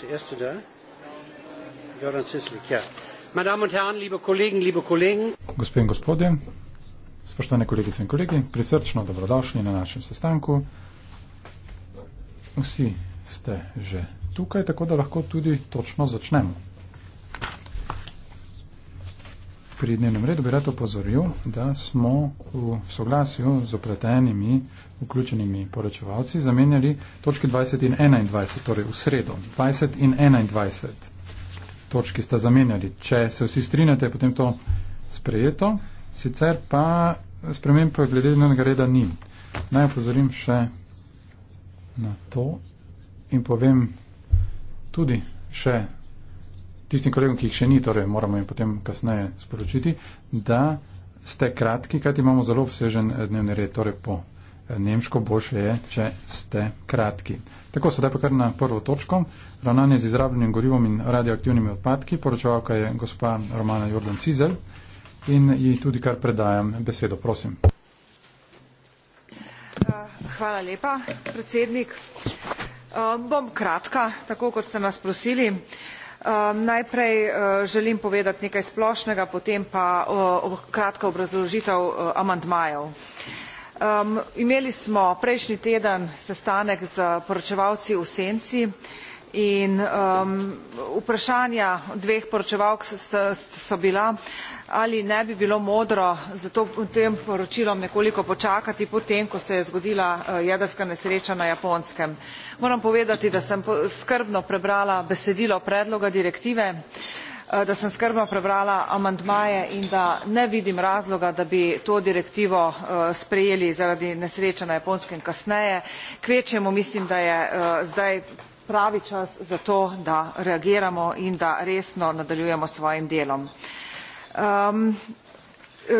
zuerst wieder? Jordan Cislik, ja. Meine Damen und Herren, liebe Kollegen, liebe Kollegen. Gospodin, gospodin. Spoštovane kolegice in kolegi, prisrčno dobrodošli na našem sestanku. Vsi ste že tukaj, tako da lahko tudi točno začnemo. pri dnevnem redu bi rad opozoril, da smo v soglasju z opletenimi, vključenimi poročevalci zamenjali točki 20 in 21, torej v sredo. 20 in 21 točki sta zamenjali. Če se vsi strinjate, je potem to sprejeto, sicer pa sprememb glede dnevnega reda ni. Naj opozorim še na to in povem tudi še tistim kolegom, ki jih še ni, torej moramo jim potem kasneje sporočiti, da ste kratki, kajti imamo zelo obsežen eh, dnevni red, torej po eh, nemško boljše je, če ste kratki. Tako, sedaj pa kar na prvo točko. Ravnanje z izrabljenim gorivom in radioaktivnimi odpadki, poročevalka je gospa Romana Jordan Cizel in ji tudi kar predajam besedo, prosim. Eh, hvala lepa, predsednik. Bom kratka, tako kot ste nas prosili. Ehm, najprej eh, želim povedati nekaj splošnega potem pa eh, kratka obrazložitev eh, amandmajev ehm, imeli smo prejšnji teden sestanek s poročevalci v senci in ehm, vprašanja dveh poročevalk so bila ali ne bi bilo modro s tem poročilom nekoliko počakati po tem ko se je zgodila eh, jedrska nesreča na japonskem. moram povedati da sem skrbno prebrala besedilo predloga direktive eh, da sem skrbno prebrala amandmaje in da ne vidim razloga da bi to direktivo eh, sprejeli zaradi nesreče na japonskem kasneje kvečjemu mislim da je zdaj pravi čas za to da reagiramo in da resno nadaljujemo s svojim delom. Um,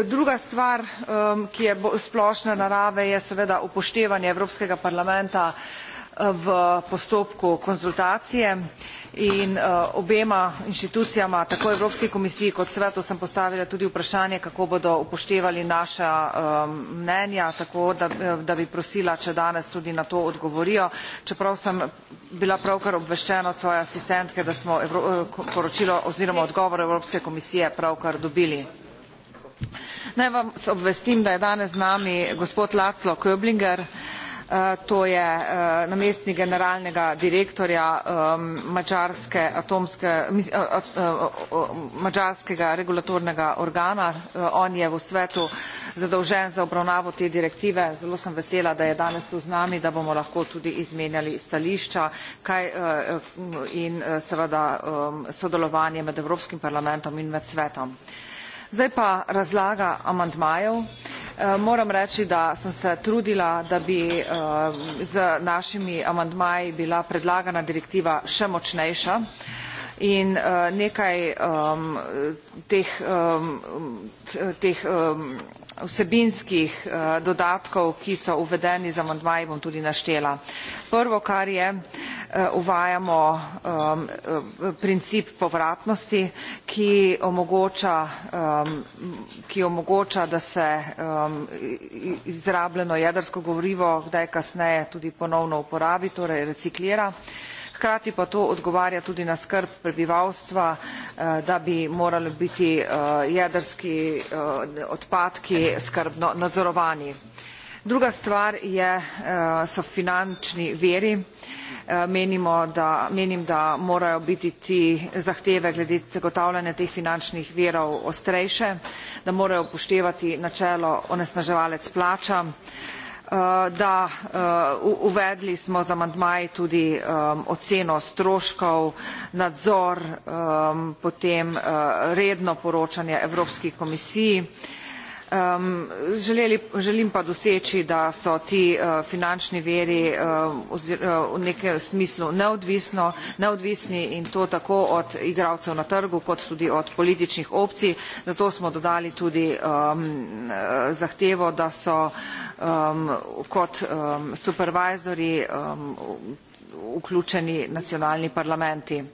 druga stvar, um, ki je splošne narave, je seveda upoštevanje Evropskega parlamenta eh, v postopku konzultacije. Uh, in eh, obema inštitucijama, tako Evropski komisiji kot svetu, sem postavila tudi vprašanje, kako bodo upoštevali naša eh, mnenja, tako da, eh, da bi prosila, če danes tudi na to odgovorijo. Čeprav sem bila pravkar obveščena od svoje asistentke, da smo Evro poročilo oziroma odgovor Evropske komisije pravkar dobili. Naj vam obvestim, da je danes z nami gospod Laclo Köblinger, Eh, to je eh, namestnik generalnega direktorja mačarske atomske, eh, mačarskega regulatornega organa. On je v svetu zadolžen za obravnavo te direktive. Zelo sem vesela, da je danes tu z nami, da bomo lahko tudi izmenjali stališča kaj, in seveda sodelovanje med Evropskim parlamentom in med svetom. Zdaj pa razlaga amandmajev. Eh, moram reči, da sem se trudila, da bi eh, z našimi amandmaji bila predlagana direktiva še močnejša in eh, nekaj teh, teh vsebinskih eh, dodatkov, ki so uvedeni z amandmaji, bom tudi naštela. Prvo, kar je, eh, uvajamo eh, princip povratnosti, ki omogoča, ki omogoča, da se izrabljeno jedrsko gorivo kdaj kasneje tudi ponovno uporabi, torej reciklira hkrati pa to odgovarja tudi na skrb prebivalstva, eh, da bi morali biti eh, jedrski eh, odpadki skrbno nadzorovani. Druga stvar je, so finančni veri. Menimo, da, menim, da morajo biti ti zahteve glede zagotavljanja teh finančnih virov ostrejše, da morajo upoštevati načelo onesnaževalec plača, Eh, da eh, uvedli smo z amandmaji tudi ehm, oceno stroškov, nadzor, ehm, potem eh, redno poročanje Evropski komisiji, Ehm, želeli, želim pa doseči, da so ti eh, finančni veri eh, eh, v nekem smislu neodvisno, neodvisni in to tako od igralcev na trgu kot tudi od političnih opcij. Zato smo dodali tudi um, zahtevo, da so um, kot um, supervizori um, vključeni nacionalni parlamenti.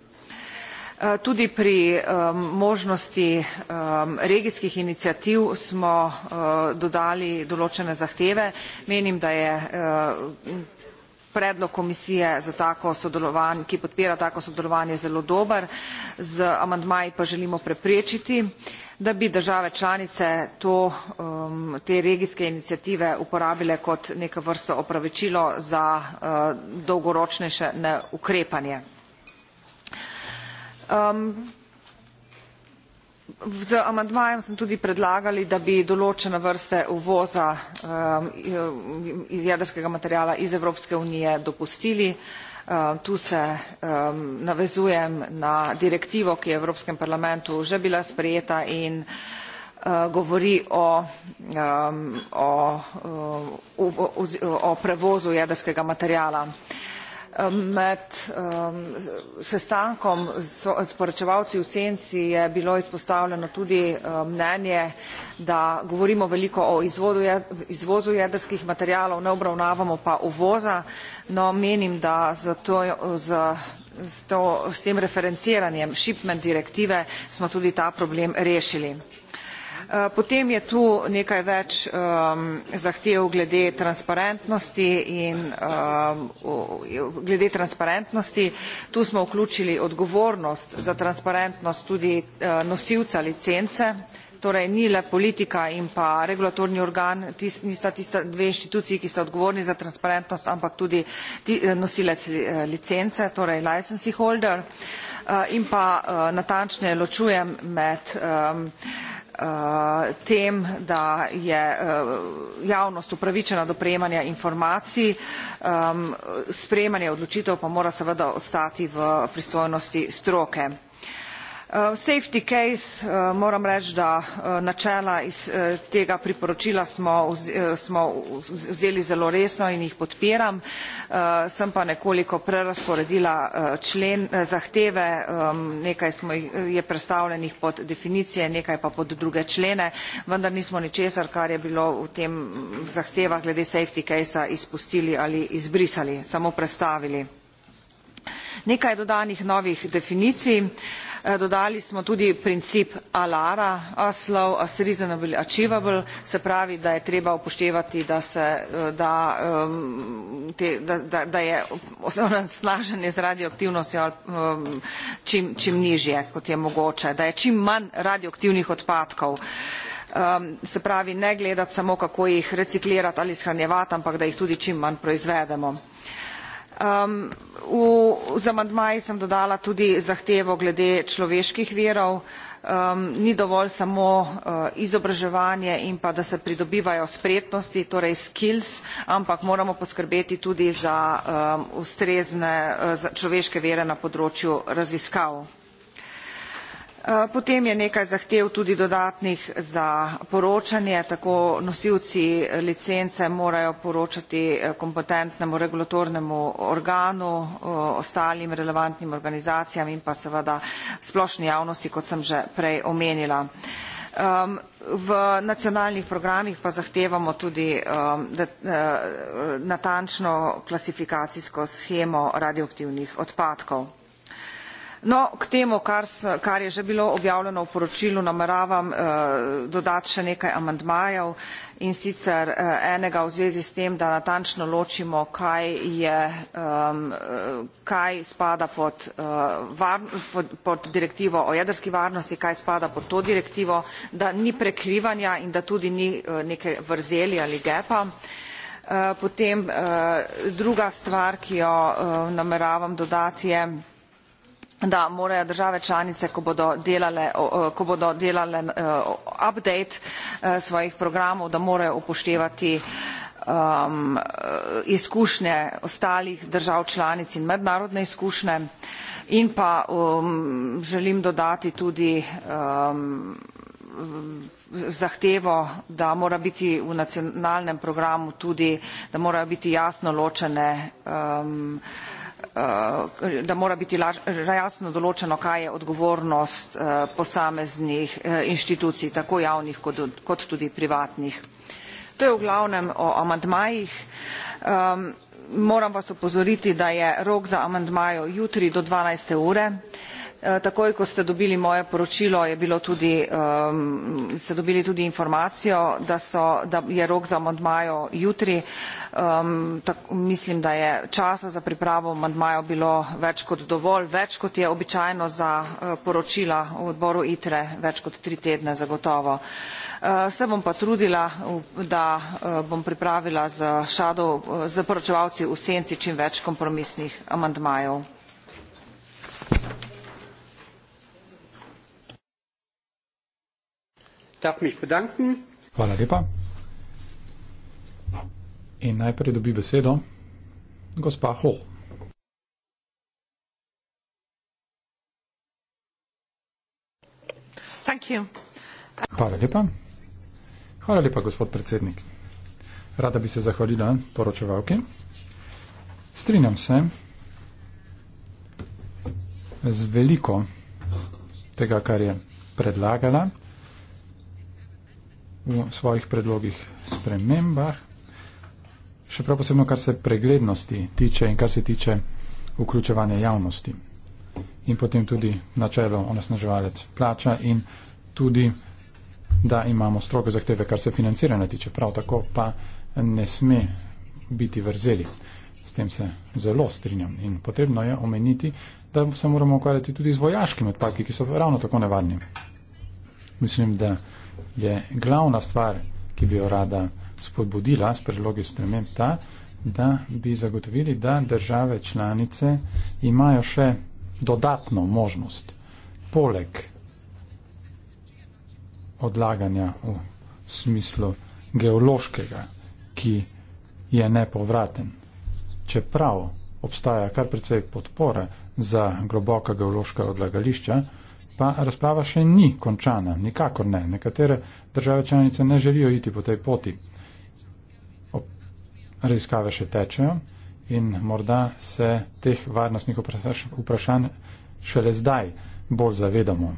Eh, tudi pri ehm, možnosti ehm, regijskih inicijativ smo eh, dodali določene zahteve. Menim, da je eh, predlog komisije za tako sodelovanje, ki podpira tako sodelovanje, zelo dober. Z amandmaji pa želimo preprečiti, da bi države članice to, ehm, te regijske iniciative uporabile kot neke vrste opravičilo za dolgoročnejše neukrepanje. Um, z amandmajem smo tudi predlagali da bi določene vrste uvoza um, jedrskega materiala iz evropske unije dopustili um, tu se navezujem na direktivo ki je v evropskem parlamentu že bila sprejeta in uh, govori uh, o o prevozu jedrskega materiala Med um, sestankom s, s poročevalci v Senci je bilo izpostavljeno tudi um, mnenje, da govorimo veliko o izvodu, izvozu jedrskih materijalov, ne obravnavamo pa uvoza, no menim, da zato, z, z, to, s tem referenciranjem shipment direktive smo tudi ta problem rešili. Eh, potem je tu nekaj več ehm, zahtev glede transparentnosti in ehm, glede transparentnosti. Tu smo vključili odgovornost za transparentnost tudi eh, nosilca licence, torej ni le politika in pa regulatorni organ, nista tista dve inštituciji, ki sta odgovorni za transparentnost, ampak tudi eh, nosilec licence, torej licensing holder. In pa natančneje ločujem med ehm, tem, da je eh, javnost upravičena do prejemanja informacij, ehm, sprejemanje odločitev pa mora seveda ostati v pristojnosti stroke. Eh, safety case eh, moram reči, da eh, načela iz tega priporočila smo vzeli zelo resno in jih podpiram. Sem pa nekoliko prerasporedila člen zahteve, ehm, nekaj je predstavljenih pod definicije, nekaj pa pod druge člene, vendar nismo ničesar, kar je bilo v tem mm, zahtevah glede safety case-a izpustili ali izbrisali, samo predstavili. Nekaj dodanih novih definicij. Eh, dodali smo tudi princip alara a slow as reasonably achievable se pravi da je treba upoštevati da se eh, da ehm, te da da, da je osnaženje z radioaktivnostjo ehm, čim, čim nižje kot je mogoče da je čim manj radioaktivnih odpadkov Um, se pravi, ne gledati samo, kako jih reciklirati ali shranjevati, ampak da jih tudi čim manj proizvedemo. Um, z amandmaji sem dodala tudi zahtevo glede človeških virov um, ni dovolj samo uh, izobraževanje in pa da se pridobivajo spretnosti torej skills ampak moramo poskrbeti tudi za um, ustrezne uh, človeške vire na področju raziskav. Eh, potem je nekaj zahtev tudi dodatnih za poročanje tako nosilci eh, licence morajo poročati eh, kompetentnemu regulatornemu organu ostalim relevantnim organizacijam in pa seveda splošni javnosti kot sem že prej omenila v nacionalnih programih pa zahtevamo tudi natančno klasifikacijsko shemo radioaktivnih odpadkov no k temu kar je že bilo objavljeno v poročilu nameravam eh, dodati še nekaj amandmajev in sicer eh, enega v zvezi s tem da natančno ločimo kaj eh, spada pod direktivo o jedrski varnosti kaj spada pod to direktivo da ni prekrivanja in da tudi ni neke vrzeli ali gepa potem druga stvar ki jo nameravam dodati je da morajo države članice ko bodo delale ko bodo delale e, update e, svojih programov da morajo upoštevati um, e, izkušnje ostalih držav članic in mednarodne izkušnje in pa um, želim dodati tudi um, zahtevo da mora biti v nacionalnem programu tudi da morajo biti jasno ločene Eh, da mora biti jasno določeno, kaj je odgovornost eh, posameznih eh, inštitucij, tako javnih kot tudi privatnih. To je v glavnem o amandmajih. Moram vas opozoriti, da je rok za amandmajo jutri do 12. ure. Eh, takoj ko ste dobili moje poročilo je bilo tudi ehm, ste dobili tudi informacijo da so da je rok za amandmajo jutri ehm, mislim da je časa za pripravo amandmajev bilo več kot dovolj več kot je običajno za eh, poročila v odboru itre več kot tri tedne zagotovo eh, se bom pa trudila da bom pripravila s shadow s poročevalci v senci čim več kompromisnih amandmajev darf mich bedanken. Hvala lepa. In najprej dobi besedo gospa Ho. Hvala lepa. Hvala lepa, gospod predsednik. Rada bi se zahvalila poročevalki. Strinjam se z veliko tega, kar je predlagala v svojih predlogih spremembah. Še prav posebno, kar se preglednosti tiče in kar se tiče vključevanja javnosti. In potem tudi načelo onesnaževalec plača in tudi, da imamo stroge zahteve, kar se financiranja tiče. Prav tako pa ne sme biti vrzeli. S tem se zelo strinjam. In potrebno je omeniti, da se moramo ukvarjati tudi z vojaškimi odpadki, ki so ravno tako nevarni. Mislim, da je glavna stvar, ki bi jo rada spodbudila s predlogi sprememb ta, da bi zagotovili, da države članice imajo še dodatno možnost poleg odlaganja v smislu geološkega, ki je nepovraten. Čeprav obstaja kar precej podpora za globoka geološka odlagališča, pa razprava še ni končana, nikakor ne. Nekatere države članice ne želijo iti po tej poti. Raziskave še tečejo in morda se teh varnostnih vprašanj šele zdaj bolj zavedamo.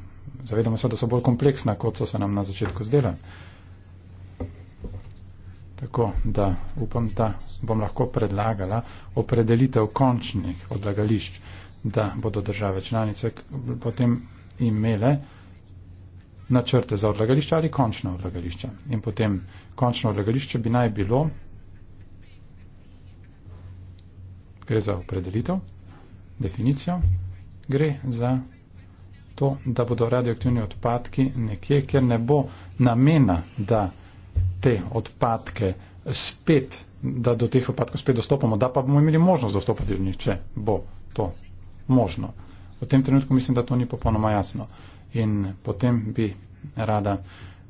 Zavedamo se, da so bolj kompleksna, kot so se nam na začetku zdela. Tako da upam, da bom lahko predlagala opredelitev končnih odlagališč, da bodo države članice potem imele načrte za odlagališče ali končno odlagališče. In potem končno odlagališče bi naj bilo, gre za opredelitev, definicijo, gre za to, da bodo radioaktivni odpadki nekje, kjer ne bo namena, da te odpadke spet, da do teh odpadkov spet dostopamo, da pa bomo imeli možnost dostopati do njih, če bo to možno. V tem trenutku mislim, da to ni popolnoma jasno. In potem bi rada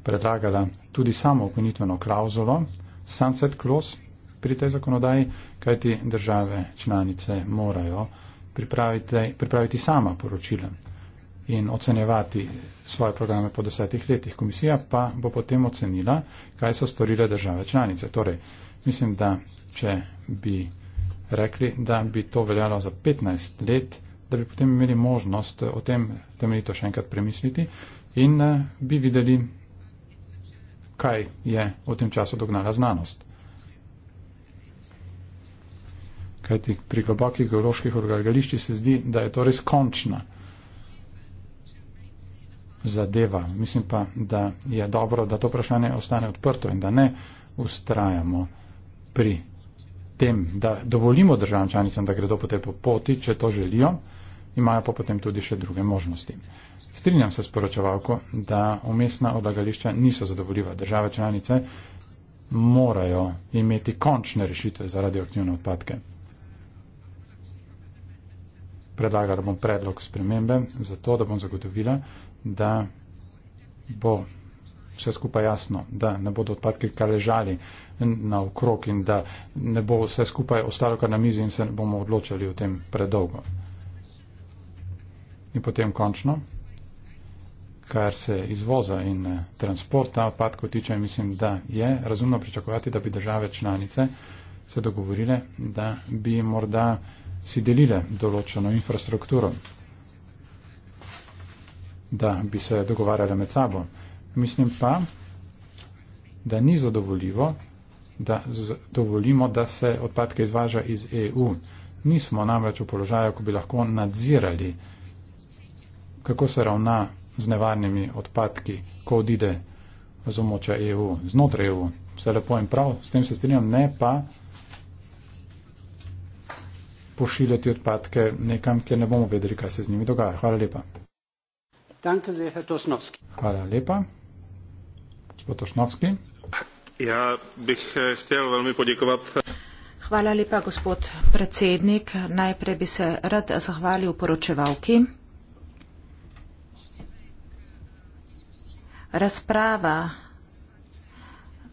predlagala tudi samo okonitveno klauzulo, sunset clause pri tej zakonodaji, kajti države članice morajo pripraviti, pripraviti sama poročila in ocenjevati svoje programe po desetih letih. Komisija pa bo potem ocenila, kaj so storile države članice. Torej, mislim, da če bi rekli, da bi to veljalo za 15 let, da bi potem imeli možnost eh, o tem temeljito še enkrat premisliti in eh, bi videli, kaj je v tem času dognala znanost. Kajti pri globokih geoloških odlagališčih se zdi, da je to res končna zadeva. Mislim pa, da je dobro, da to vprašanje ostane odprto in da ne ustrajamo pri tem, da dovolimo državam članicam, da gredo po tej poti, če to želijo imajo pa potem tudi še druge možnosti. Strinjam se s poročevalko, da umestna odlagališča niso zadovoljiva. Države članice morajo imeti končne rešitve za radioaktivne odpadke. Predlagala bom predlog spremembe, zato da bom zagotovila, da bo vse skupaj jasno, da ne bodo odpadki kar ležali na okrog in da ne bo vse skupaj ostalo kar na mizi in se bomo odločali o tem predolgo in potem končno, kar se izvoza in eh, transporta odpadkov tiče, mislim, da je razumno pričakovati, da bi države članice se dogovorile, da bi morda si delile določeno infrastrukturo, da bi se dogovarjale med sabo. Mislim pa, da ni zadovoljivo, da dovolimo, da se odpadke izvaža iz EU. Nismo namreč v položaju, ko bi lahko nadzirali kako se ravna z nevarnimi odpadki, ko odide z omoča EU, znotraj EU. Vse lepo in prav, s tem se strinjam, ne pa pošiljati odpadke nekam, kjer ne bomo vedeli, kaj se z njimi dogaja. Hvala lepa. Hvala lepa. Gospod Ošnovski. Ja, bih htjel eh, veliko podjekovati. Hvala lepa, gospod predsednik. Najprej bi se rad zahvalil poročevalki. razprava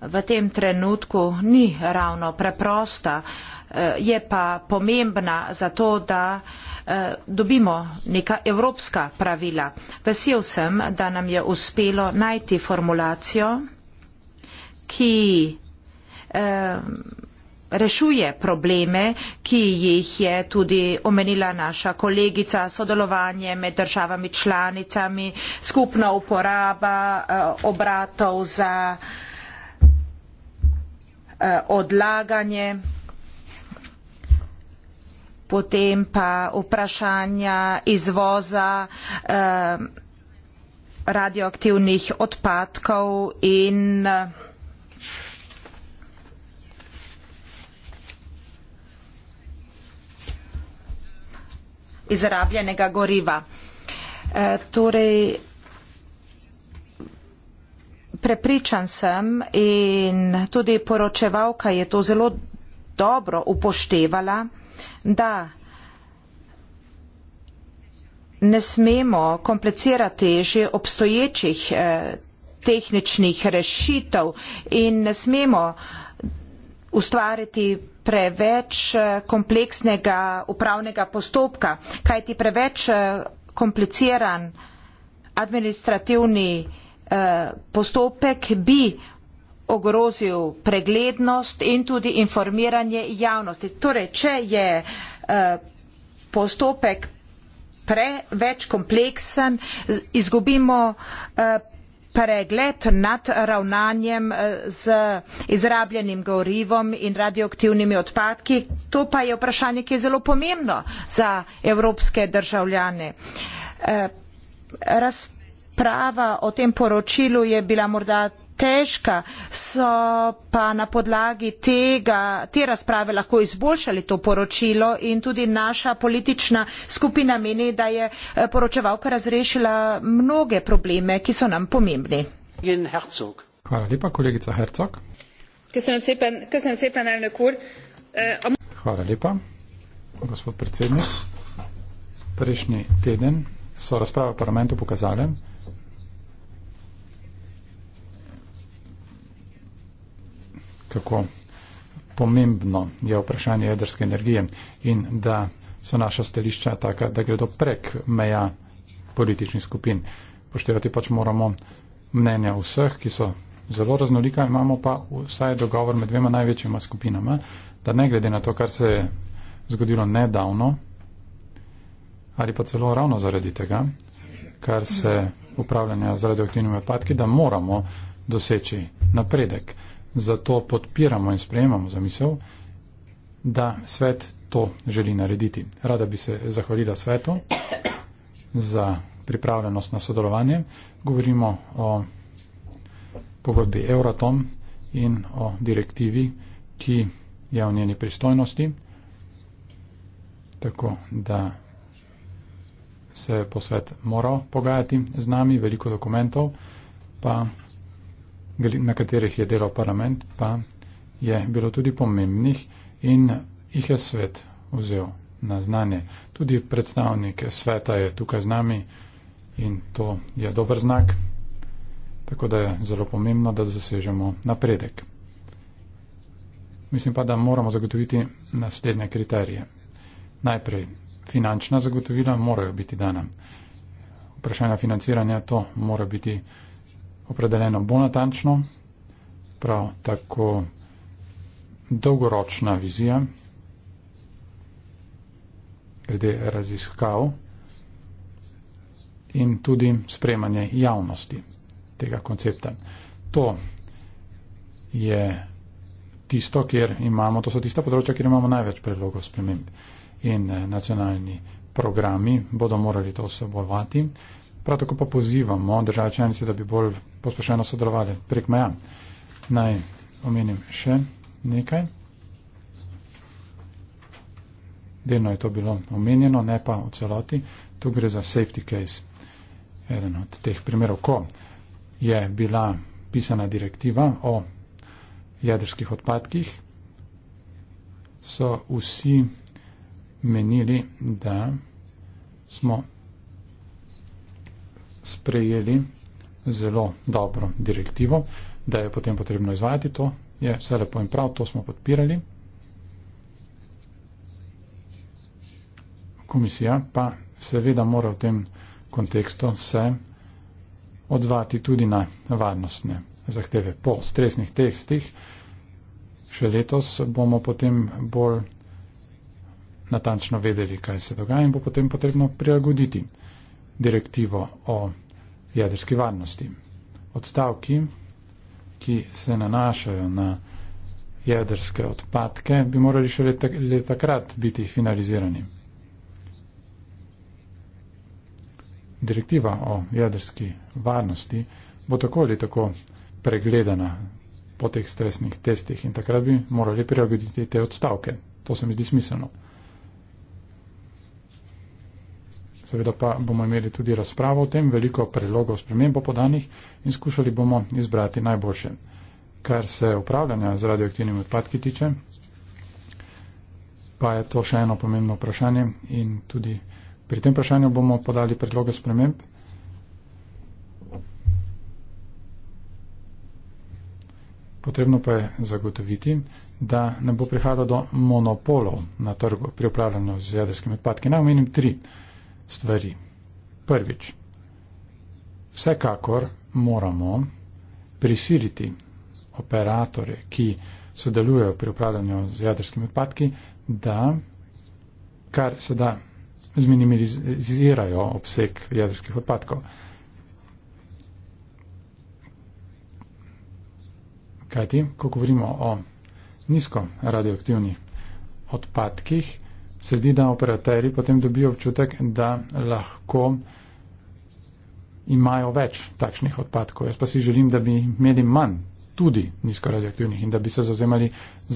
v tem trenutku ni ravno preprosta, eh, je pa pomembna zato, da eh, dobimo neka evropska pravila. Vesel sem, da nam je uspelo najti formulacijo, ki eh, rešuje probleme, ki jih je tudi omenila naša kolegica, sodelovanje med državami članicami, skupna uporaba eh, obratov za eh, odlaganje, potem pa vprašanja izvoza eh, radioaktivnih odpadkov in izrabljenega goriva. E, torej, prepričan sem in tudi poročevalka je to zelo dobro upoštevala, da ne smemo komplicirati že obstoječih e, tehničnih rešitev in ne smemo ustvariti preveč eh, kompleksnega upravnega postopka, kajti preveč eh, kompliciran administrativni eh, postopek bi ogrozil preglednost in tudi informiranje javnosti. Torej, če je postopek preveč kompleksen, izgubimo pregled nad ravnanjem eh, z izrabljenim gorivom in radioaktivnimi odpadki. To pa je vprašanje, ki je zelo pomembno za evropske državljane. Eh, Razpravljamo razprava o tem poročilu je bila morda težka, so pa na podlagi tega, te razprave lahko izboljšali to poročilo in tudi naša politična skupina meni, da je eh, poročevalka razrešila mnoge probleme, ki so nam pomembni. Hvala lepa, kolegica Herzog. Eh, Hvala lepa, gospod predsednik. Prejšnji teden so razprave v parlamentu pokazale, kako pomembno je vprašanje jedrske energije in da so naša stališča taka, da gredo prek meja političnih skupin. Poštevati pač moramo mnenja vseh, ki so zelo raznolika, imamo pa vsaj dogovor med dvema največjima skupinama, da ne glede na to, kar se je zgodilo nedavno ali pa celo ravno zaradi tega, kar se upravljanja z radioaktivnimi odpadki, da moramo doseči napredek zato podpiramo in sprejemamo zamisel, da svet to želi narediti. Rada bi se zahvalila svetu za pripravljenost na sodelovanje. Govorimo o pogodbi Euratom in o direktivi, ki je v njeni pristojnosti. Tako da se je posvet moral pogajati z nami, veliko dokumentov pa na katerih je delal parlament, pa je bilo tudi pomembnih in jih je svet vzel na znanje. Tudi predstavnik sveta je tukaj z nami in to je dober znak, tako da je zelo pomembno, da zasežemo napredek. Mislim pa, da moramo zagotoviti naslednje kriterije. Najprej, finančna zagotovila morajo biti dana. Vprašanje financiranja to mora biti opredeljeno bolj natančno, prav tako dolgoročna vizija glede raziskav in tudi spremanje javnosti tega koncepta. To je tisto, kjer imamo, to so tista področja, kjer imamo največ predlogov sprememb in eh, nacionalni programi bodo morali to vsebovati. Prav tako pa pozivamo države članice, da bi bolj pospešeno sodelovali prek meja. Naj omenim še nekaj. Delno je to bilo omenjeno, ne pa v celoti. Tu gre za safety case. Eden od teh primerov, ko je bila pisana direktiva o jedrskih odpadkih, so vsi menili, da smo sprejeli zelo dobro direktivo, da je potem potrebno izvajati to, je vse lepo in prav, to smo podpirali. Komisija pa seveda mora v tem kontekstu se odzvati tudi na varnostne zahteve po stresnih tekstih. Še letos bomo potem bolj natančno vedeli, kaj se dogaja in bo potem potrebno prilagoditi direktivo o jedrske varnosti. Odstavki, ki se nanašajo na jedrske odpadke, bi morali še leta, leta krat biti finalizirani. Direktiva o jedrski varnosti bo tako ali tako pregledana po teh stresnih testih in takrat bi morali prilagoditi te odstavke. To se mi zdi smiselno. Seveda pa bomo imeli tudi razpravo o tem, veliko predlogov spremembo podanih in skušali bomo izbrati najboljše. Kar se upravljanja z radioaktivnimi odpadki tiče, pa je to še eno pomembno vprašanje in tudi pri tem vprašanju bomo podali predloge sprememb. Potrebno pa je zagotoviti, da ne bo prihajalo do monopolov na trgu pri upravljanju z jedrskimi odpadki. Naj omenim tri stvari. Prvič, vsekakor moramo prisiliti operatorje, ki sodelujejo pri upravljanju z jadrskimi odpadki, da kar se da zminimizirajo obseg jadrskih odpadkov. Kajti, ko govorimo o nizko radioaktivnih odpadkih, se zdi, da operateri potem dobijo občutek, da lahko imajo več takšnih odpadkov. Jaz pa si želim, da bi imeli manj tudi nizko radioaktivnih in da bi se zazemali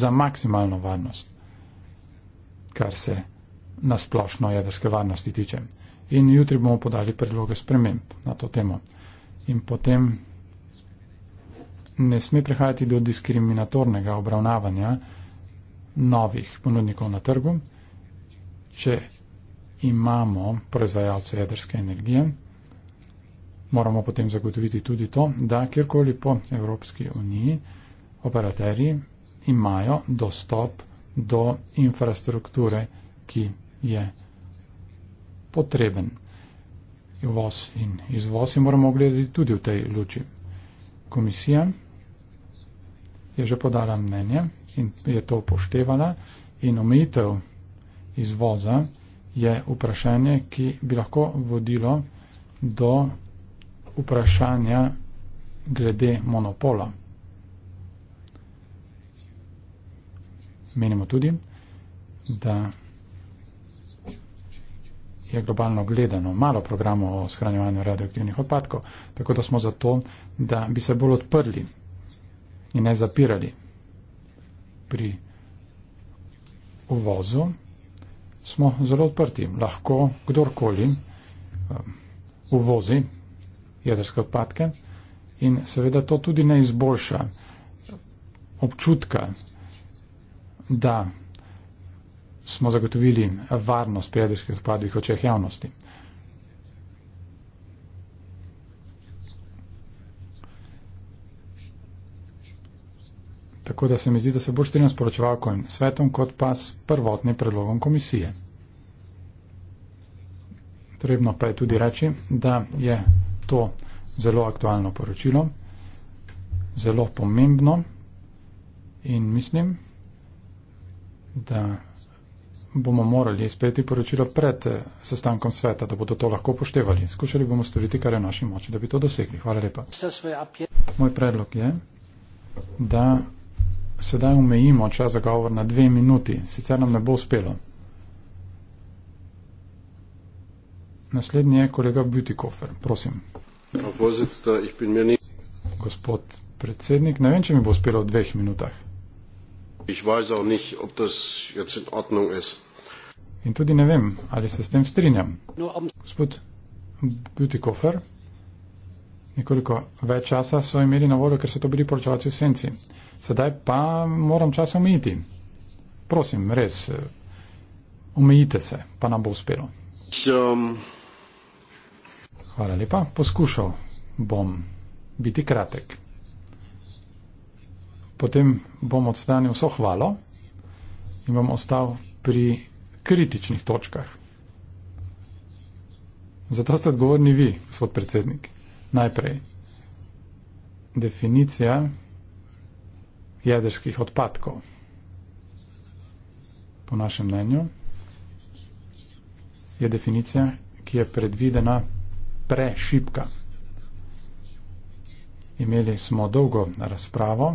za maksimalno varnost, kar se nasplošno jedrske varnosti tiče. In jutri bomo podali predloge sprememb na to temo. In potem ne sme prehajati do diskriminatornega obravnavanja novih ponudnikov na trgu če imamo proizvajalce jedrske energije, moramo potem zagotoviti tudi to, da kjerkoli po Evropski uniji operaterji imajo dostop do infrastrukture, ki je potreben. Vos in izvoz jih moramo gledati tudi v tej luči. Komisija je že podala mnenje in je to upoštevala in omejitev izvoza, je vprašanje, ki bi lahko vodilo do vprašanja glede monopola. Menimo tudi, da je globalno gledano malo programov o shranjevanju radioaktivnih odpadkov, tako da smo zato, da bi se bolj odprli in ne zapirali pri uvozu smo zelo odprti. Lahko kdorkoli um, uvozi jedrske odpadke in seveda to tudi ne izboljša občutka, da smo zagotovili varnost pri jedrskih odpadkih očeh javnosti. tako da se mi zdi, da se bolj strinjam s poročevalkojem svetom, kot pa s prvotnim predlogom komisije. Trebno pa je tudi reči, da je to zelo aktualno poročilo, zelo pomembno in mislim, da bomo morali izpeti poročilo pred eh, sestankom sveta, da bodo to lahko poštevali. Skušali bomo storiti, kar je v naši moči, da bi to dosegli. Hvala lepa. Moj predlog je, da sedaj omejimo čas za govor na dve minuti, sicer nam ne bo uspelo. Naslednji je kolega Butikofer, prosim. Gospod predsednik, ne vem, če mi bo uspelo v dveh minutah. In tudi ne vem, ali se s tem strinjam. No, Gospod Butikofer nekoliko več časa so imeli na voljo, ker so to bili poročevalci v senci. Sedaj pa moram čas omejiti. Prosim, res, omejite se, pa nam bo uspelo. Um. Hvala lepa, poskušal bom biti kratek. Potem bom odstranil vso hvalo in bom ostal pri kritičnih točkah. Zato ste odgovorni vi, gospod predsednik. Najprej, definicija jedrskih odpadkov. Po našem mnenju je definicija, ki je predvidena prešipka. Imeli smo dolgo razpravo,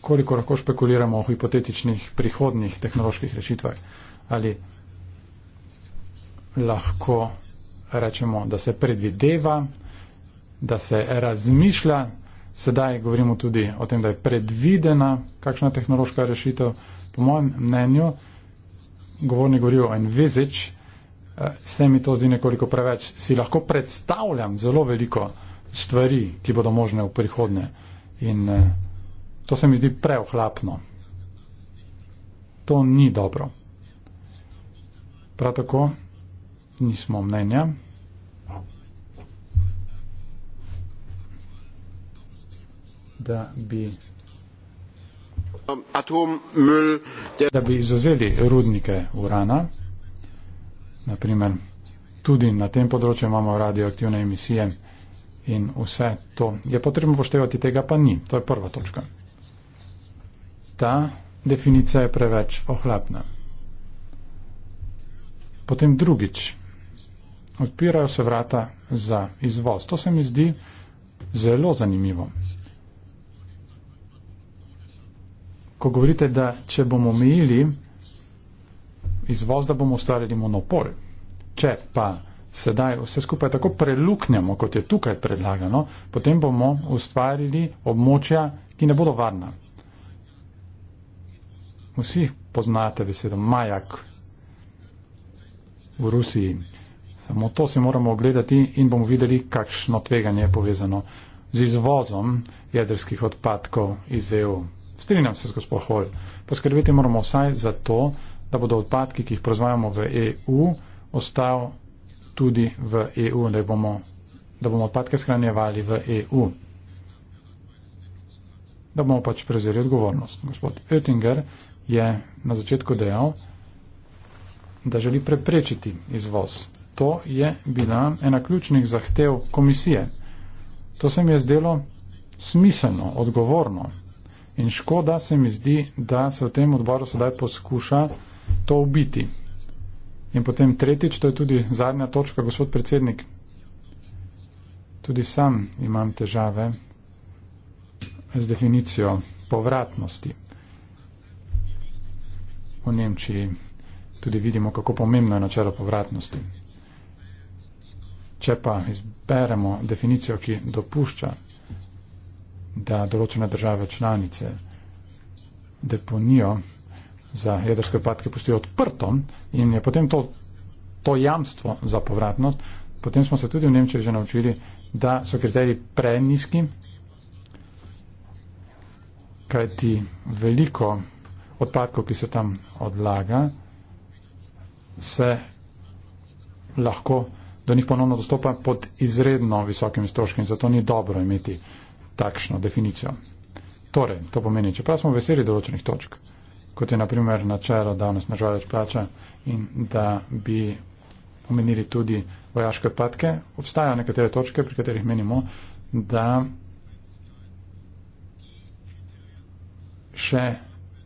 koliko lahko špekuliramo o hipotetičnih prihodnih tehnoloških rešitvah ali lahko rečemo, da se predvideva, da se razmišlja, sedaj govorimo tudi o tem, da je predvidena kakšna tehnološka rešitev. Po mojem mnenju, govorni govorijo o envizič, eh, se mi to zdi nekoliko preveč. Si lahko predstavljam zelo veliko stvari, ki bodo možne v prihodnje in eh, to se mi zdi preohlapno. To ni dobro. Prav tako nismo mnenja. Da bi, da bi izuzeli rudnike urana, naprimer tudi na tem področju imamo radioaktivne emisije in vse to je potrebno poštevati, tega pa ni. To je prva točka. Ta definicija je preveč ohlapna. Potem drugič odpirajo se vrata za izvoz. To se mi zdi zelo zanimivo. Ko govorite, da če bomo omejili izvoz, da bomo ustvarili monopol, če pa sedaj vse skupaj tako preluknjamo, kot je tukaj predlagano, potem bomo ustvarili območja, ki ne bodo varna. Vsi poznate besedo Majak v Rusiji. Samo to si moramo ogledati in bomo videli, kakšno tveganje je povezano z izvozom jedrskih odpadkov iz EU. Strinjam se z gospod Hol. Poskrbeti moramo vsaj za to, da bodo odpadki, ki jih proizvajamo v EU, ostal tudi v EU, da bomo, da bomo odpadke shranjevali v EU. Da bomo pač prezeli odgovornost. Gospod Oettinger je na začetku dejal, da želi preprečiti izvoz To je bila ena ključnih zahtev komisije. To se mi je zdelo smiselno, odgovorno. In škoda se mi zdi, da se v tem odboru sedaj poskuša to ubiti. In potem tretjič, to je tudi zadnja točka, gospod predsednik. Tudi sam imam težave z definicijo povratnosti. V Nemčiji tudi vidimo, kako pomembno je načelo povratnosti. Če pa izberemo definicijo, ki dopušča, da določene države članice deponijo za jedrske odpadke pustijo odprto in je potem to, to jamstvo za povratnost, potem smo se tudi v Nemčiji že naučili, da so kriteriji preniski, kajti veliko odpadkov, ki se tam odlaga, se lahko do njih ponovno dostopa pod izredno visokim stroškom in zato ni dobro imeti takšno definicijo. Torej, to pomeni, čeprav smo veseli določenih točk, kot je naprimer načelo, da nas nažal več plača in da bi omenili tudi vojaške odpadke, obstajajo nekatere točke, pri katerih menimo, da še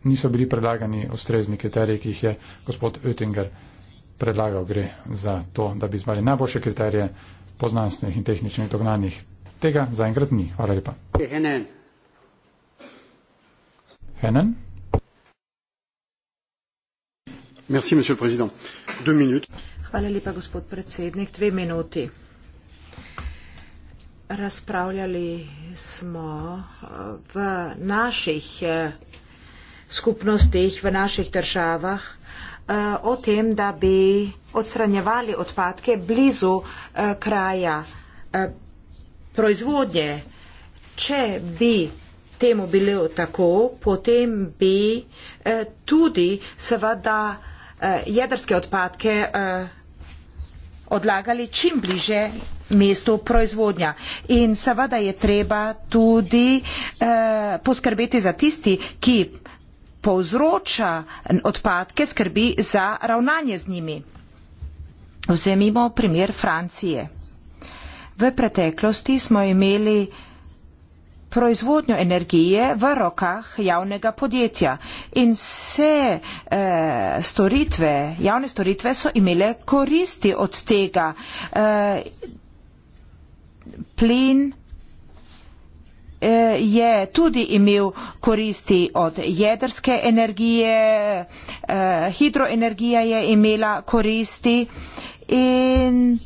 niso bili predlagani ustrezni kriteriji, ki jih je gospod Oettinger predlagal, gre za to, da bi izbrali najboljše kriterije poznanstvenih in tehničnih dognanjih. Tega zaenkrat ni. Hvala lepa. Henen. Henen. Merci, monsieur le président. Deux minutes. Hvala lepa, gospod predsednik. Dve minuti. Razpravljali smo eh, v naših eh, skupnostih, v naših državah. Eh, o tem, da bi odstranjevali odpadke blizu eh, kraja eh, proizvodnje. Če bi temu bilo tako, potem bi tudi seveda jedrske odpadke odlagali čim bliže mestu proizvodnja. In seveda je treba tudi eh, poskrbeti za tisti, ki eh, povzroča odpadke, skrbi za ravnanje z njimi. Vzemimo primer Francije. V preteklosti smo imeli proizvodnjo energije v rokah javnega podjetja in vse e, storitve, javne storitve so imele koristi od tega. E, plin, Eh, je tudi imel koristi od jedrske energije, eh, hidroenergija je imela koristi in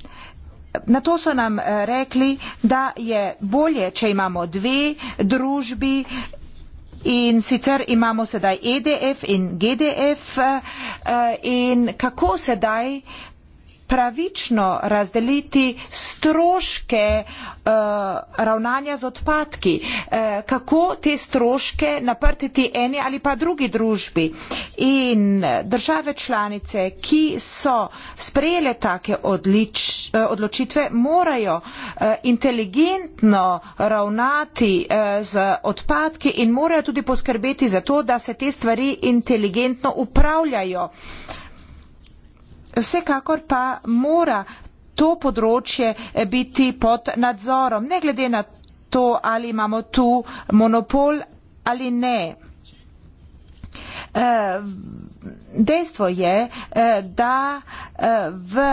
Na to so nam eh, rekli, da je bolje, če imamo dve družbi in sicer imamo sedaj EDF in GDF in kako sedaj pravično razdeliti stroške uh, ravnanja z odpadki, uh, kako te stroške naprtiti eni ali pa drugi družbi. In države članice, ki so sprejele take odlič, uh, odločitve, morajo uh, inteligentno ravnati uh, z odpadki in morajo tudi poskrbeti za to, da se te stvari inteligentno upravljajo. Vsekakor pa mora to področje eh, biti pod nadzorom, ne glede na to, ali imamo tu monopol ali ne. Eh, dejstvo je, eh, da v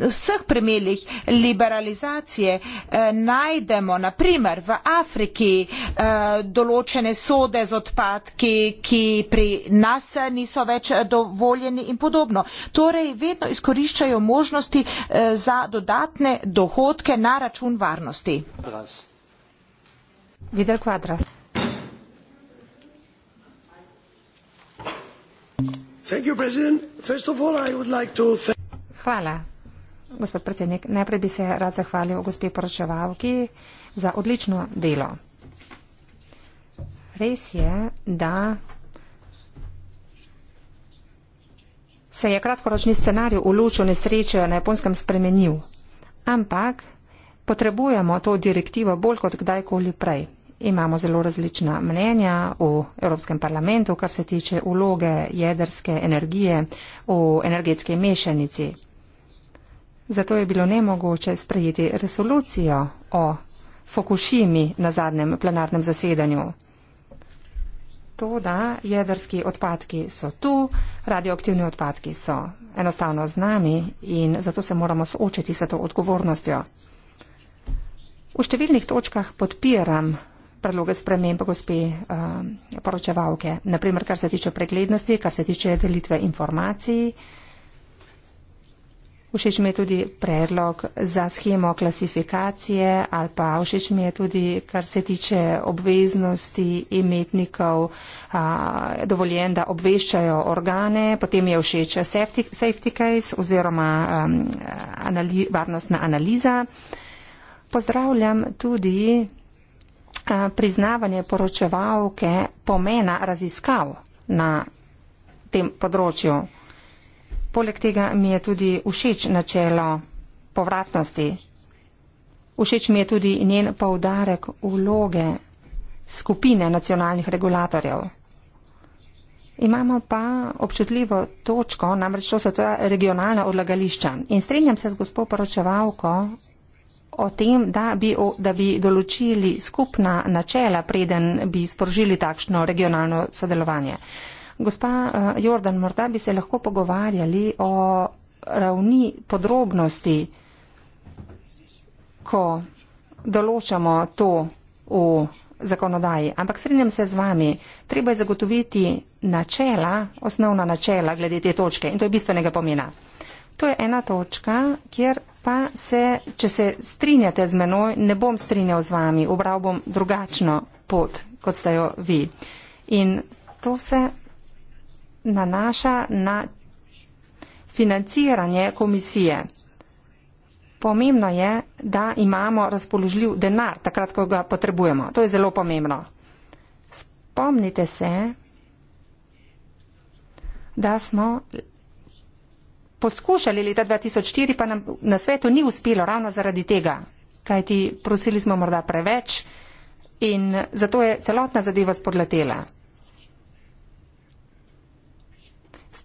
vseh primerjih liberalizacije eh, najdemo, naprimer v Afriki, eh, določene sode z odpadki, ki pri nas eh, niso več dovoljeni in podobno. Torej, vedno izkoriščajo možnosti za dodatne dohodke na račun varnosti. Videl kvadras. Hvala gospod predsednik, najprej bi se rad zahvalil gospe poročevalki za odlično delo. Res je, da se je kratkoročni scenarij v luču nesreče na japonskem spremenil, ampak potrebujemo to direktivo bolj kot kdajkoli prej. Imamo zelo različna mnenja v Evropskem parlamentu, kar se tiče uloge jedrske energije v energetske mešanici. Zato je bilo nemogoče sprejeti resolucijo o Fukushimi na zadnjem plenarnem zasedanju. To, da jedrski odpadki so tu, radioaktivni odpadki so enostavno z nami in zato se moramo soočiti s to odgovornostjo. V številnih točkah podpiram predloge sprememb gospe uh, poročevalke, naprimer kar se tiče preglednosti, kar se tiče delitve informacij. Uh, Všeč mi je tudi predlog za schemo klasifikacije ali pa všeč mi je tudi, kar se tiče obveznosti imetnikov, a, dovoljen, da obveščajo organe. Potem je všeč safety, safety case oziroma um, anali, varnostna analiza. Pozdravljam tudi a, priznavanje poročevalke pomena raziskav na tem področju. Poleg tega mi je tudi všeč načelo povratnosti. Všeč mi je tudi njen poudarek vloge skupine nacionalnih regulatorjev. Imamo pa občutljivo točko, namreč to so ta regionalna odlagališča. In strinjam se z gospo poročevalko o tem, da bi, da bi določili skupna načela, preden bi sprožili takšno regionalno sodelovanje. Gospa eh, Jordan, morda bi se lahko pogovarjali o ravni podrobnosti, ko določamo to v zakonodaji. Ampak strinjam se z vami, treba je zagotoviti načela, osnovna načela glede te točke in to je bistvenega pomena. To je ena točka, kjer pa se, če se strinjate z menoj, ne bom strinjal z vami, obral bom drugačno pot, kot ste jo vi. In to se nanaša na financiranje komisije. Pomembno je, da imamo razpoložljiv denar, takrat, ko ga potrebujemo. To je zelo pomembno. Spomnite se, da smo poskušali leta 2004, pa nam na svetu ni uspelo ravno zaradi tega, kajti prosili smo morda preveč in zato je celotna zadeva spodletela.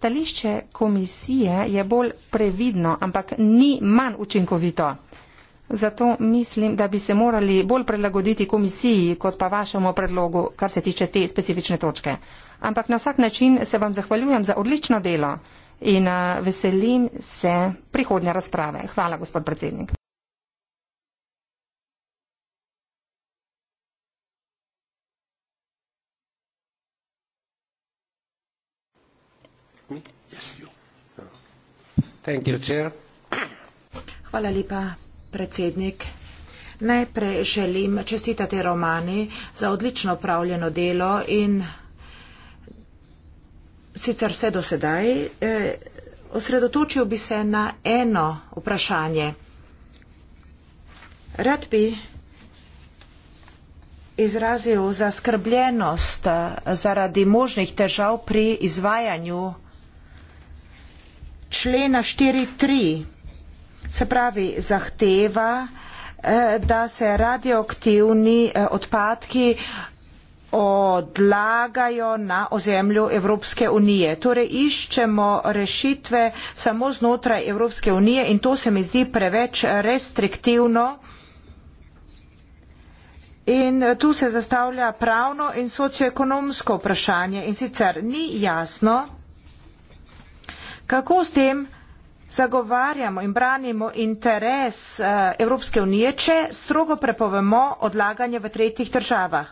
stališče komisije je bolj previdno, ampak ni manj učinkovito. Zato mislim, da bi se morali bolj prilagoditi komisiji kot pa vašemu predlogu, kar se tiče te specifične točke. Ampak na vsak način se vam zahvaljujem za odlično delo in eh, veselim se prihodnje razprave. Hvala, gospod predsednik. Hvala lepa, predsednik. Najprej želim čestitati Romani za odlično upravljeno delo in sicer vse do sedaj. Eh, osredotočil bi se na eno vprašanje. Rad bi izrazil zaskrbljenost eh, zaradi možnih težav pri izvajanju člena 4.3 se pravi zahteva, eh, da se radioaktivni eh, odpadki odlagajo na ozemlju Evropske unije. Torej iščemo rešitve samo znotraj Evropske unije in to se mi zdi preveč restriktivno. In eh, tu se zastavlja pravno in socioekonomsko vprašanje in sicer ni jasno, kako s tem zagovarjamo in branimo interes eh, Evropske unije, če strogo prepovemo odlaganje v tretjih državah.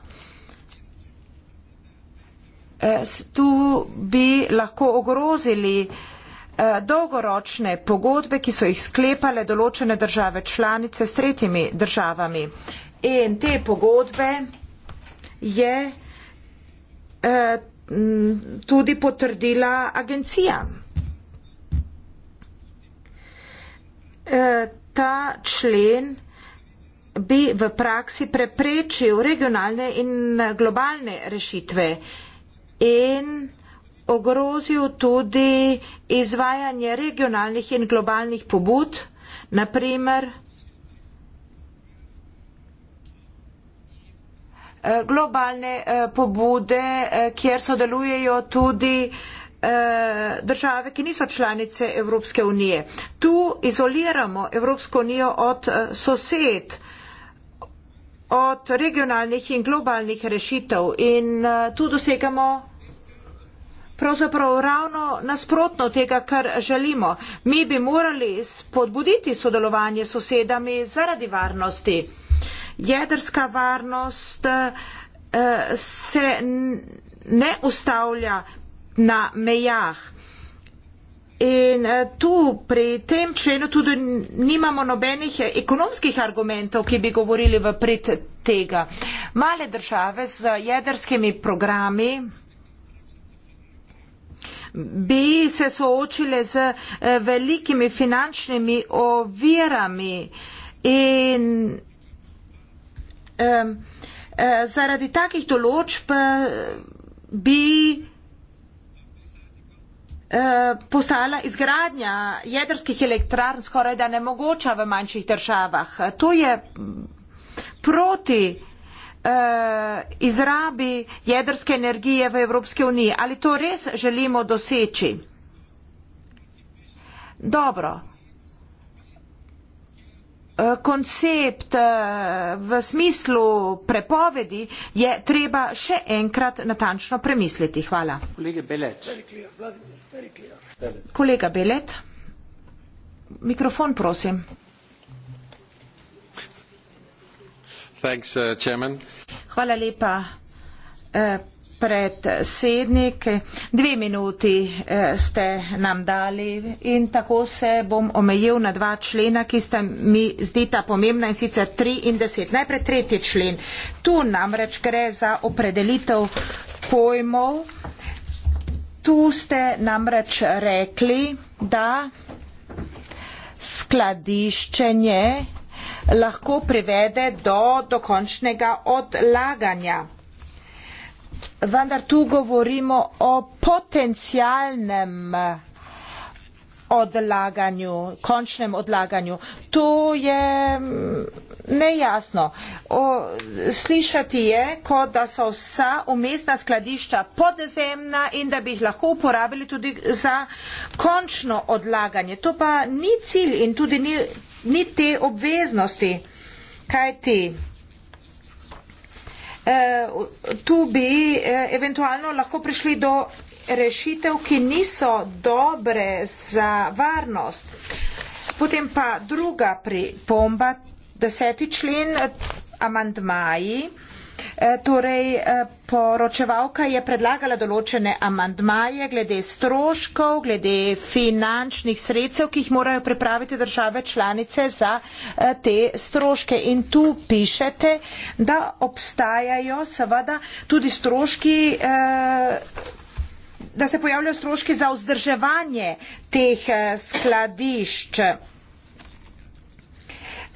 Eh, tu bi lahko ogrozili eh, dolgoročne pogodbe, ki so jih sklepale določene države članice s tretjimi državami. In te pogodbe je tudi potrdila agencija. Eh, ta člen bi v praksi preprečil regionalne in globalne rešitve in ogrozil tudi izvajanje regionalnih in globalnih pobud, naprimer eh, globalne eh, pobude, kjer sodelujejo tudi Eh, države, ki niso članice Evropske unije. Tu izoliramo Evropsko unijo od eh, sosed, od regionalnih in globalnih rešitev in eh, tu dosegamo pravzaprav ravno nasprotno tega, kar želimo. Mi bi morali spodbuditi sodelovanje s sosedami zaradi varnosti. Jedrska varnost se ne ustavlja na mejah. In eh, tu pri tem členu tudi nimamo nobenih eh, ekonomskih argumentov, ki bi govorili v prid tega. Male države z jedrskimi programi bi se soočile z eh, velikimi finančnimi ovirami in um, zaradi takih določb bi Eh, postala izgradnja jedrskih elektrarn skoraj da nemogoča v manjših državah. To je mm, proti eh, izrabi jedrske energije v Evropske unije. Ali to res želimo doseči? Dobro. Eh, koncept eh, v smislu prepovedi je treba še enkrat natančno premisliti. Hvala. Kolege Beleč. Very clear. Kolega Belet, mikrofon prosim. Thanks, uh, Hvala lepa. Uh, predsednik, dve minuti uh, ste nam dali in tako se bom omejil na dva člena, ki sta mi zdita pomembna in sicer tri in deset. Najprej tretji člen. Tu namreč gre za opredelitev pojmov. Tu ste namreč rekli, da skladiščenje lahko privede do dokončnega odlaganja. Vendar tu govorimo o potencialnem odlaganju, končnem odlaganju. To je nejasno. O, slišati je, kot da so vsa umestna skladišča podzemna in da bi jih lahko uporabili tudi za končno odlaganje. To pa ni cilj in tudi ni, ni te obveznosti. Kaj ti? E, tu bi e, eventualno lahko prišli do rešitev, ki niso dobre za varnost. Potem pa druga pripomba deseti člen, eh, amandmaji. Eh, torej, eh, poročevalka je predlagala določene amandmaje glede stroškov, glede finančnih sredstev, ki jih morajo pripraviti države članice za te stroške. In tu pišete, da obstajajo seveda tudi stroški, da se pojavljajo stroški za vzdrževanje teh skladišč.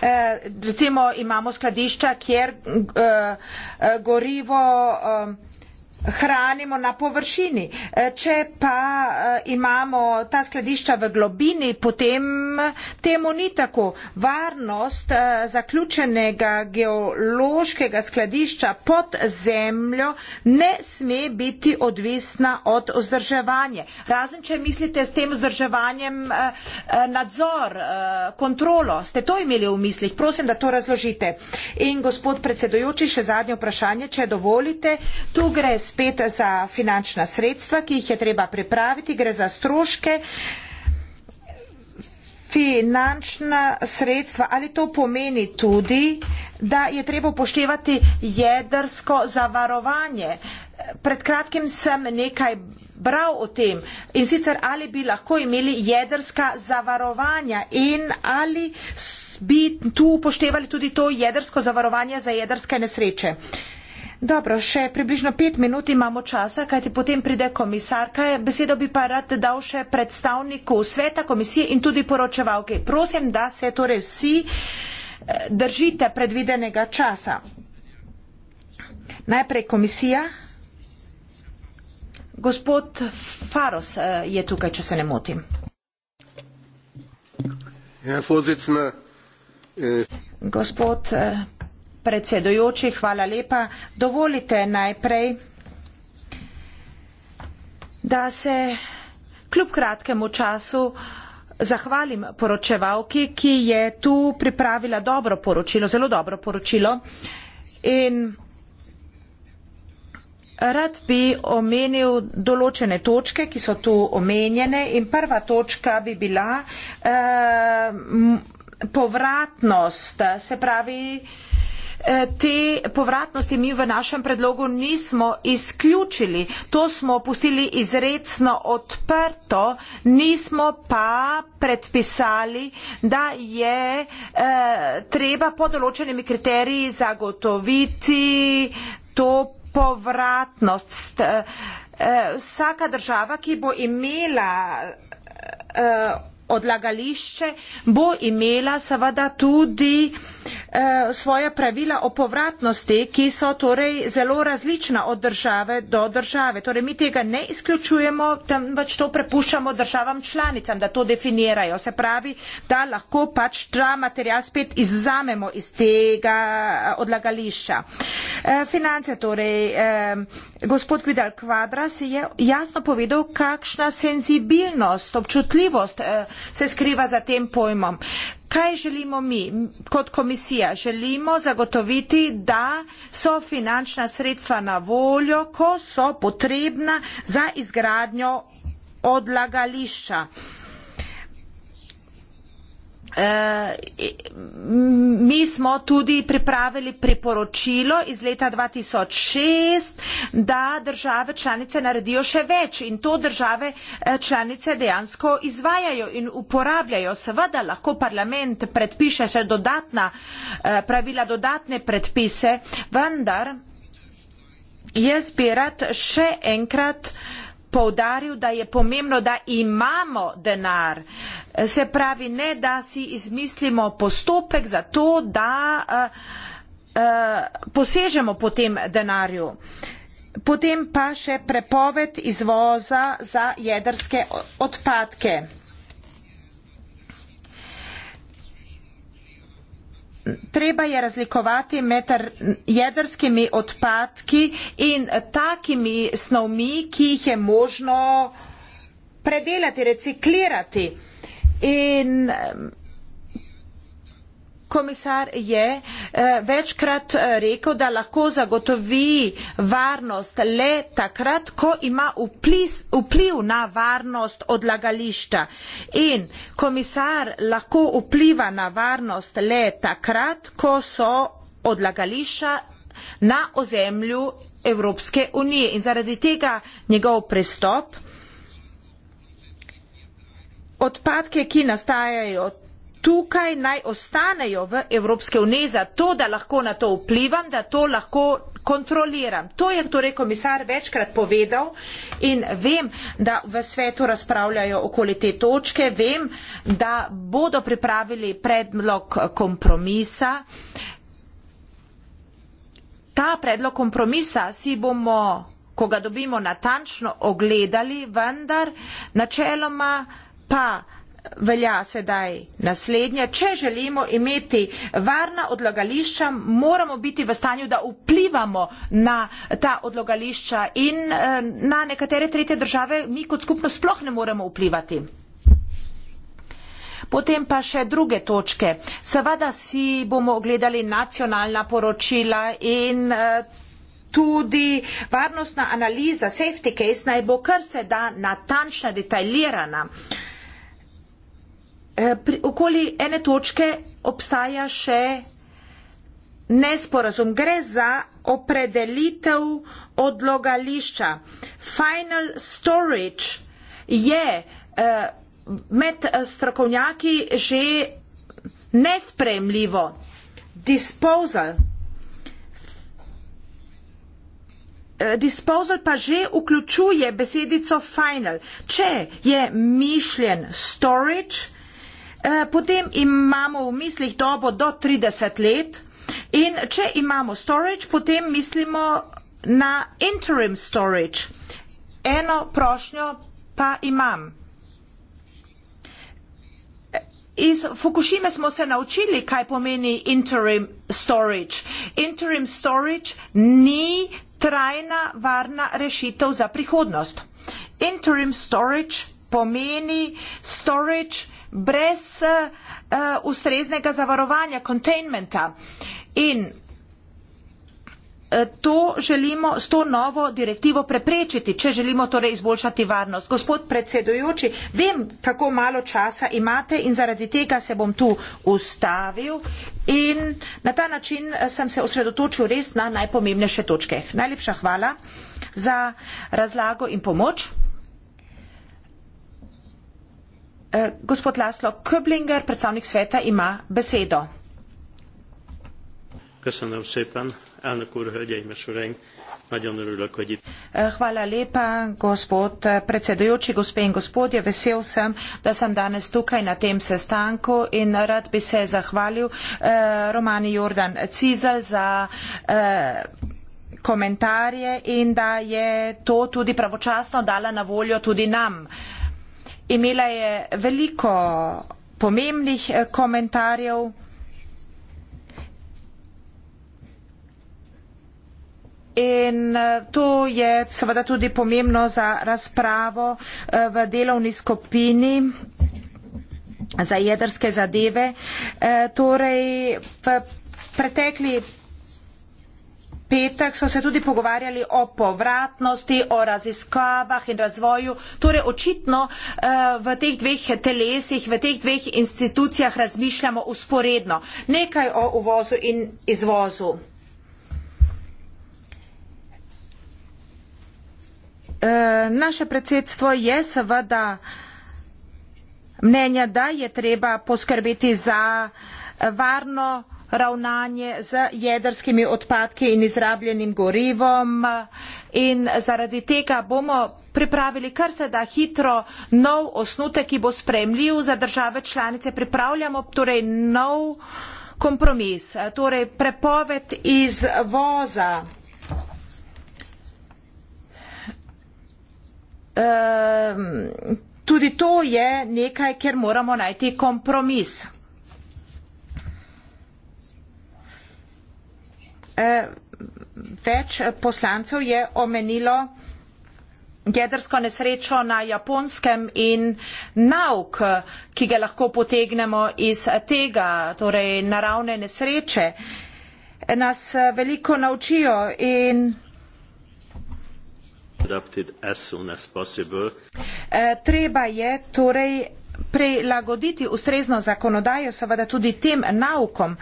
Eh, recimo imamo skladišča, kjer eh, eh, gorivo hranimo na površini. E, če pa e, imamo ta skladišča v globini, potem temu ni tako. Varnost e, zaključenega geološkega skladišča pod zemljo ne sme biti odvisna od vzdrževanja. Razen, če mislite s tem vzdrževanjem nadzor, kontrolo, ste to imeli v mislih, prosim, da to razložite. In gospod predsedujoči, še zadnje vprašanje, če dovolite, tu gre spet spet za finančna sredstva, ki jih je treba pripraviti, gre za stroške, finančna sredstva, ali to pomeni tudi, da je treba upoštevati jedrsko zavarovanje. Pred kratkim sem nekaj bral o tem in sicer ali bi lahko imeli jedrska zavarovanja in ali bi tu upoštevali tudi to jedrsko zavarovanje za jedrske nesreče. Dobro, še približno pet minut imamo časa, kajti potem pride komisarka. Besedo bi pa rad dal še predstavniku sveta komisije in tudi poročevalke. Prosim, da se torej vsi eh, držite predvidenega časa. Najprej komisija. Gospod Faros eh, je tukaj, če se ne motim. Ja, Gospod Predsedujoči, hvala lepa. Dovolite najprej, da se kljub kratkemu času zahvalim poročevalki, ki je tu pripravila dobro poročilo, zelo dobro poročilo. In rad bi omenil določene točke, ki so tu omenjene. In prva točka bi bila eh, povratnost, se pravi, Eh, te povratnosti mi v našem predlogu nismo izključili. To smo pustili izredno odprto, nismo pa predpisali, da je eh, treba po določenimi kriteriji zagotoviti to povratnost. Eh, vsaka država, ki bo imela odlagališče bo imela seveda tudi e, svoja pravila o povratnosti, ki so torej zelo različna od države do države. Torej mi tega ne izključujemo, temveč to prepuščamo državam članicam, da to definirajo. Se pravi, da lahko pač ta material spet izzamemo iz tega eh, odlagališča. E, finance torej, e, gospod Gvidal Kvadras je jasno povedal, kakšna senzibilnost, občutljivost e, se skriva za tem pojmom. Kaj želimo mi kot komisija? Želimo zagotoviti, da so finančna sredstva na voljo, ko so potrebna za izgradnjo odlagališča. Eh, mi smo tudi pripravili priporočilo iz leta 2006, da države članice naredijo še več in to države eh, članice dejansko izvajajo in uporabljajo. Seveda lahko parlament predpiše še dodatna eh, pravila, dodatne predpise, vendar je zbirati še enkrat uh, poudaril, da je pomembno, da imamo denar. Se pravi, ne da si izmislimo postopek za to, da uh, uh, posežemo po tem denarju. Potem pa še prepoved izvoza za jedrske odpadke. treba je razlikovati med jedrskimi odpadki in takimi snovmi, ki jih je možno predelati, reciklirati. In komisar je eh, večkrat eh, rekel, da lahko zagotovi varnost le takrat, ko ima vpliz, vpliv na varnost odlagališča. In komisar lahko vpliva na varnost le takrat, ko so odlagališča na ozemlju Evropske unije. In zaradi tega njegov prestop odpadke, ki nastajajo tukaj naj ostanejo v Evropske unije za to, da lahko na to vplivam, da to lahko kontroliram. To je torej komisar večkrat povedal in vem, da v svetu razpravljajo okoli te točke, vem, da bodo pripravili predlog kompromisa. Ta predlog kompromisa si bomo, ko ga dobimo natančno, ogledali, vendar načeloma pa velja sedaj naslednje. Če želimo imeti varna odlagališča, moramo biti v stanju, da vplivamo na ta odlagališča in eh, na nekatere tretje države mi kot skupnost sploh ne moremo vplivati. Potem pa še druge točke. Seveda si bomo ogledali nacionalna poročila in eh, tudi varnostna analiza, safety case, naj bo kar se da natančna, detaljirana. Uh, Eh, pri, okoli ene točke obstaja še nesporazum. Gre za opredelitev odlogališča. Final storage je uh, med eh, strokovnjaki že nespremljivo. Disposal. Disposal pa že vključuje besedico final. Če je mišljen storage, Eh, potem imamo v mislih dobo do 30 let in če imamo storage, potem mislimo na interim storage. Eno prošnjo pa imam. Iz Fukushime smo se naučili, kaj pomeni interim storage. Interim storage ni trajna varna rešitev za prihodnost. Interim storage pomeni storage brez uh, ustreznega zavarovanja, containmenta. In eh, To želimo s to novo direktivo preprečiti, če želimo torej izboljšati varnost. Gospod predsedujoči, vem, kako malo časa imate in zaradi tega se bom tu ustavil in na ta način eh, sem se osredotočil res na najpomembnejše točke. Najlepša hvala za razlago in pomoč. Eh, gospod Laslo Köblinger, predstavnik sveta, ima besedo. Eh, hvala lepa, gospod eh, predsedujoči, gospe in gospodje. Vesel sem, da sem danes tukaj na tem sestanku in rad bi se zahvalil Romani Jordan Cizel za komentarje in da je to tudi pravočasno dala na voljo tudi nam. Imela je veliko pomembnih eh, komentarjev. In eh, to je seveda tudi pomembno za razpravo eh, v delovni skupini za jedrske zadeve. Torej, v pretekli petek so se tudi pogovarjali o povratnosti, o raziskavah in razvoju. Torej očitno eh, v teh dveh telesih, v teh dveh institucijah razmišljamo usporedno. Nekaj o uvozu in izvozu. Eh, naše predsedstvo je seveda mnenja, da je treba poskrbeti za varno ravnanje z jedrskimi odpadki in izrabljenim gorivom. In zaradi tega bomo pripravili kar se da hitro nov osnutek, ki bo spremljiv za države članice. Pripravljamo torej nov kompromis, torej prepoved iz voza. Um, ehm, tudi to je nekaj, ker moramo najti kompromis. Eh, več poslancev je omenilo jedrsko nesrečo na japonskem in nauk, ki ga lahko potegnemo iz tega, torej naravne nesreče, nas eh, veliko naučijo in as as eh, treba je torej prilagoditi ustrezno zakonodajo, seveda tudi tem naukom.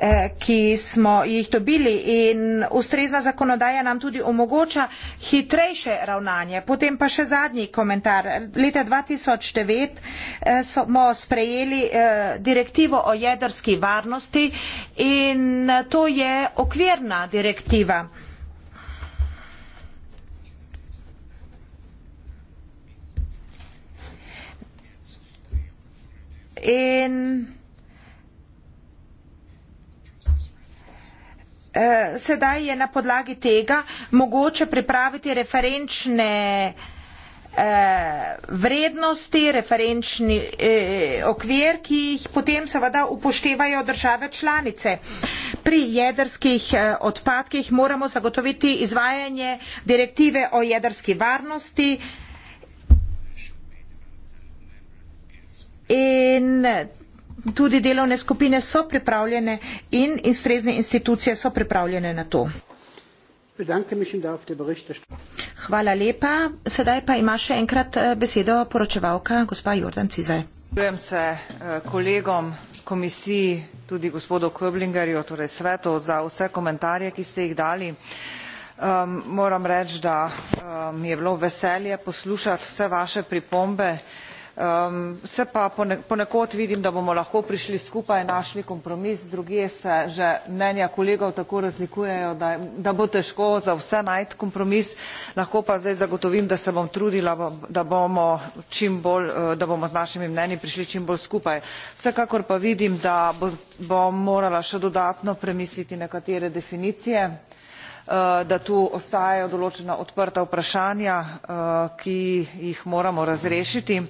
Eh, ki smo jih dobili in ustrezna zakonodaja nam tudi omogoča hitrejše ravnanje. Potem pa še zadnji komentar. Leta 2009 eh, smo sprejeli eh, direktivo o jedrski varnosti in to je okvirna direktiva. In eh, sedaj je na podlagi tega mogoče pripraviti referenčne eh, vrednosti, referenčni eh, okvir, ki jih potem seveda upoštevajo države članice. Pri jedrskih eh, odpadkih moramo zagotoviti izvajanje direktive o jedrski varnosti. In tudi delovne skupine so pripravljene in ustrezne institucije so pripravljene na to. Hvala lepa. Sedaj pa ima še enkrat eh, besedo poročevalka gospa Jordan Cizaj. Zahvaljujem se eh, kolegom komisiji, tudi gospodu Köblingerju, torej svetu, za vse komentarje, ki ste jih dali. Um, moram reči, da mi um, je bilo veselje poslušati vse vaše pripombe se pa ponekod vidim, da bomo lahko prišli skupaj, našli kompromis, druge se že mnenja kolegov tako razlikujejo, da, da bo težko za vse najti kompromis, lahko pa zdaj zagotovim, da se bom trudila, da bomo čim bolj, e, da bomo z našimi mnenji prišli čim bolj skupaj. Vsekakor pa vidim, da bo, bom morala še dodatno premisliti nekatere definicije, e, da tu ostajajo določena odprta vprašanja, e, ki jih moramo razrešiti.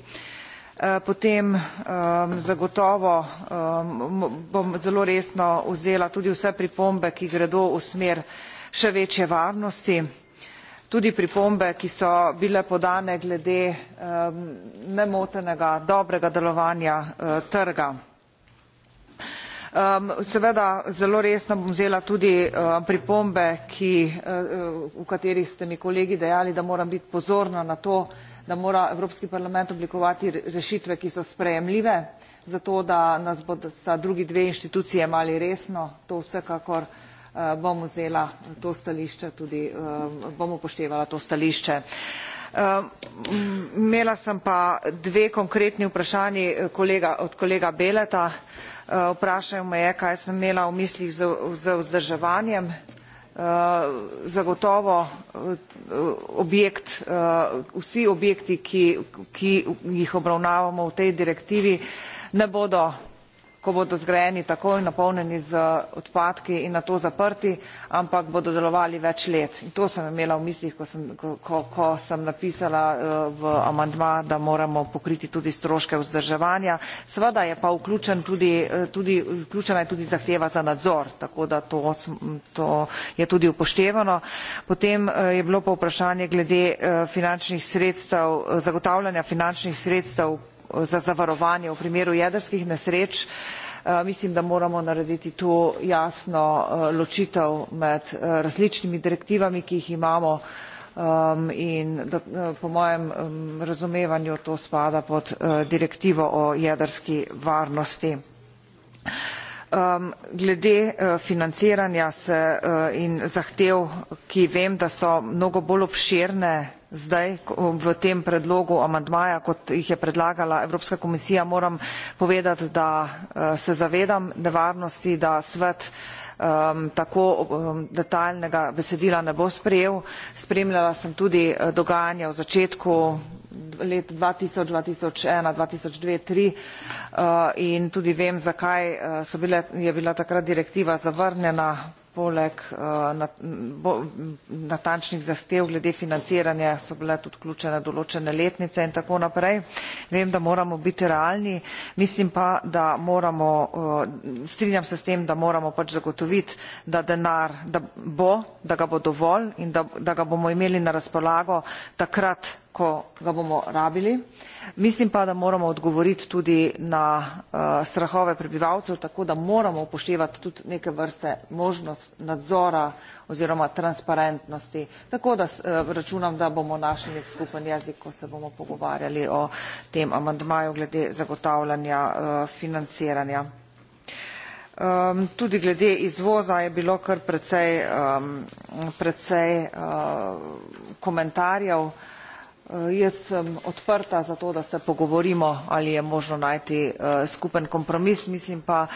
Eh, potem ehm, zagotovo ehm, bom zelo resno vzela tudi vse pripombe ki gredo v smer še večje varnosti tudi pripombe ki so bile podane glede ehm, nemotenega dobrega delovanja eh, trga. seveda zelo resno bom vzela tudi eh, pripombe ki v katerih ste mi kolegi dejali da moram biti pozorna na to da mora Evropski parlament oblikovati rešitve, ki so sprejemljive, zato da nas bodo sta drugi dve inštitucije mali resno, to vsekakor eh, bom vzela to stališče, tudi eh, bom upoštevala to stališče. Eh, imela sem pa dve konkretni vprašanji kolega, od kolega Beleta. Vprašal me je, kaj sem imela v mislih z, z vzdrževanjem. Eh, zagotovo eh, objekt eh, vsi objekti ki jih obravnavamo v tej direktivi ne bodo ko bodo zgrajeni takoj napolnjeni z odpadki in nato zaprti ampak bodo delovali več let in to sem imela v mislih ko sem, ko, ko sem napisala eh, v amandma da moramo pokriti tudi stroške vzdrževanja seveda je pa vključen tudi, eh, tudi vključena je tudi zahteva za nadzor tako da to, to je tudi upoštevano potem eh, je bilo pa vprašanje glede finančnih sredstev zagotavljanja finančnih sredstev za zavarovanje v primeru jedrskih nesreč eh, mislim da moramo narediti tu jasno eh, ločitev med eh, različnimi direktivami ki jih imamo um, in po mojem um, razumevanju to spada pod direktivo o jedrski varnosti glede eh, financiranja eh, in zahtev ki vem da so mnogo bolj obširne zdaj v tem predlogu amandmaja kot jih je predlagala evropska komisija moram povedati da eh, se zavedam nevarnosti da svet tako detajlnega besedila ne bo sprejel spremljala sem tudi dogajanja v začetku let 2000, 2001, 2002, 2003 in tudi vem, zakaj eh, so bile, je bila takrat direktiva zavrnjena poleg eh, natančnih zahtev glede financiranja so bile tudi vključene določene letnice in tako naprej. Vem, da moramo biti realni, mislim pa, da moramo, eh, strinjam se s tem, da moramo pač zagotoviti, da denar da bo, da ga bo dovolj in da, da ga bomo imeli na razpolago takrat, ko ga bomo rabili. Mislim pa, da moramo odgovoriti tudi na uh, strahove prebivalcev, tako da moramo upoštevati tudi neke vrste možnost nadzora oziroma transparentnosti. Tako da uh, računam, da bomo našli nek skupen jezik, ko se bomo pogovarjali o tem amandmaju glede zagotavljanja uh, financiranja. Um, tudi glede izvoza je bilo kar precej, um, precej uh, komentarjev. Eh, jaz sem odprta za to, da se pogovorimo, ali je možno najti eh, skupen kompromis. Mislim pa,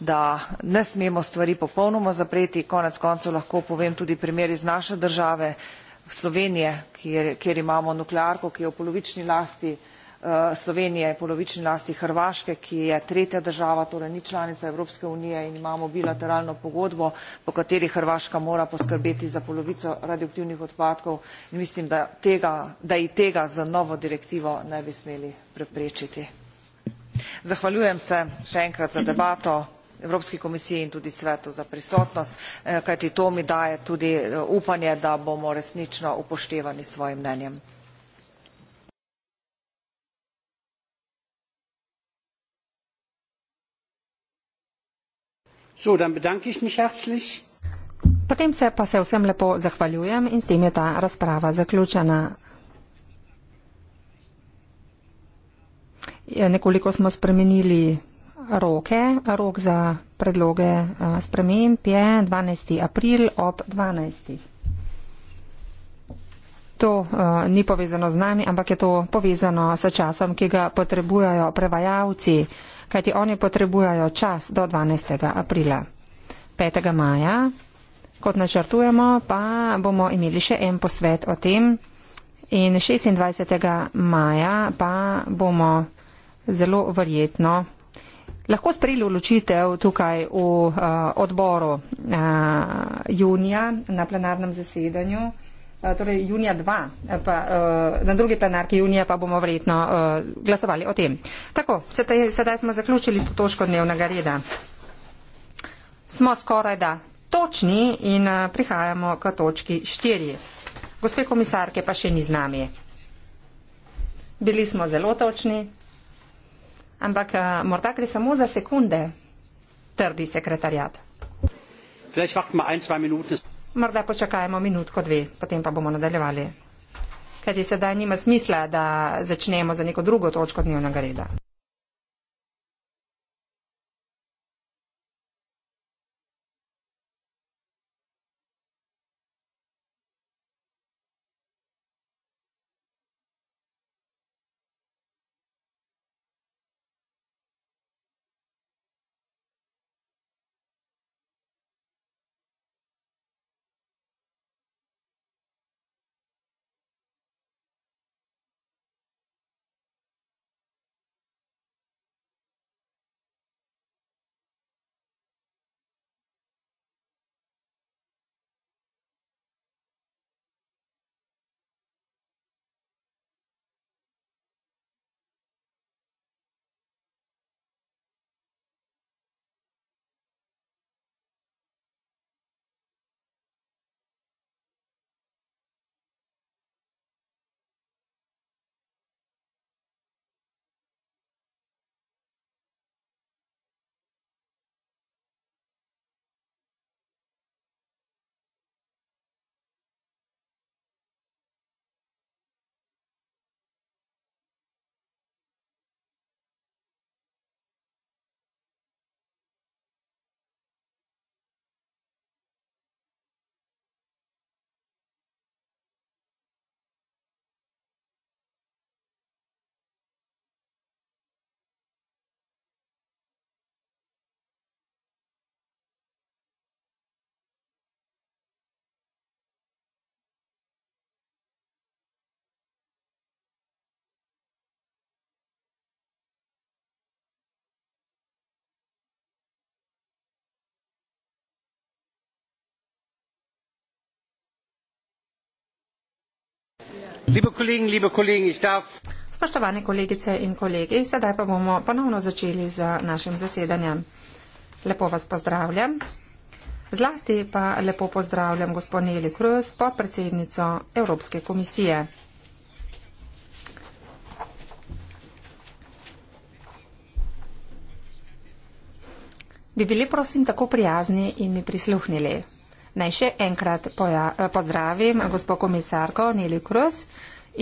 da ne smemo stvari popolnoma zapreti. Konec koncev lahko povem tudi primer iz naše države, Slovenije, kjer, kjer imamo nuklearko, ki je v polovični lasti Eh, Slovenije je polovični lasti Hrvaške, ki je tretja država, torej ni članica Evropske unije in imamo bilateralno pogodbo, po kateri Hrvaška mora poskrbeti za polovico radioaktivnih odpadkov. In mislim, da, tega, da i tega za novo direktivo ne bi smeli preprečiti. Zahvaljujem se še enkrat za debato Evropski komisiji in tudi svetu za prisotnost, eh, kajti to mi daje tudi eh, upanje, da bomo resnično upoštevani s svojim mnenjem. So, dann bedanke ich mich herzlich. Potem se pa se vsem lepo zahvaljujem in s tem je ta razprava zaključena. Nekoliko smo spremenili roke. Rok za predloge eh, sprememb je 12. april ob 12. To uh, ni povezano z nami, ampak je to povezano s časom, ki ga potrebujajo prevajalci. Uh, kajti oni potrebujajo čas do 12. aprila. 5. maja, kot načrtujemo, pa bomo imeli še en posvet o tem in 26. maja pa bomo zelo verjetno lahko sprejeli odločitev tukaj v uh, odboru uh, junija na plenarnem zasedanju. Uh, Eh, torej junija 2, eh, pa, uh, na drugi plenarki junija pa bomo verjetno uh, glasovali o tem. Tako, sedaj, sedaj smo zaključili s to točko dnevnega reda. Smo skoraj da točni in uh, prihajamo k točki 4. Gospe komisarke pa še ni z nami. Bili smo zelo točni, ampak uh, morda gre samo za sekunde, trdi sekretarjat. Vielleicht warten wir ein, zwei Minuten morda počakajmo minutko dve, potem pa bomo nadaljevali. Kajti sedaj nima smisla, da začnemo za neko drugo točko dnevnega reda. Spoštovane kolegice in kolegi, sedaj pa bomo ponovno začeli z našim zasedanjem. Lepo vas pozdravljam. Zlasti pa lepo pozdravljam gospod Neli Kruz, podpredsednico Evropske komisije. Bi bili prosim tako prijazni in mi prisluhnili? Naj še enkrat pozdravim gospod komisarko Nili Kruz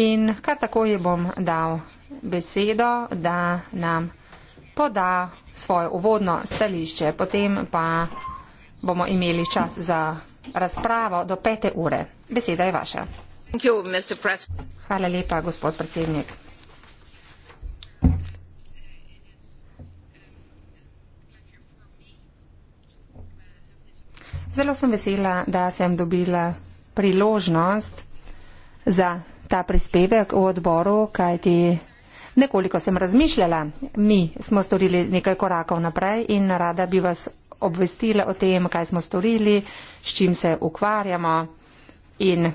in kar tako ji bom dal besedo, da nam poda svoje uvodno stališče, potem pa bomo imeli čas za razpravo do pete ure. Beseda je vaša. Hvala lepa, gospod predsednik. Zelo sem vesela, da sem dobila priložnost za ta prispevek v odboru, kajti nekoliko sem razmišljala. Mi smo storili nekaj korakov naprej in rada bi vas obvestila o tem, kaj smo storili, s čim se ukvarjamo in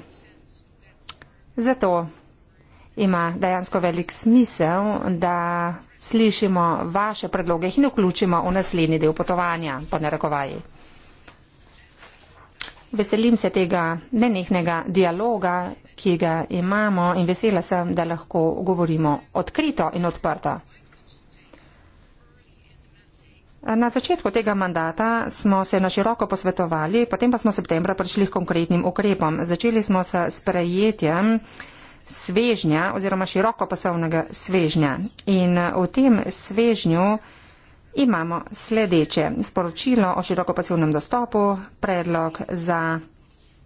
zato ima dejansko velik smisel, da slišimo vaše predloge in vključimo v naslednji del potovanja, po narekovaji. Veselim se tega nenehnega dialoga, ki ga imamo in vesela sem, da lahko govorimo odkrito in odprto. Na začetku tega mandata smo se na široko posvetovali, potem pa smo septembra prišli k konkretnim ukrepom. Začeli smo s sprejetjem svežnja oziroma široko pasovnega svežnja. In v tem svežnju imamo sledeče sporočilo o širokopasivnem dostopu, predlog za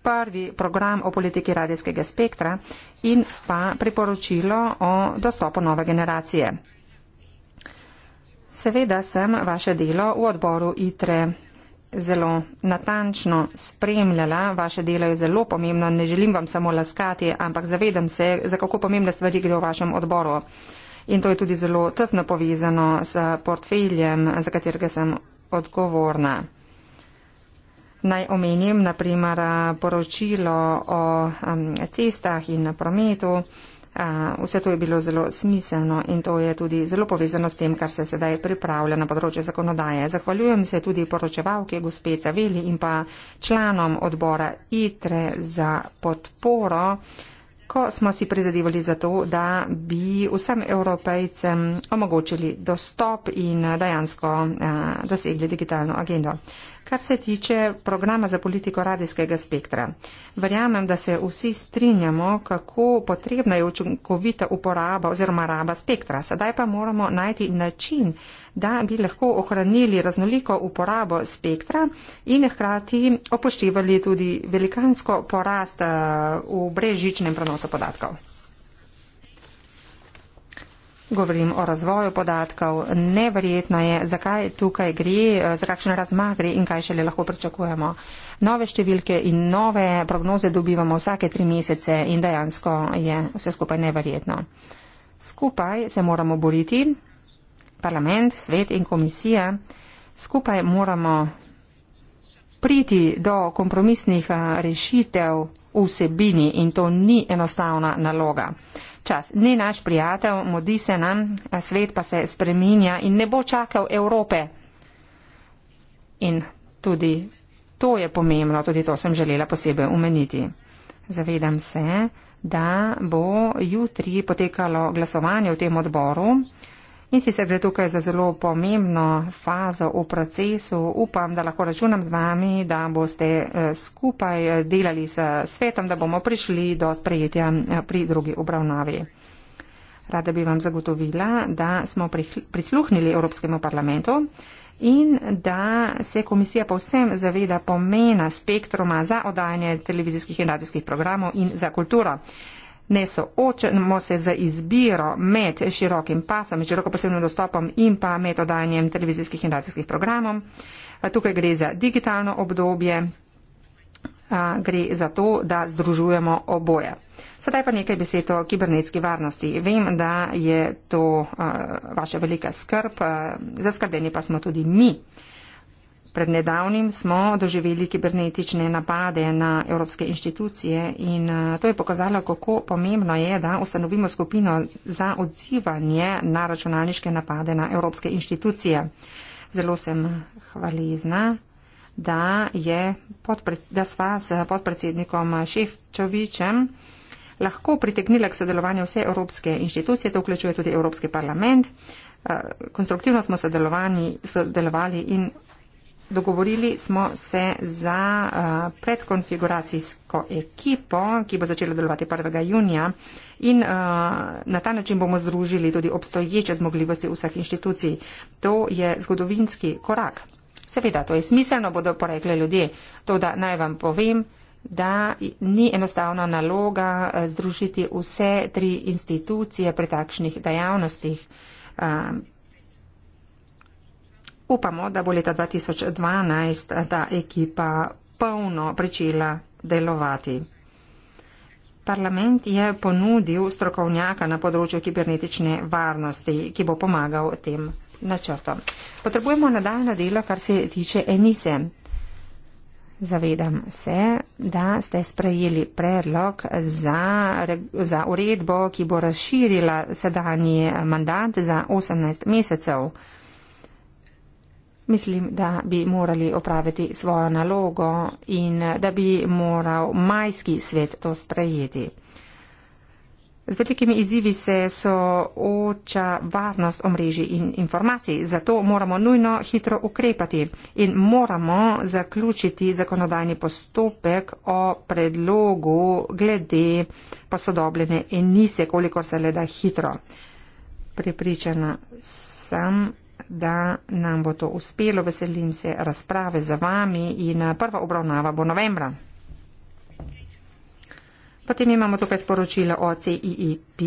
prvi program o politiki radijskega spektra in pa priporočilo o dostopu nove generacije. Seveda sem vaše delo v odboru ITRE zelo natančno spremljala. Vaše delo je zelo pomembno, ne želim vam samo laskati, ampak zavedam se, za kako pomembne stvari gre v vašem odboru in to je tudi zelo tesno povezano s portfeljem, za katerega sem odgovorna. Naj omenim naprimer poročilo o um, cestah in prometu. Uh, vse to je bilo zelo smiselno in to je tudi zelo povezano s tem, kar se sedaj pripravlja na področju zakonodaje. Zahvaljujem se tudi poročevalke gospe Caveli in pa članom odbora ITRE za podporo. Uh, ko smo si prizadevali za to, da bi vsem evropejcem omogočili dostop in dejansko eh, dosegli digitalno agendo kar se tiče programa za politiko radijskega spektra. Verjamem, da se vsi strinjamo, kako potrebna je učinkovita uporaba oziroma raba spektra. Sedaj pa moramo najti način, da bi lahko ohranili raznoliko uporabo spektra in hkrati opoštevali tudi velikansko porast eh, v brežičnem prenosu podatkov. Govorim o razvoju podatkov. Neverjetno je, zakaj tukaj gre, za kakšen razmah gre in kaj šele lahko pričakujemo. Nove številke in nove prognoze dobivamo vsake tri mesece in dejansko je vse skupaj neverjetno. Skupaj se moramo boriti, parlament, svet in komisija, skupaj moramo priti do kompromisnih eh, rešitev vsebini in to ni enostavna naloga. Čas ni naš prijatelj, modi se nam, svet pa se spreminja in ne bo čakal Evrope. In tudi to je pomembno, tudi to sem želela posebej umeniti. Zavedam se, da bo jutri potekalo glasovanje v tem odboru. In sicer gre tukaj za zelo pomembno fazo v procesu. Upam, da lahko računam z vami, da boste eh, skupaj eh, delali s svetom, da bomo prišli do sprejetja eh, pri drugi obravnavi. Rada bi vam zagotovila, da smo prisluhnili Evropskemu parlamentu in da se komisija povsem zaveda pomena spektruma za oddajanje televizijskih in radijskih programov in za kulturo ne soočamo se za izbiro med širokim pasom, med široko posebnim dostopom in pa med oddajanjem televizijskih in radijskih programov. Tukaj gre za digitalno obdobje, gre za to, da združujemo oboje. Sedaj pa nekaj besed o kibernetski varnosti. Vem, da je to vaša velika skrb, zaskrbljeni pa smo tudi mi. Pred nedavnim smo doživeli kibernetične napade na evropske inštitucije in eh, to je pokazalo, kako pomembno je, da ustanovimo skupino za odzivanje na računalniške napade na evropske inštitucije. Zelo sem hvalizna, da, je podpred, da sva s podpredsednikom Ševčovičem lahko pritegnila k sodelovanju vse evropske inštitucije, to vključuje tudi Evropski parlament. Eh, konstruktivno smo sodelovali in dogovorili smo se za uh, predkonfiguracijsko ekipo, ki bo začela delovati 1. junija in uh, na ta način bomo združili tudi obstoječe zmogljivosti vseh inštitucij. To je zgodovinski korak. Seveda, to je smiselno, bodo porekli ljudje. To, da naj vam povem, da ni enostavna naloga eh, združiti vse tri institucije pri takšnih dejavnostih. Uh, Upamo, da bo leta 2012 ta ekipa polno pričela delovati. Parlament je ponudil strokovnjaka na področju kibernetične varnosti, ki bo pomagal tem načrtom. Potrebujemo nadaljna dela, kar se tiče enise. Zavedam se, da ste sprejeli predlog za, za uredbo, ki bo razširila sedanji mandat za 18 mesecev. Mislim, da bi morali opraviti svojo nalogo in da bi moral majski svet to sprejeti. Z velikimi izzivi se sooča varnost omrežij in informacij, zato moramo nujno hitro ukrepati in moramo zaključiti zakonodajni postopek o predlogu glede posodobljene enise, kolikor se le da hitro. Pripričana sem, da nam bo to uspelo. Veselim se razprave za vami in eh, prva obravnava bo novembra. Potem imamo tukaj sporočilo o CIEP.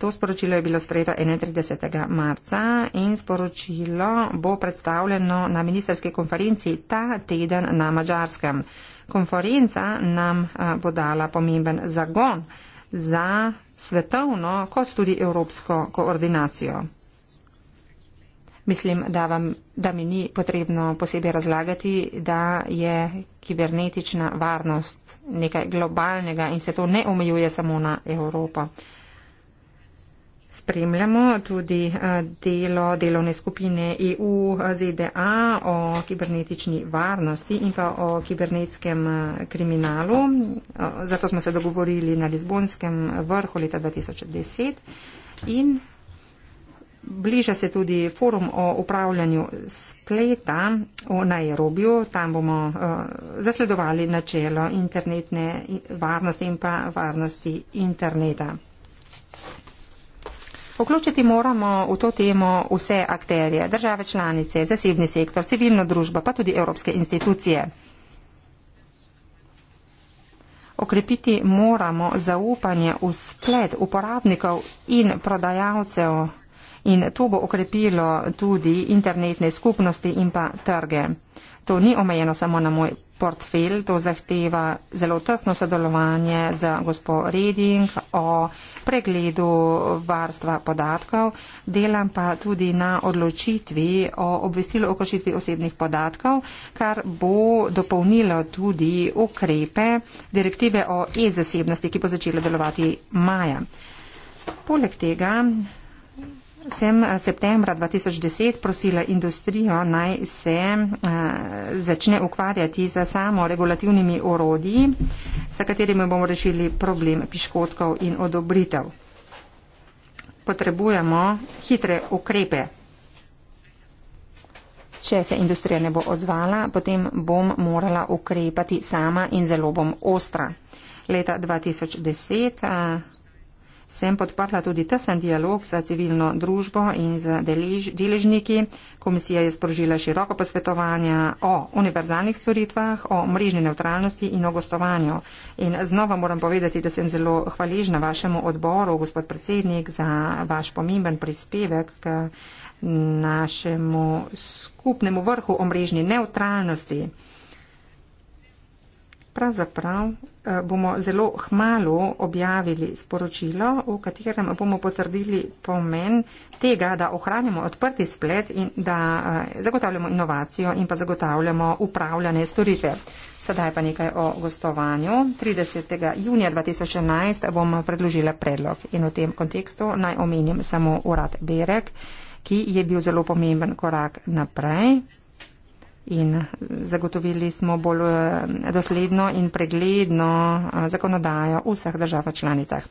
To sporočilo je bilo sprejeto 31. marca in sporočilo bo predstavljeno na ministerski konferenci ta teden na Mačarskem. Konferenca nam eh, bo dala pomemben zagon za svetovno kot tudi evropsko koordinacijo. Mislim, da, vam, da mi ni potrebno posebej razlagati, da je kibernetična varnost nekaj globalnega in se to ne omejuje samo na Evropo. Spremljamo tudi eh, delo delovne skupine EU-ZDA o kibernetični varnosti in pa o kibernetskem eh, kriminalu. Eh, zato smo se dogovorili na Lizbonskem vrhu leta 2010 in Bliža se tudi forum o upravljanju spleta v Nairobiju. Tam bomo uh, zasledovali načelo internetne varnosti in pa varnosti interneta. Vključiti moramo v to temo vse akterje, države članice, zasebni sektor, civilno družbo, pa tudi evropske institucije. Okrepiti moramo zaupanje v splet uporabnikov in prodajalcev in to bo okrepilo tudi internetne skupnosti in pa trge. To ni omejeno samo na moj portfelj, to zahteva zelo tesno sodelovanje z gospo Reding o pregledu varstva podatkov. Delam pa tudi na odločitvi o obvestilu o kršitvi osebnih podatkov, kar bo dopolnilo tudi ukrepe direktive o e-zasebnosti, ki bo začela delovati maja. Poleg tega sem eh, septembra 2010 prosila industrijo, naj se eh, začne ukvarjati za samo regulativnimi orodji, sa katerimi bomo rešili problem piškotkov in odobritev. Potrebujemo hitre ukrepe. Če se industrija ne bo odzvala, potem bom morala ukrepati sama in zelo bom ostra. Leta 2010 sem podprla tudi tesen dialog z civilno družbo in z delež, deležniki. Komisija je sprožila široko posvetovanje o univerzalnih storitvah, o mrežni neutralnosti in o gostovanju. In znova moram povedati, da sem zelo hvaležna vašemu odboru, gospod predsednik, za vaš pomemben prispevek k našemu skupnemu vrhu o mrežni neutralnosti pravzaprav eh, bomo zelo hmalo objavili sporočilo, v katerem bomo potrdili pomen tega, da ohranjamo odprti splet in da eh, zagotavljamo inovacijo in pa zagotavljamo upravljane storitve. Sedaj pa nekaj o gostovanju. 30. junija 2011 bom predložila predlog in v tem kontekstu naj omenim samo urad Berek, ki je bil zelo pomemben korak naprej in zagotovili smo bolj eh, dosledno in pregledno eh, zakonodajo v vseh državah članicah.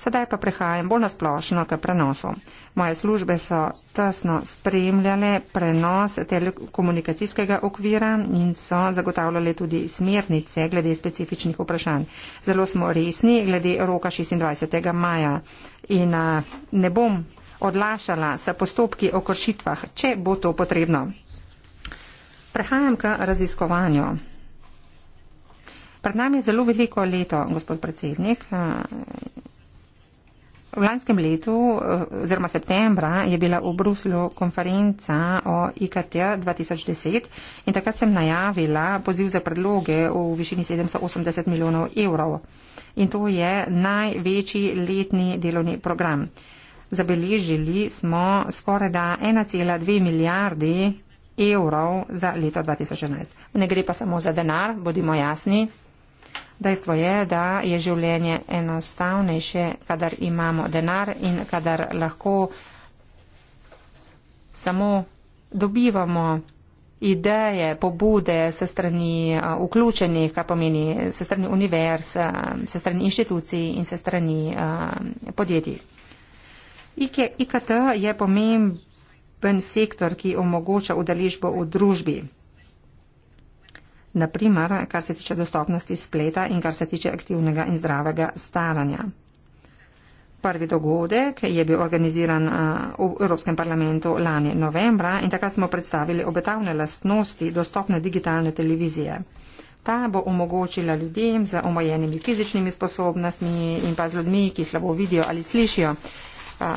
Sedaj pa prehajam bolj nasplošno k prenosu. Moje službe so tesno spremljale prenos telekomunikacijskega okvira in so zagotavljale tudi smernice glede specifičnih vprašanj. Zelo smo resni glede roka 26. maja in eh, ne bom odlašala s postopki o kršitvah, če bo to potrebno. Prehajam k raziskovanju. Pred nami je zelo veliko leto, gospod predsednik. V lanskem letu, oziroma septembra, je bila v Bruslju konferenca o IKT 2010 in takrat sem najavila poziv za predloge v višini 780 milijonov evrov. In to je največji letni delovni program. Zabeležili smo skoraj da 1,2 milijardi evrov za leto 2011. Ne gre pa samo za denar, bodimo jasni. Dejstvo je, da je življenje enostavnejše, kadar imamo denar in kadar lahko samo dobivamo ideje, pobude se strani vključenih, kar pomeni se strani univerz, se strani inštitucij in se strani podjetij. IKT je pomemben pomemben sektor, ki omogoča udeležbo v družbi. Naprimer, kar se tiče dostopnosti spleta in kar se tiče aktivnega in zdravega staranja. Prvi dogodek je bil organiziran v Evropskem parlamentu lani novembra in takrat smo predstavili obetavne lastnosti dostopne digitalne televizije. Ta bo omogočila ljudem z omejenimi fizičnimi sposobnostmi in pa z ljudmi, ki slabo vidijo ali slišijo,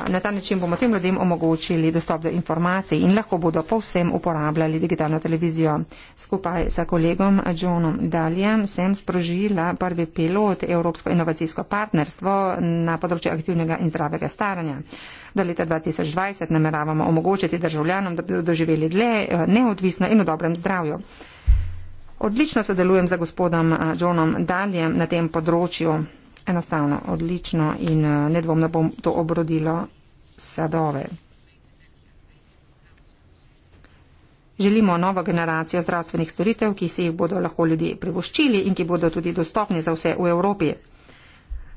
Na ta način bomo tem ljudem omogočili dostop do informacij in lahko bodo povsem uporabljali digitalno televizijo. Skupaj sa kolegom Johnom Daljem sem sprožila prvi pilot Evropsko inovacijsko partnerstvo na področju aktivnega in zdravega staranja. Do leta 2020 nameravamo omogočiti državljanom, da bodo doživeli dlje, eh, neodvisno in v dobrem zdravju. Odlično sodelujem za gospodom eh, Johnom Daljem na tem področju enostavno, odlično in eh, nedvomno bom to obrodilo sadove. Želimo novo generacijo zdravstvenih storitev, ki se jih bodo lahko ljudje privoščili in ki bodo tudi dostopni za vse v Evropi.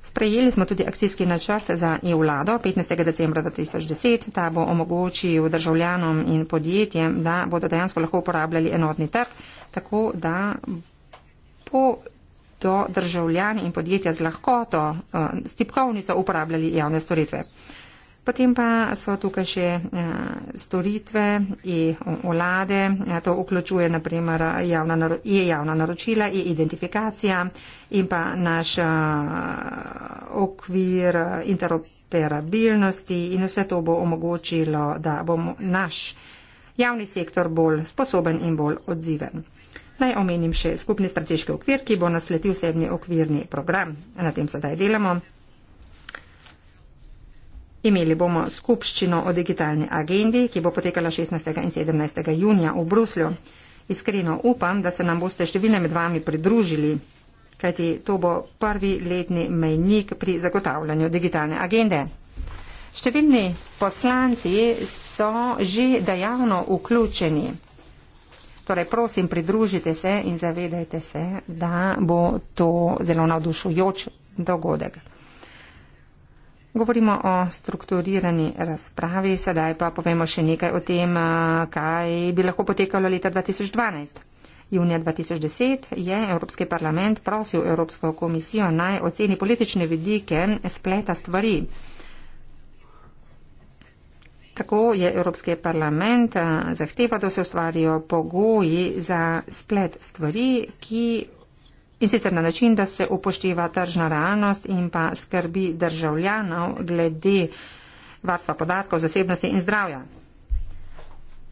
Sprejeli smo tudi akcijski načrt za EU-lado 15. decembra 2010. Ta bo omogočil državljanom in podjetjem, da bodo dejansko lahko uporabljali enotni trg, tako da bo bodo državljani in podjetja z lahkoto, eh, s tipkovnico uporabljali javne storitve. Potem pa so tukaj še eh, storitve in vlade, ja, to vključuje naprimer javna, javna naročila in identifikacija in pa naš eh, okvir interoperabilnosti in vse to bo omogočilo, da bo naš javni sektor bolj sposoben in bolj odziven. Naj omenim še skupni strateški okvir, ki bo nasletil sedmi okvirni program. Na tem sedaj delamo. Imeli bomo skupščino o digitalni agendi, ki bo potekala 16. in 17. junija v Bruslju. Iskreno upam, da se nam boste številne med vami pridružili, kajti to bo prvi letni mejnik pri zagotavljanju digitalne agende. Številni poslanci so že dejavno vključeni Torej, prosim, pridružite se in zavedajte se, da bo to zelo navdušujoč dogodek. Govorimo o strukturirani razpravi, sedaj pa povemo še nekaj o tem, kaj bi lahko potekalo leta 2012. Junija 2010 je Evropski parlament prosil Evropsko komisijo naj oceni politične vidike spleta stvari. Tako je Evropski parlament eh, zahteva, da se ustvarijo pogoji za splet stvari, ki in sicer na način, da se upošteva tržna realnost in pa skrbi državljanov glede varstva podatkov, zasebnosti in zdravja.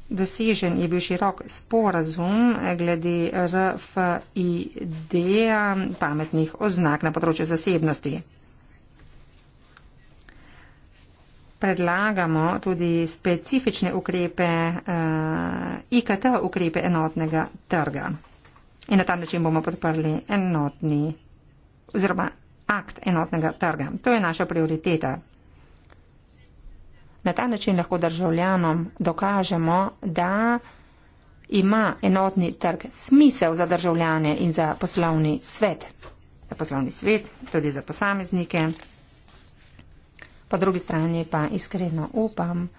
Dosežen je bil širok sporazum glede RFID-ja pametnih oznak na področju zasebnosti. predlagamo tudi specifične ukrepe, uh, eh, IKT ukrepe enotnega trga. In na ta način bomo podprli enotni oziroma akt enotnega trga. To je naša prioriteta. Na ta način lahko državljanom dokažemo, da ima enotni trg smisel za državljane in za poslovni svet. Za poslovni svet, tudi za posameznike. Po drugi strani pa iskreno upam,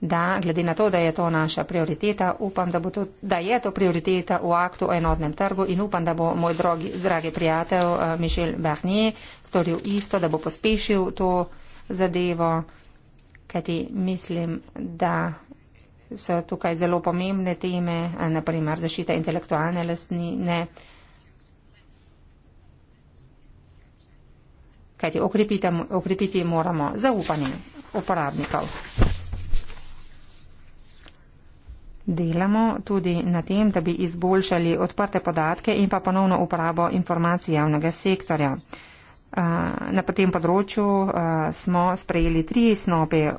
da glede na to, da je to naša prioriteta, upam, da, to, da je to prioriteta v aktu o enotnem trgu in upam, da bo moj drogi, dragi prijatelj eh, Mišel Bahnje storil isto, da bo pospešil to zadevo, kajti mislim, da so tukaj zelo pomembne teme, eh, naprimer zašita intelektualne lastnine. Ne, kajti okrepiti moramo zaupanje uporabnikov. Delamo tudi na tem, da bi izboljšali odprte podatke in pa ponovno uporabo informacij javnega sektorja. Na tem področju smo sprejeli tri snope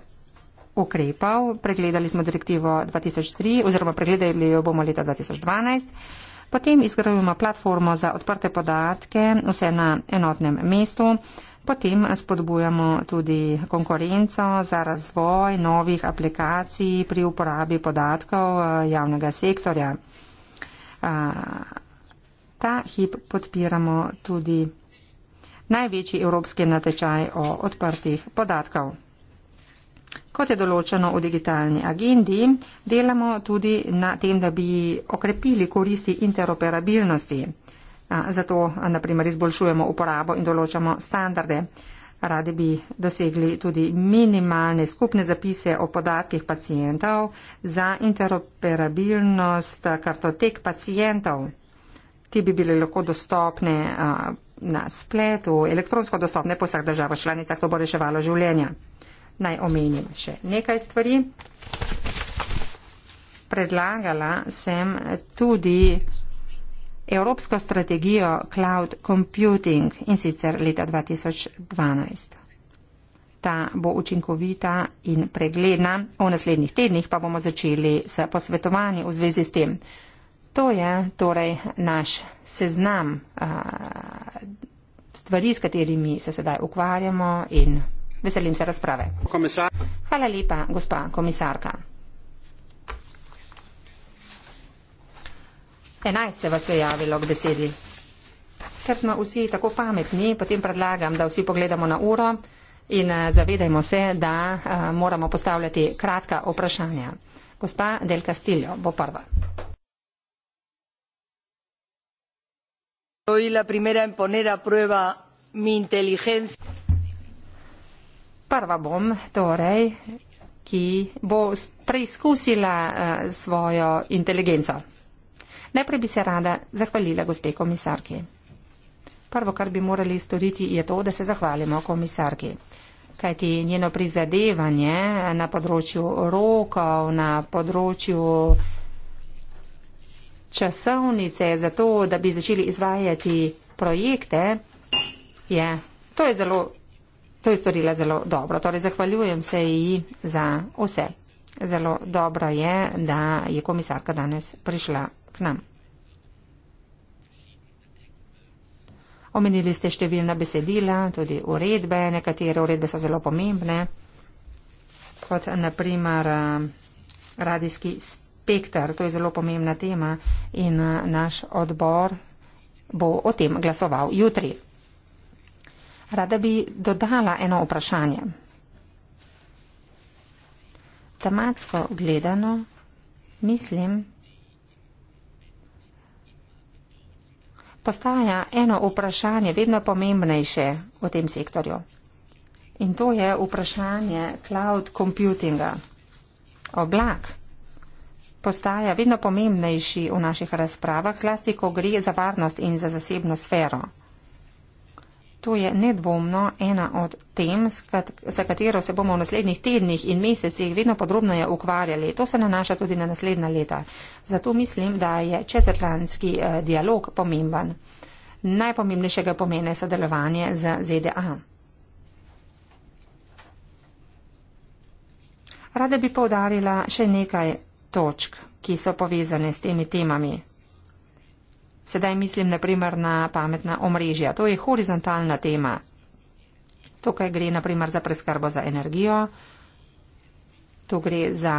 ukrepov. Pregledali smo direktivo 2003 oziroma pregledali jo bomo leta 2012. Potem izgrajujemo platformo za odprte podatke, vse na enotnem mestu. Potem spodbujamo tudi konkurenco za razvoj novih aplikacij pri uporabi podatkov eh, javnega sektorja. Eh, ta hip podpiramo tudi največji evropski natečaj o odprtih podatkov. Kot je določeno v digitalni agendi, delamo tudi na tem, da bi okrepili koristi interoperabilnosti. Zato, na primer, izboljšujemo uporabo in določamo standarde. Radi bi dosegli tudi minimalne skupne zapise o podatkih pacijentov za interoperabilnost kartotek pacijentov. Ti bi bile lahko dostopne na spletu, elektronsko dostopne po vsak državo članicah, to bo reševalo življenja. Naj omenim še nekaj stvari. Predlagala sem tudi evropsko strategijo cloud computing in sicer leta 2012. Ta bo učinkovita in pregledna. V naslednjih tednih pa bomo začeli s posvetovanji v zvezi s tem. To je torej naš seznam uh, stvari, s katerimi se sedaj ukvarjamo in veselim se razprave. Komisar. Hvala lepa, gospa komisarka. Enajst se vas je javilo k besedi. Ker smo vsi tako pametni, potem predlagam, da vsi pogledamo na uro in eh, zavedajmo se, da eh, moramo postavljati kratka vprašanja. Gospa Del Castillo bo prva. Prva bom torej, ki bo preizkusila eh, svojo inteligenco. Najprej bi se rada zahvalila gospe komisarki. Prvo, kar bi morali storiti, je to, da se zahvalimo komisarki. Kajti njeno prizadevanje na področju rokov, na področju časovnice za to, da bi začeli izvajati projekte, je, to je, zelo, to je storila zelo dobro. Torej, zahvaljujem se ji za vse. Zelo dobro je, da je komisarka danes prišla nam. Omenili ste številna besedila, tudi uredbe, nekatere uredbe so zelo pomembne, kot naprimer eh, radijski spektr, to je zelo pomembna tema in eh, naš odbor bo o tem glasoval jutri. Rada bi dodala eno vprašanje. Tematsko gledano, mislim, postaja eno vprašanje vedno pomembnejše v tem sektorju. In to je vprašanje cloud computinga. Oblak postaja vedno pomembnejši v naših razpravah, zlasti ko gre za varnost in za zasebno sfero. To je nedvomno ena od tem, za katero se bomo v naslednjih tednih in mesecih vedno podrobneje ukvarjali. To se nanaša tudi na naslednja leta. Zato mislim, da je čezatlantski eh, dialog pomemben. Najpomembnejšega pomene sodelovanje z ZDA. Rada bi povdarila še nekaj točk, ki so povezane s temi temami. Sedaj mislim naprimer na pametna omrežja. To je horizontalna tema. Tukaj gre naprimer za preskrbo za energijo, tu gre za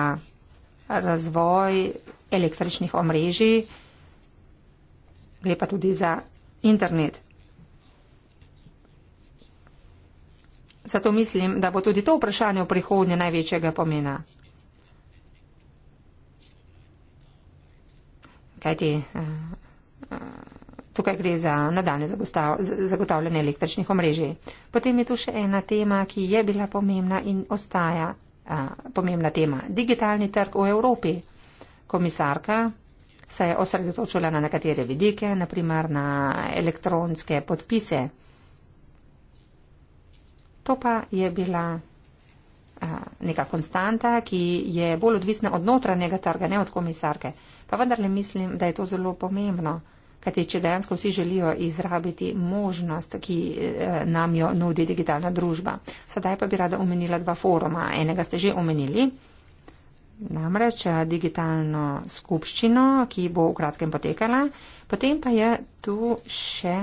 razvoj električnih omrežij, gre pa tudi za internet. Zato mislim, da bo tudi to vprašanje v prihodnje največjega pomena. Kajti, eh, tukaj gre za nadaljne zagotavljanje električnih omrežij. Potem je tu še ena tema, ki je bila pomembna in ostaja a, pomembna tema. Digitalni trg v Evropi. Komisarka se je osredotočila na nekatere vidike, naprimer na elektronske podpise. To pa je bila neka konstanta, ki je bolj odvisna od notranjega trga, ne od komisarke. Pa vendarle mislim, da je to zelo pomembno kajti če dejansko vsi želijo izrabiti možnost, ki eh, nam jo nudi digitalna družba. Sedaj pa bi rada omenila dva foruma. Enega ste že omenili, namreč eh, digitalno skupščino, ki bo v kratkem potekala. Potem pa je tu še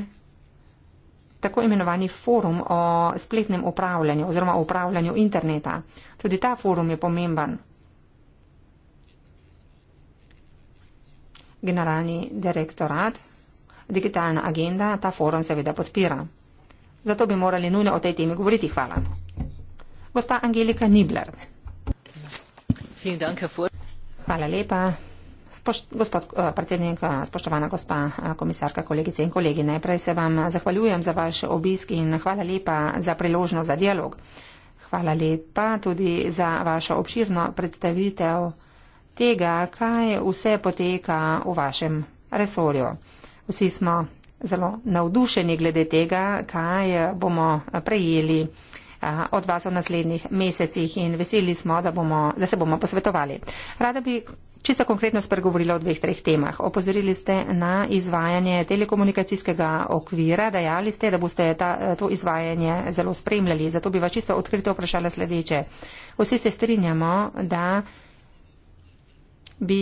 tako imenovani forum o spletnem upravljanju oziroma upravljanju interneta. Tudi ta forum je pomemben. generalni direktorat, digitalna agenda ta forum seveda podpira. Zato bi morali nujno o tej temi govoriti. Hvala. Gospa Angelika Nibler. Hvala lepa. Gospod eh, predsednik, eh, spoštovana gospa eh, komisarka, kolegice in kolegi, najprej se vam zahvaljujem za vaš obisk in hvala lepa za priložnost za dialog. Hvala lepa tudi za vašo obširno predstavitev tega, kaj vse poteka v vašem resorju. Vsi smo zelo navdušeni glede tega, kaj bomo prejeli od vas v naslednjih mesecih in veseli smo, da, bomo, da se bomo posvetovali. Rada bi čisto konkretno spregovorila o dveh, treh temah. Opozorili ste na izvajanje telekomunikacijskega okvira, dajali ste, da boste ta, to izvajanje zelo spremljali. Zato bi vas čisto odkrito vprašala sledeče. Vsi se strinjamo, da bi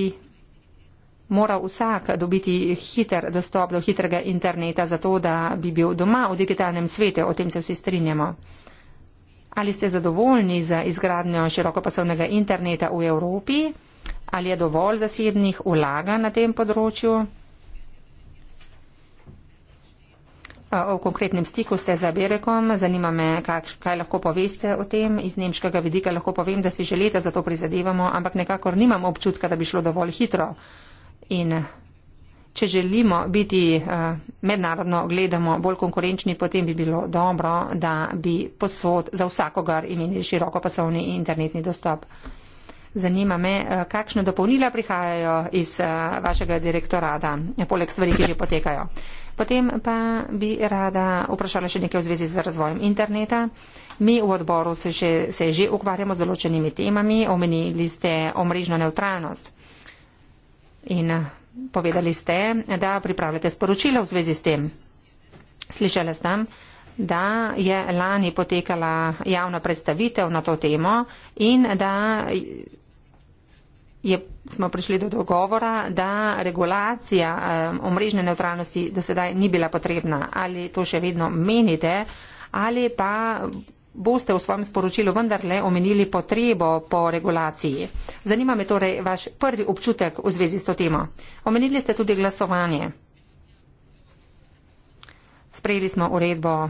moral vsak dobiti hiter dostop do hitrega interneta, zato da bi bil doma v digitalnem svetu, o tem se vsi strinjamo. Ali ste zadovoljni z izgradnjo širokopasovnega interneta v Evropi? Ali je dovolj zasebnih vlaga na tem področju? O konkretnem stiku ste za Berekom, zanima me, kak, kaj lahko poveste o tem. Iz nemškega vidika lahko povem, da si že leta za to prizadevamo, ampak nekako nimam občutka, da bi šlo dovolj hitro. In če želimo biti mednarodno, gledamo bolj konkurenčni, potem bi bilo dobro, da bi posod za vsakogar imeli široko pasovni internetni dostop. Zanima me, kakšne dopolnila prihajajo iz vašega direktorata, poleg stvari, ki že potekajo. Potem pa bi rada vprašala še nekaj v zvezi z razvojem interneta. Mi v odboru se, še, se že ukvarjamo z določenimi temami, omenili ste omrežno neutralnost. In eh, povedali ste, da pripravljate sporočilo v zvezi s tem. Slišala sem, da je lani potekala javna predstavitev na to temo in da je, smo prišli do dogovora, da regulacija omrežne neutralnosti do sedaj ni bila potrebna. Ali to še vedno menite, ali pa boste v svojem sporočilu vendarle omenili potrebo po regulaciji. Zanima me torej vaš prvi občutek v zvezi s to temo. Omenili ste tudi glasovanje. Sprejeli smo uredbo uh,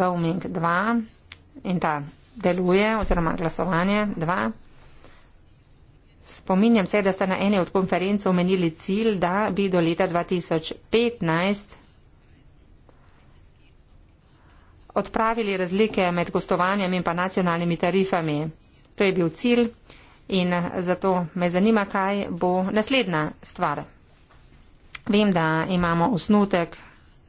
Roaming 2 in ta deluje, oziroma glasovanje 2. Spominjam se, da ste na ene od konferenc omenili cilj, da bi do leta 2015 odpravili razlike med gostovanjem in pa nacionalnimi tarifami. To je bil cilj in zato me zanima, kaj bo naslednja stvar. Vem, da imamo osnutek,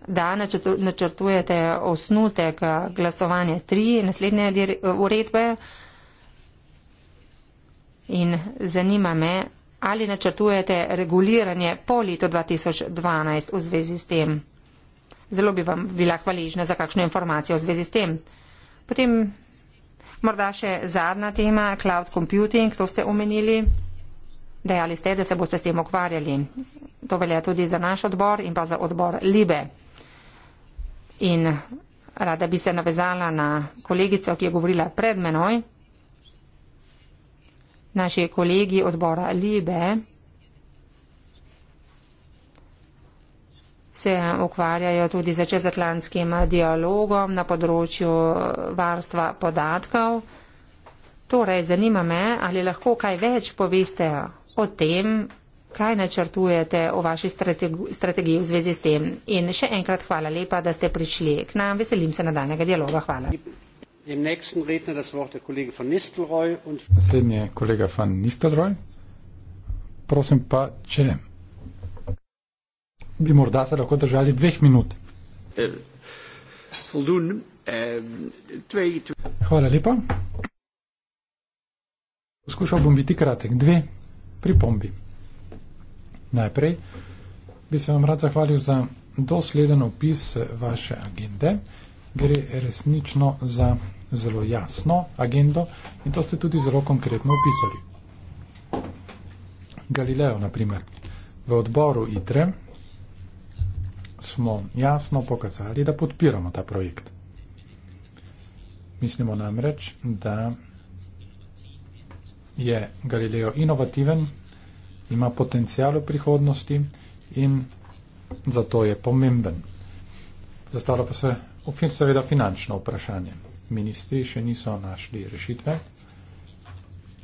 da načrtujete osnutek glasovanja 3 naslednje uredbe. Dir- In zanima me, ali načrtujete reguliranje po letu 2012 v zvezi s tem. Zelo bi vam bila hvaležna za kakšno informacijo v zvezi s tem. Potem morda še zadnja tema, cloud computing, to ste omenili. Dejali ste, da se boste s tem ukvarjali. To velja tudi za naš odbor in pa za odbor Libe. In rada bi se navezala na kolegico, ki je govorila pred menoj naši kolegi odbora Libe se ukvarjajo tudi za čezatlantskim dialogom na področju varstva podatkov. Torej, zanima me, ali lahko kaj več poveste o tem, kaj načrtujete o vaši strategi strategiji v zvezi s tem. In še enkrat hvala lepa, da ste prišli k nam. Veselim se nadaljnega dialoga. Hvala. Im nächsten Redner das Wort der Kollege von Nistelrooy und Naslednje kolega van Nistelrooy. Prosim pa, če bi morda se lahko držali dveh minut. Eh, eh, Hvala lepa. Poskušal bom biti kratek. Dve pripombi. Najprej bi se vam rad zahvalil za dosleden opis vaše agende. Gre resnično za zelo jasno agendo in to ste tudi zelo konkretno opisali. Galileo, naprimer, v odboru ITRE smo jasno pokazali, da podpiramo ta projekt. Mislimo namreč, da je Galileo inovativen, ima potencial v prihodnosti in zato je pomemben. Zastalo pa se seveda finančno vprašanje ministri še niso našli rešitve.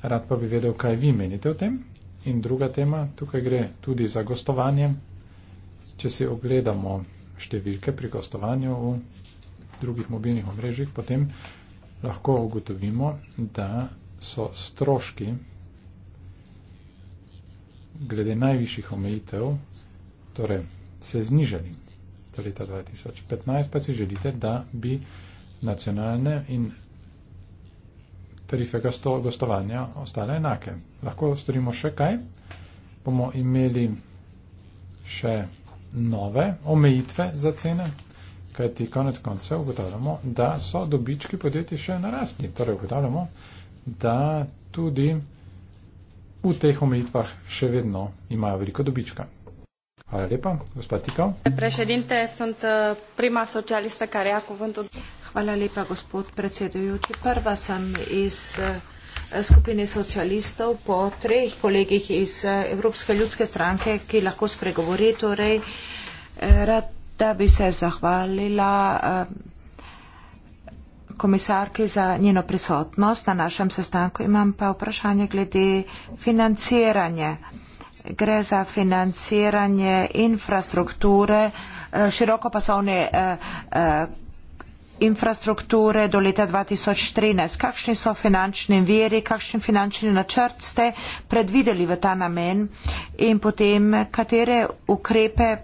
Rad pa bi vedel, kaj vi menite o tem. In druga tema, tukaj gre tudi za gostovanje. Če si ogledamo številke pri gostovanju v drugih mobilnih omrežjih, potem lahko ugotovimo, da so stroški glede najvišjih omejitev torej se znižali. Leta 2015 pa si želite, da bi nacionalne in tarife gosto, gostovanja ostale enake. Lahko storimo še kaj, bomo imeli še nove omejitve za cene, kajti konec koncev ugotavljamo, da so dobički podjetij še narastni. Torej ugotavljamo, da tudi v teh omejitvah še vedno imajo veliko dobička. Hvala lepa. Gospod Tikal. Predsednik, sem uh, prima socialista, kar je akuvant. Hvala lepa, gospod predsedujoči. Prva sem iz uh, skupine socialistov po treh kolegih iz uh, Evropske ljudske stranke, ki lahko spregovori. Torej, eh, rada bi se zahvalila eh, komisarki za njeno prisotnost na našem sestanku. Imam pa vprašanje glede financiranja gre za financiranje infrastrukture, eh, širokopasovne eh, eh, infrastrukture do leta 2013. Kakšni so finančni veri, kakšen finančni načrt ste predvideli v ta namen in potem katere ukrepe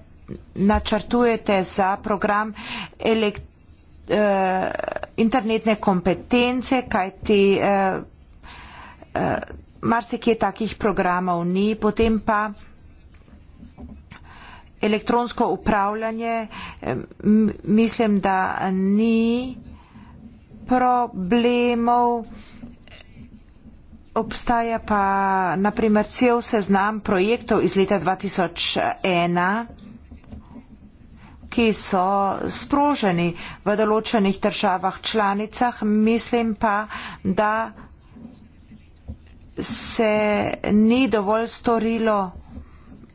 načrtujete za program elektronizacije? internetne kompetence, kajti marsikje takih programov ni, potem pa elektronsko upravljanje, mislim, da ni problemov, obstaja pa naprimer cel seznam projektov iz leta 2001, ki so sproženi v določenih državah članicah, mislim pa, da vsega, se ni dovolj storilo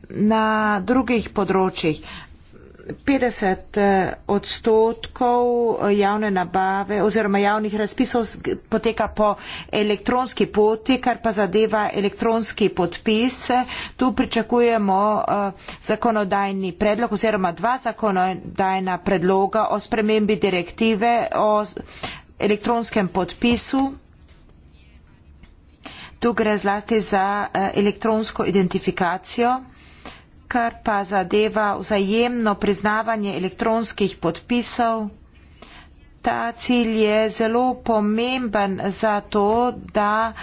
na drugih področjih. 50 eh, odstotkov javne nabave oziroma javnih razpisov poteka po elektronski poti, kar pa zadeva elektronski podpis. Tu pričakujemo eh, zakonodajni predlog oziroma dva zakonodajna predloga o spremembi direktive o elektronskem podpisu. Tu gre zlasti za eh, elektronsko identifikacijo, kar pa zadeva vzajemno priznavanje elektronskih podpisov. Ta cilj je zelo pomemben za to, da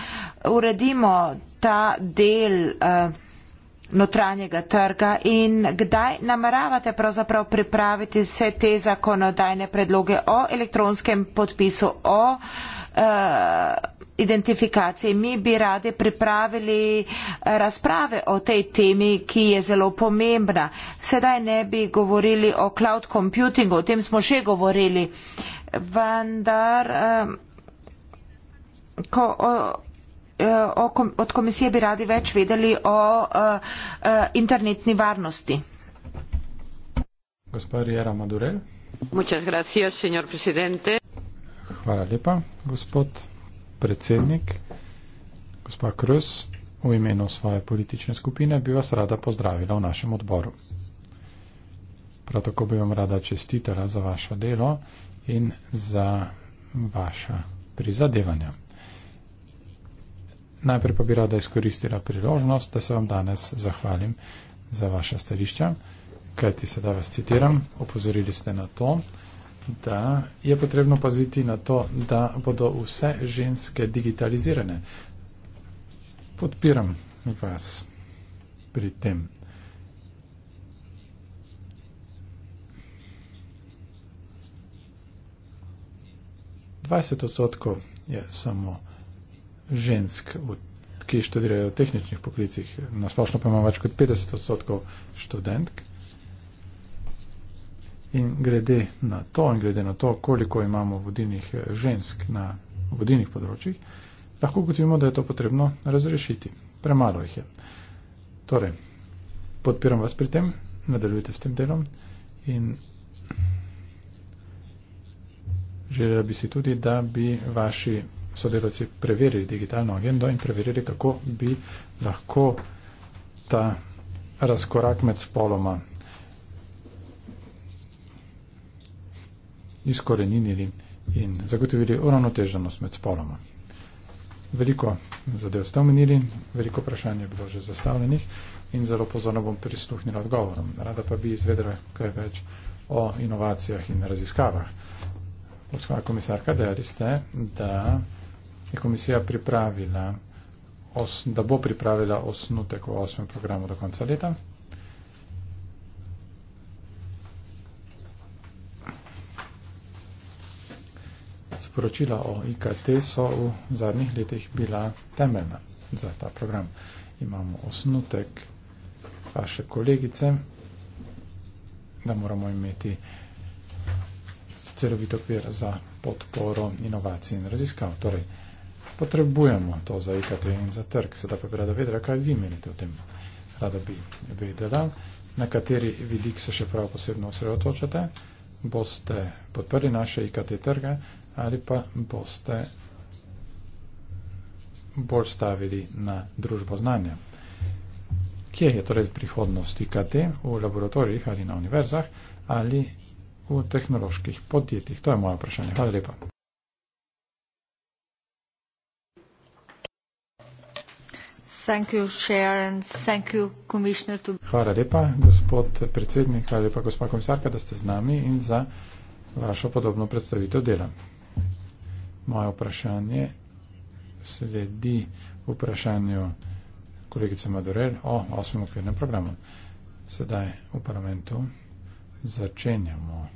uredimo ta del eh, notranjega trga in kdaj nameravate pravzaprav pripraviti vse te zakonodajne predloge o elektronskem podpisu, o uh, identifikacije. Mi bi radi pripravili eh, razprave o tej temi, ki je zelo pomembna. Sedaj ne bi govorili o cloud computingu, o tem smo že govorili, vendar eh, ko, o, eh, o, od komisije bi radi več vedeli o, o, o internetni varnosti. Hvala lepa, gospod predsednik, gospa Krs, v imenu svoje politične skupine bi vas rada pozdravila v našem odboru. Prav tako bi vam rada čestitela za vaše delo in za vaša prizadevanja. Najprej pa bi rada izkoristila priložnost, da se vam danes zahvalim za vaša stališča, kajti sedaj vas citiram, opozorili ste na to, da je potrebno paziti na to, da bodo vse ženske digitalizirane. Podpiram vas pri tem. Dvajset odstotkov je samo žensk, ki študirajo v tehničnih poklicih, nasplošno pa ima več kot petdeset odstotkov študentk. In glede na to, in glede na to, koliko imamo vodilnih eh, žensk na vodilnih področjih, lahko gotovimo, da je to potrebno razrešiti. Premalo jih je. Torej, podpiram vas pri tem, nadaljujte s tem delom in želela bi si tudi, da bi vaši sodelovci preverili digitalno agendo in preverili, kako bi lahko ta razkorak med spoloma izkorenili in zagotovili uravnoteženost med spoloma. Veliko zadev ste omenili, veliko vprašanj je bilo že zastavljenih in zelo pozorno bom prisluhnila odgovorom. Rada pa bi izvedela kaj več o inovacijah in raziskavah. Gospa komisarka, dejali ste, da je komisija pripravila, os, da bo pripravila osnutek v osmem programu do konca leta. sporočila o IKT so v zadnjih letih bila temeljna za ta program. Imamo osnutek vaše kolegice, da moramo imeti celovit okvir za podporo inovacij in raziskav. Torej, potrebujemo to za IKT in za trg. Sedaj pa bi rada vedela, kaj vi menite o tem. Rada bi vedela, na kateri vidik se še prav posebno osredotočate, boste podprli naše IKT trge, ali pa boste bolj stavili na družbo znanja. Kje je torej prihodnost IKT? V laboratorijih ali na univerzah ali v tehnoloških podjetjih? To je moje vprašanje. Hvala lepa. Thank you, chair, and thank you, commissioner, to... Hvala lepa, gospod predsednik, hvala lepa, gospa komisarka, da ste z nami in za vašo podobno predstavitev dela moje vprašanje sledi vprašanju kolegice Madurel o osmem okvirnem programu. Sedaj v parlamentu začenjamo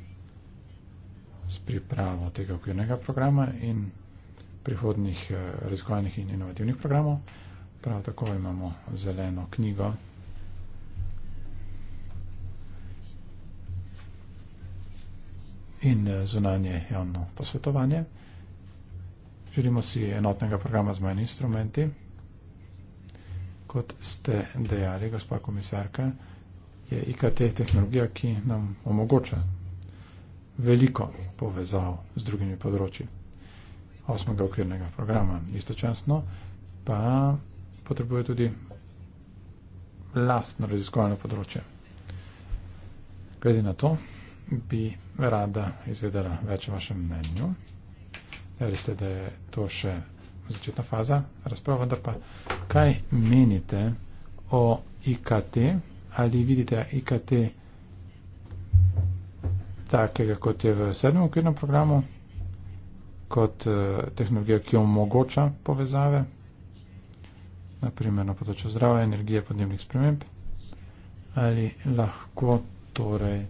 s pripravo tega okvirnega programa in prihodnih eh, raziskovalnih in inovativnih programov. Prav tako imamo zeleno knjigo. in eh, zunanje javno posvetovanje. Odpirimo si enotnega programa z manj instrumenti. Kot ste dejali, gospa komisarka, je IKT tehnologija, ki nam omogoča veliko povezav z drugimi področji osmega okvirnega programa. Istočasno pa potrebuje tudi lastno raziskovalno področje. Glede na to bi rada izvedela več o vašem mnenju. Rekli ste, da je to še začetna faza razprava, vendar pa kaj menite o IKT? Ali vidite IKT takega, kot je v sedmem okvirnem programu, kot eh, tehnologija, ki omogoča povezave, naprimer na področju zdrave, energije, podnebnih sprememb? Ali lahko torej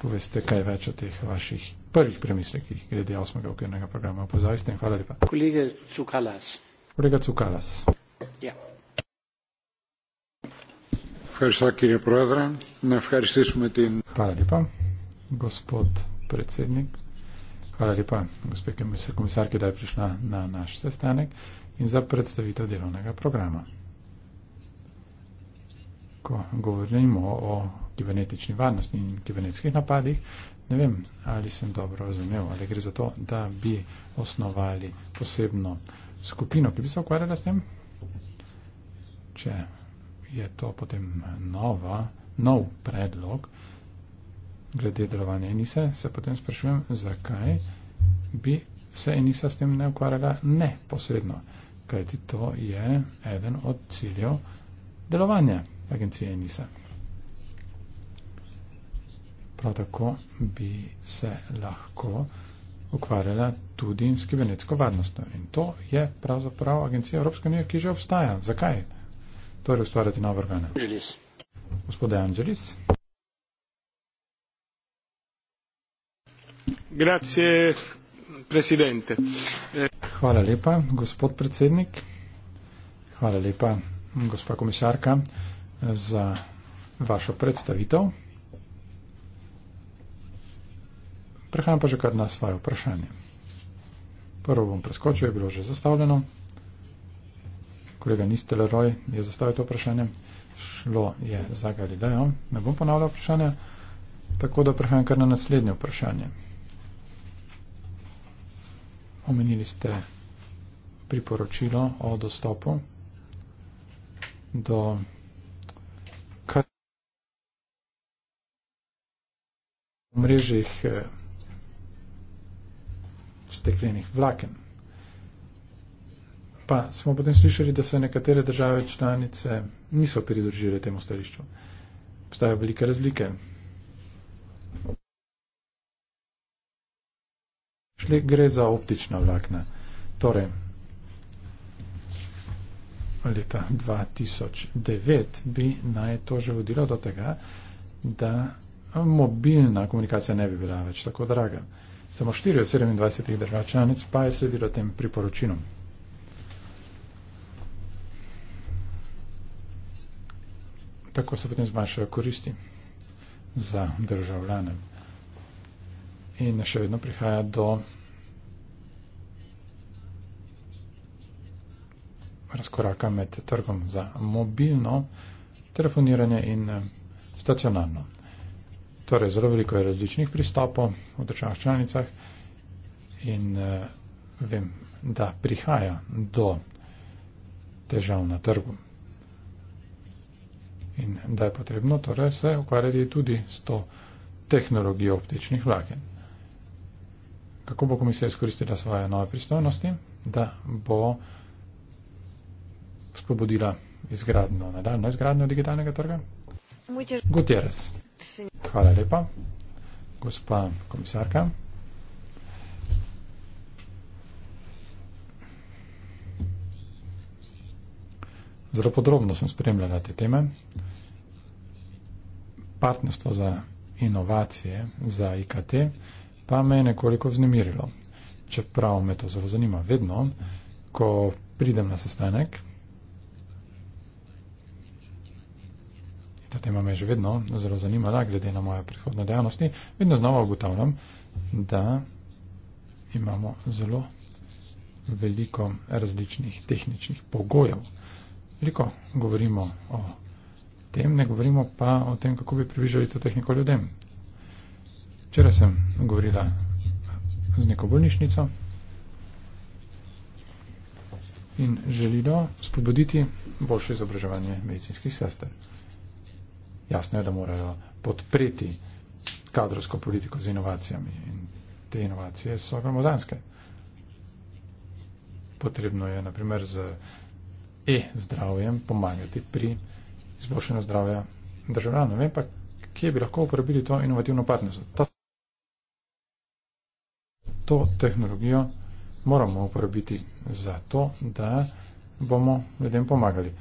poveste kaj več o teh vaših prvih premislekih glede osmega okvirnega programa. Pozavite in hvala lepa. Kolega Cukalas. Kolega Cukalas. Ja. Hvala lepa, gospod predsednik. Hvala lepa, gospe komisarki, da je prišla na naš sestanek in za predstavitev delovnega programa. Ko govorimo o kibernetični varnosti in kibernetskih napadih, ne vem, ali sem dobro razumel, ali gre za to, da bi osnovali posebno skupino, ki bi se ukvarjala s tem. Če je to potem nova, nov predlog glede delovanja Enise, se potem sprašujem, zakaj bi se Enisa s tem ne ukvarjala neposredno. Kajti to je eden od ciljev delovanja agencije Enise. Prav tako bi se lahko ukvarjala tudi s kibernetsko varnostjo. In to je pravzaprav agencija Evropske unije, ki že obstaja. Zakaj? Torej ustvarjati nove organe. Angelis. Gospod Angelis. Grazie, presidente. Hvala lepa, gospod predsednik. Hvala lepa, gospa komisarka, za vašo predstavitev. Prehajam pa že kar na svoje vprašanje. Prvo bom preskočil, je bilo že zastavljeno. Kolega Nisteleroj je zastavil to vprašanje. Šlo je za Galilejo. Ne bom ponavljal vprašanja, tako da prehajam kar na naslednje vprašanje. Omenili ste priporočilo o dostopu do. Mrežih eh, steklenih vlaken. Pa smo potem slišali, da se nekatere države članice niso pridružile temu stališču. Obstajajo velike razlike. Šli gre za optična vlakna. Torej, leta 2009 bi naj to že vodilo do tega, da mobilna komunikacija ne bi bila več tako draga. Samo 4 od 27 držav članic pa je sledilo tem priporočilom. Tako se potem zmanjšajo koristi za državljane. In še vedno prihaja do razkoraka med trgom za mobilno telefoniranje in eh, stacionarno Torej, zelo veliko je različnih pristopov v državah članicah in uh, vem, da prihaja do težav na trgu. In da je potrebno torej se ukvarjati tudi s to tehnologijo optičnih vlaken. Kako bo komisija izkoristila svoje nove pristojnosti, da bo spobodila izgradno, nadaljno izgradno digitalnega trga? Gutierrez. Hvala lepa. Gospa komisarka. Zelo podrobno sem spremljala te teme. Partnerstvo za inovacije za IKT pa me je nekoliko vznemirilo. Čeprav me to zelo zanima, vedno, ko pridem na sestanek, tema me je že vedno zelo zanimala, glede na mojo prihodno dejavnost, vedno znova ugotavljam, da imamo zelo veliko različnih tehničnih pogojev. Veliko govorimo o tem, ne govorimo pa o tem, kako bi približali to tehniko ljudem. Včeraj sem govorila z neko bolnišnico in želila spodbuditi boljše izobraževanje medicinskih sester jasno je, da morajo podpreti kadrovsko politiko z inovacijami. In te inovacije so gromozanske. Potrebno je, naprimer, z e-zdravjem pomagati pri izboljšanju zdravja državljanov. Vem pa, kje bi lahko uporabili to inovativno partnerstvo. To, to tehnologijo moramo uporabiti za to, da bomo ljudem pomagali.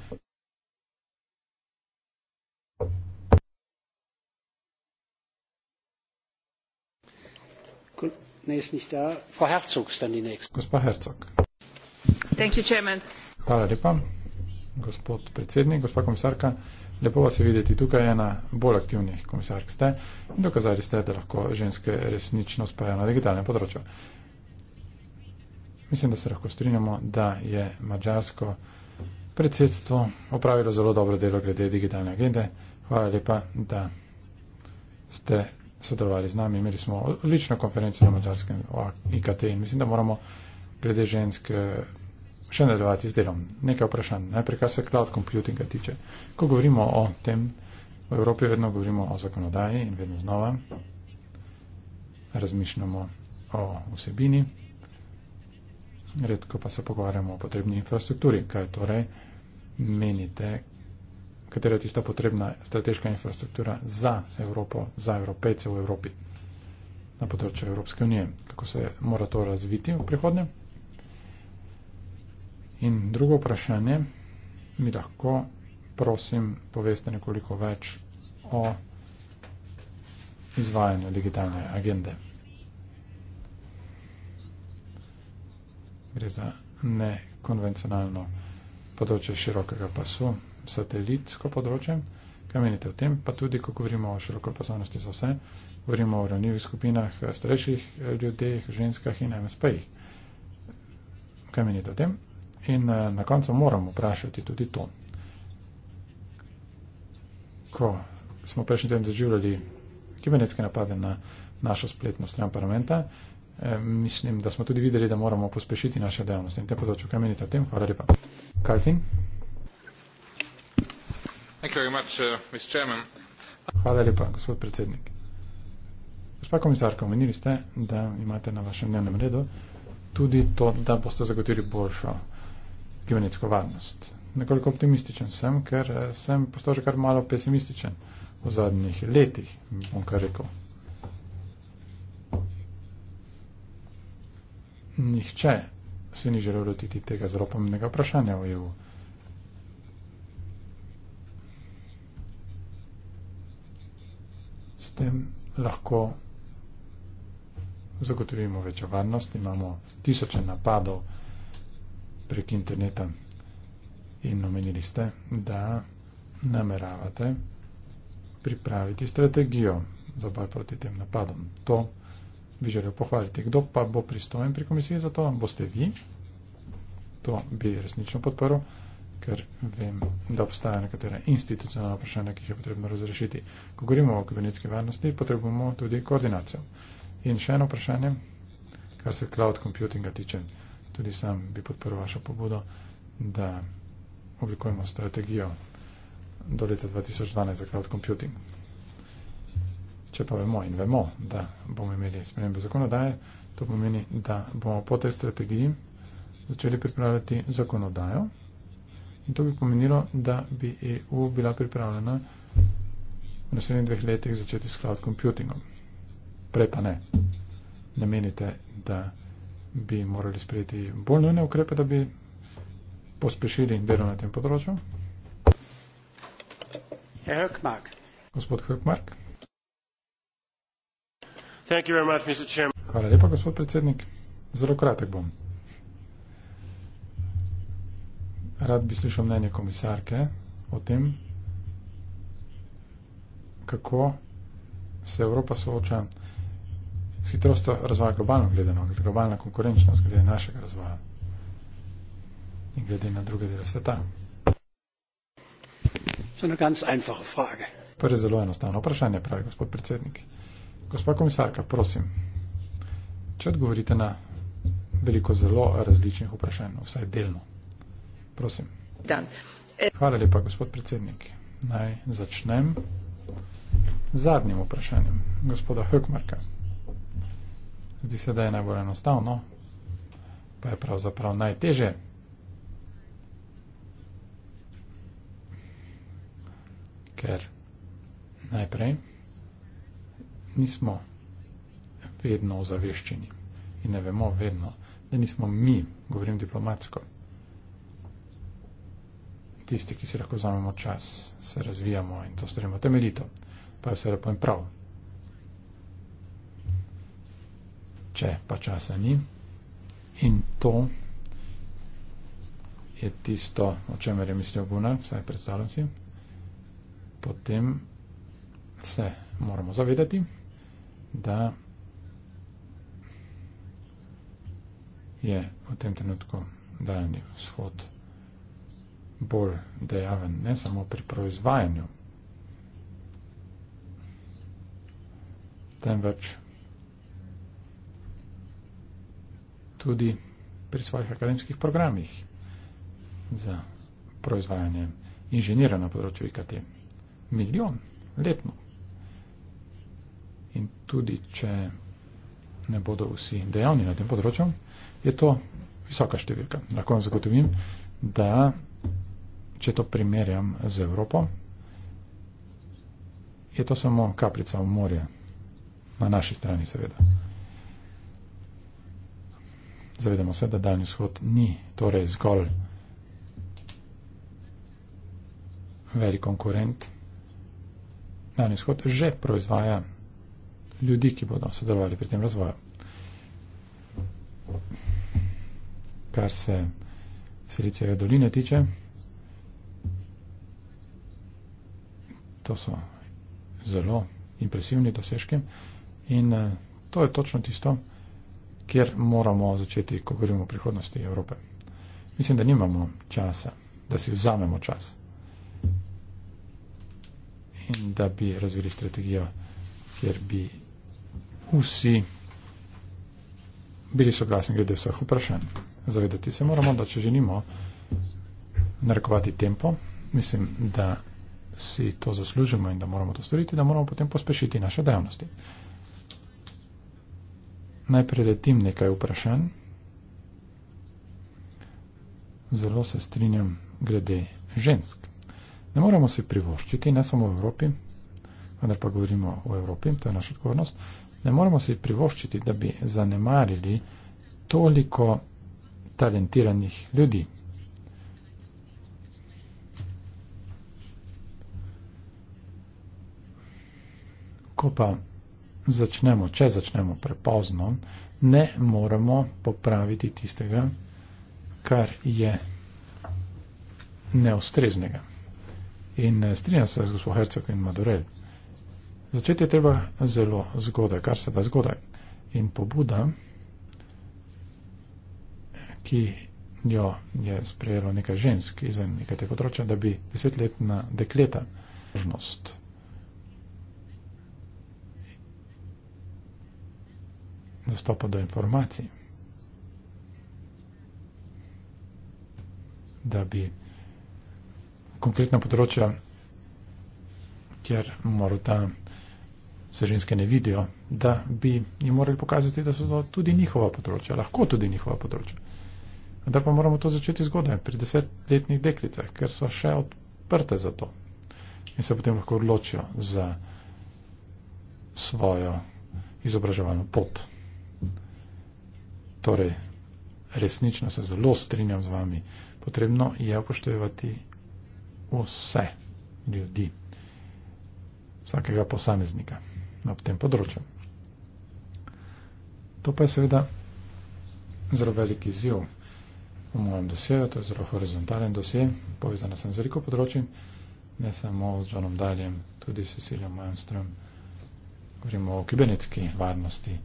Gospa Hercog. Hvala lepa, gospod predsednik, gospa komisarka. Lepo vas je videti tukaj, ena bolj aktivnih komisark ste in dokazali ste, da lahko ženske resnično spajajo na digitalnem področju. Mislim, da se lahko strinjamo, da je mađarsko predsedstvo opravilo zelo dobro delo glede digitalne agende. Hvala lepa, da ste sodelovali z nami, imeli smo odlično konferenco na mačarskem IKT in mislim, da moramo glede žensk eh, še nadaljevati z delom. Nekaj vprašanj. Najprej, kar se cloud computinga tiče. Ko govorimo o tem, v Evropi vedno govorimo o zakonodaji in vedno znova razmišljamo o vsebini, redko pa se pogovarjamo o potrebni infrastrukturi. Kaj torej menite, katera je tista potrebna strateška infrastruktura za Evropo, za evropejce v Evropi na področju Evropske unije, kako se mora to razviti v prihodnje. In drugo vprašanje, mi lahko, prosim, poveste nekoliko več o izvajanju digitalne agende. Gre za nekonvencionalno področje širokega pasu satelitsko področje, kaj menite o tem, pa tudi, ko govorimo o široko pasovnosti za vse, govorimo o ranjivih skupinah, starejših eh, ljudeh, ženskah in MSP-jih. Kaj menite o tem? In eh, na koncu moramo vprašati tudi to. Ko smo prejšnji teden doživljali kibernetske napade na našo spletno stran parlamenta, eh, mislim, da smo tudi videli, da moramo pospešiti naše dejavnosti in te področje. Kaj menite o tem? Hvala lepa. Kalfin? Uh, Hvala lepa, gospod predsednik. Gospa komisarka, omenili ste, da imate na vašem dnevnem redu tudi to, da boste zagotovili boljšo kibernetsko varnost. Nekoliko optimističen sem, ker eh, sem postal že kar malo pesimističen v zadnjih letih, bom kar rekel. Nihče se ni želel lotiti tega zelo pomembnega vprašanja v EU. s tem lahko zagotovimo večjo varnost. Imamo tisoče napadov prek interneta in omenili ste, da nameravate pripraviti strategijo za boj proti tem napadom. To bi želel pohvaliti. Kdo pa bo pristojen pri komisiji za to? Boste vi? To bi resnično podporil ker vem, da obstajajo nekatere institucionalne vprašanja, ki jih je potrebno razrešiti. Ko govorimo o kibernetski varnosti, potrebujemo tudi koordinacijo. In še eno vprašanje, kar se cloud computinga tiče. Tudi sam bi podprl vašo pobudo, da oblikujemo strategijo do leta 2012 za cloud computing. Če pa vemo in vemo, da bomo imeli spremembe zakonodaje, to pomeni, da bomo po tej strategiji začeli pripravljati zakonodajo, In to bi pomenilo, da bi EU bila pripravljena v naslednjih dveh letih začeti s cloud computingom. Prej pa ne. Ne menite, da bi morali sprejeti bolj nujne ukrepe, da bi pospešili delo na tem področju? Hrkmark. Gospod Hrkmark. Hvala lepa, gospod predsednik. Zelo kratek bom. rad bi slišal mnenje komisarke o tem, kako se Evropa sooča s hitrostjo razvoja globalno gledano, globalna konkurenčnost glede našega razvoja in glede na druge dele sveta. To je ganz einfache frage. Prvi zelo enostavno vprašanje, pravi gospod predsednik. Gospa komisarka, prosim, če odgovorite na veliko zelo različnih vprašanj, vsaj delno. Prosim. Dan. E- Hvala lepa, gospod predsednik. Naj začnem z zadnjim vprašanjem gospoda Hökmarka. Zdi se, da je najbolj enostavno, pa je pravzaprav najteže. Ker najprej nismo vedno ozaveščeni in ne vemo vedno, da nismo mi, govorim diplomatsko, tisti, ki si lahko vzamemo čas, se razvijamo in to storimo temeljito. Pa je vse lepo in prav. Če pa časa ni in to je tisto, o čemer je mislil Gunnar, vsaj predstavljam si, potem se moramo zavedati, da je v tem trenutku daljni vzhod bolj dejaven, ne samo pri proizvajanju, temveč tudi pri svojih akademskih programih za proizvajanje inženirja na področju IKT. Milijon letno. In tudi, če ne bodo vsi dejavni na tem področju, je to visoka številka. Lahko vam zagotovim, da če to primerjam z Evropo, je to samo kaprica v morje, na naši strani seveda. Zavedamo se, da daljni shod ni torej zgolj veri konkurent. Daljni shod že proizvaja ljudi, ki bodo sodelovali pri tem razvoju. Kar se Silicijeve doline tiče, to so zelo impresivni dosežki. In eh, to je točno tisto, kjer moramo začeti, ko govorimo o prihodnosti Evrope. Mislim, da nimamo časa, da si vzamemo čas in da bi razvili strategijo, kjer bi vsi bili soglasni glede vseh vprašanj. Zavedati se moramo, da če želimo narekovati tempo, mislim, da si to zaslužimo in da moramo to storiti, da moramo potem pospešiti naše dejavnosti. Najprej letim nekaj vprašanj. Zelo se strinjam glede žensk. Ne moremo si privoščiti, ne samo v Evropi, vendar pa govorimo o Evropi, to je naša odgovornost, ne moremo si privoščiti, da bi zanemarili toliko talentiranih ljudi, ko pa začnemo, če začnemo prepozno, ne moremo popraviti tistega, kar je neustreznega. In eh, strinjam se z gospod Hercog in Madurel. Začeti je treba zelo zgodaj, kar se da zgodaj. In pobuda, ki jo je sprejelo nekaj žensk izven nekaj teh področja, da bi desetletna dekleta možnost dostopa do informacij. Da bi konkretna področja, kjer morda se ženske ne vidijo, da bi jim morali pokazati, da so to tudi njihova področja, lahko tudi njihova področja. Da pa moramo to začeti zgodaj, pri desetletnih deklicah, ker so še odprte za to in se potem lahko odločijo za svojo izobraževalno pot. Torej, resnično se zelo strinjam z vami. Potrebno je upoštevati vse ljudi, vsakega posameznika na tem področju. To pa je seveda zelo velik izziv v mojem dosjeju, to je zelo horizontalen dosje, povezana sem z veliko področji, ne samo z Johnom Daljem, tudi s Cecilijo Majmstrom, govorimo o kibernetski varnosti.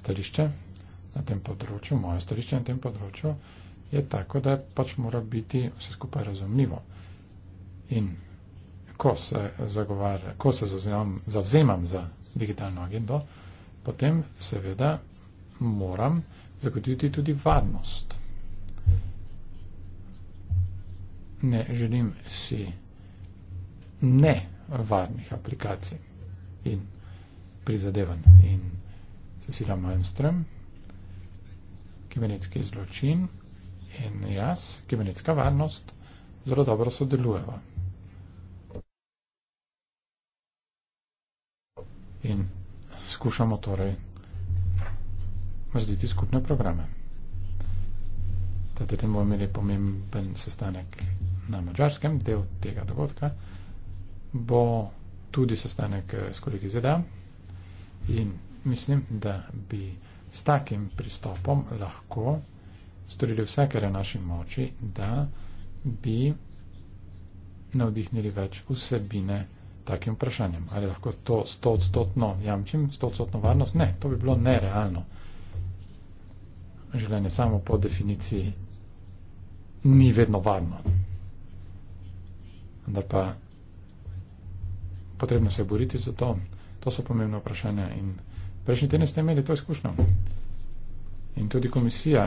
stališče na tem področju, moje stališče na tem področju, je tako, da pač mora biti vse skupaj razumljivo. In ko se, zagovarja, ko se zazemam, zavzemam za digitalno agendo, potem seveda moram zagotoviti tudi varnost. Ne želim si nevarnih aplikacij in prizadevanj in Cecilia Malmström, kibernetski zločin in jaz, kibernetska varnost, zelo dobro sodelujeva. In skušamo torej mrziti skupne programe. Tudi bomo imeli pomemben sestanek na mačarskem, del tega dogodka bo tudi sestanek eh, s kolegi ZDA in mislim, da bi s takim pristopom lahko storili vse, kar je v naši moči, da bi navdihnili več vsebine takim vprašanjem. Ali lahko to stotstotno jamčim, stotstotno varnost? Ne, to bi bilo nerealno. Življenje samo po definiciji ni vedno varno. Vendar pa potrebno se boriti za to. To so pomembne vprašanja in Prejšnji teden ste imeli to izkušnjo in tudi komisija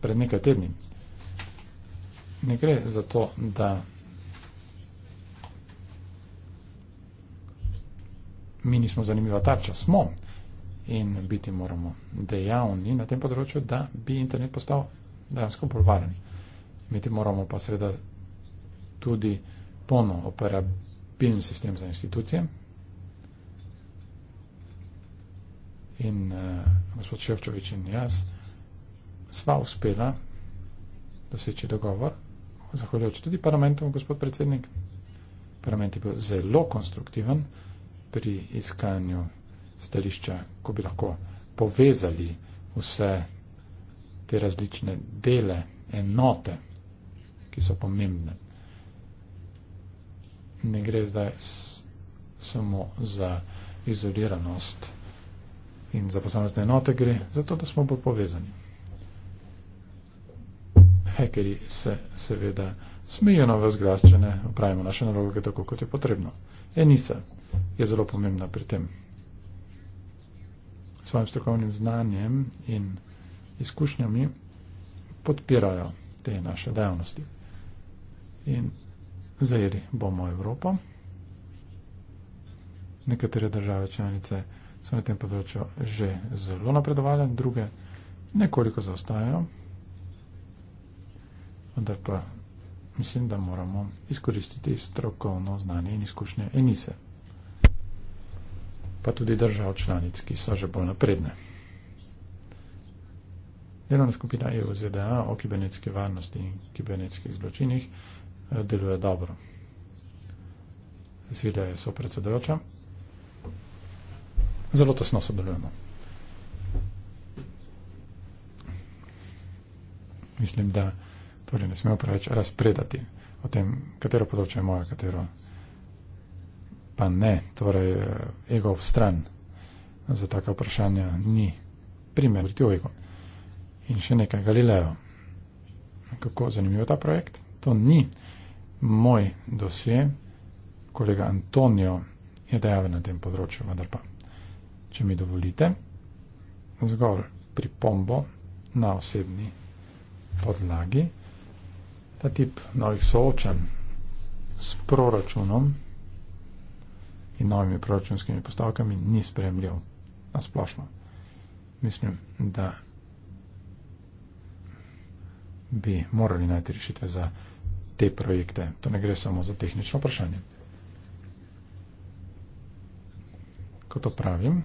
pred nekaj tedni. Ne gre za to, da mi nismo zanimiva tarča, smo in biti moramo dejavni na tem področju, da bi internet postal dejansko bolj varen. Imeti moramo pa seveda tudi polno operabilen sistem za institucije, in uh, gospod Ševčovič in jaz sva uspela doseči dogovor, zahvaljujoč tudi parlamentom, gospod predsednik. Parlament je bil zelo konstruktiven pri iskanju stališča, ko bi lahko povezali vse te različne dele, enote, ki so pomembne. Ne gre zdaj samo za izoliranost in za posamezne enote gre, zato da smo bolj povezani. Hekeri se seveda smijo na vas glas, če ne upravimo naše naloge tako, kot je potrebno. Enisa je zelo pomembna pri tem. S svojim strokovnim znanjem in izkušnjami podpirajo te naše dejavnosti. In zajeli bomo Evropo. Nekatere države članice so na tem področju že zelo napredovali, druge nekoliko zaostajajo, vendar pa mislim, da moramo izkoristiti strokovno znanje in izkušnje enise, pa tudi držav članic, ki so že bolj napredne. Delovna skupina EU ZDA o kibernetski varnosti in kibernetskih zločinih eh, deluje dobro. Cecilia je sopredsedujoča zelo tesno sodelujemo. Mislim, da torej ne smemo preveč razpredati o tem, katero področje je moje, katero pa ne. Torej, eh, ego v stran za taka vprašanja ni primer. In še nekaj, Galileo. Kako zanimivo ta projekt? To ni moj dosje, kolega Antonijo je dejaven na tem področju, vendar pa če mi dovolite, zgolj pripombo na osebni podlagi. Ta tip novih soočanj s proračunom in novimi proračunskimi postavkami ni spremljiv na splošno. Mislim, da bi morali najti rešitve za te projekte. To ne gre samo za tehnično vprašanje. Ko to pravim,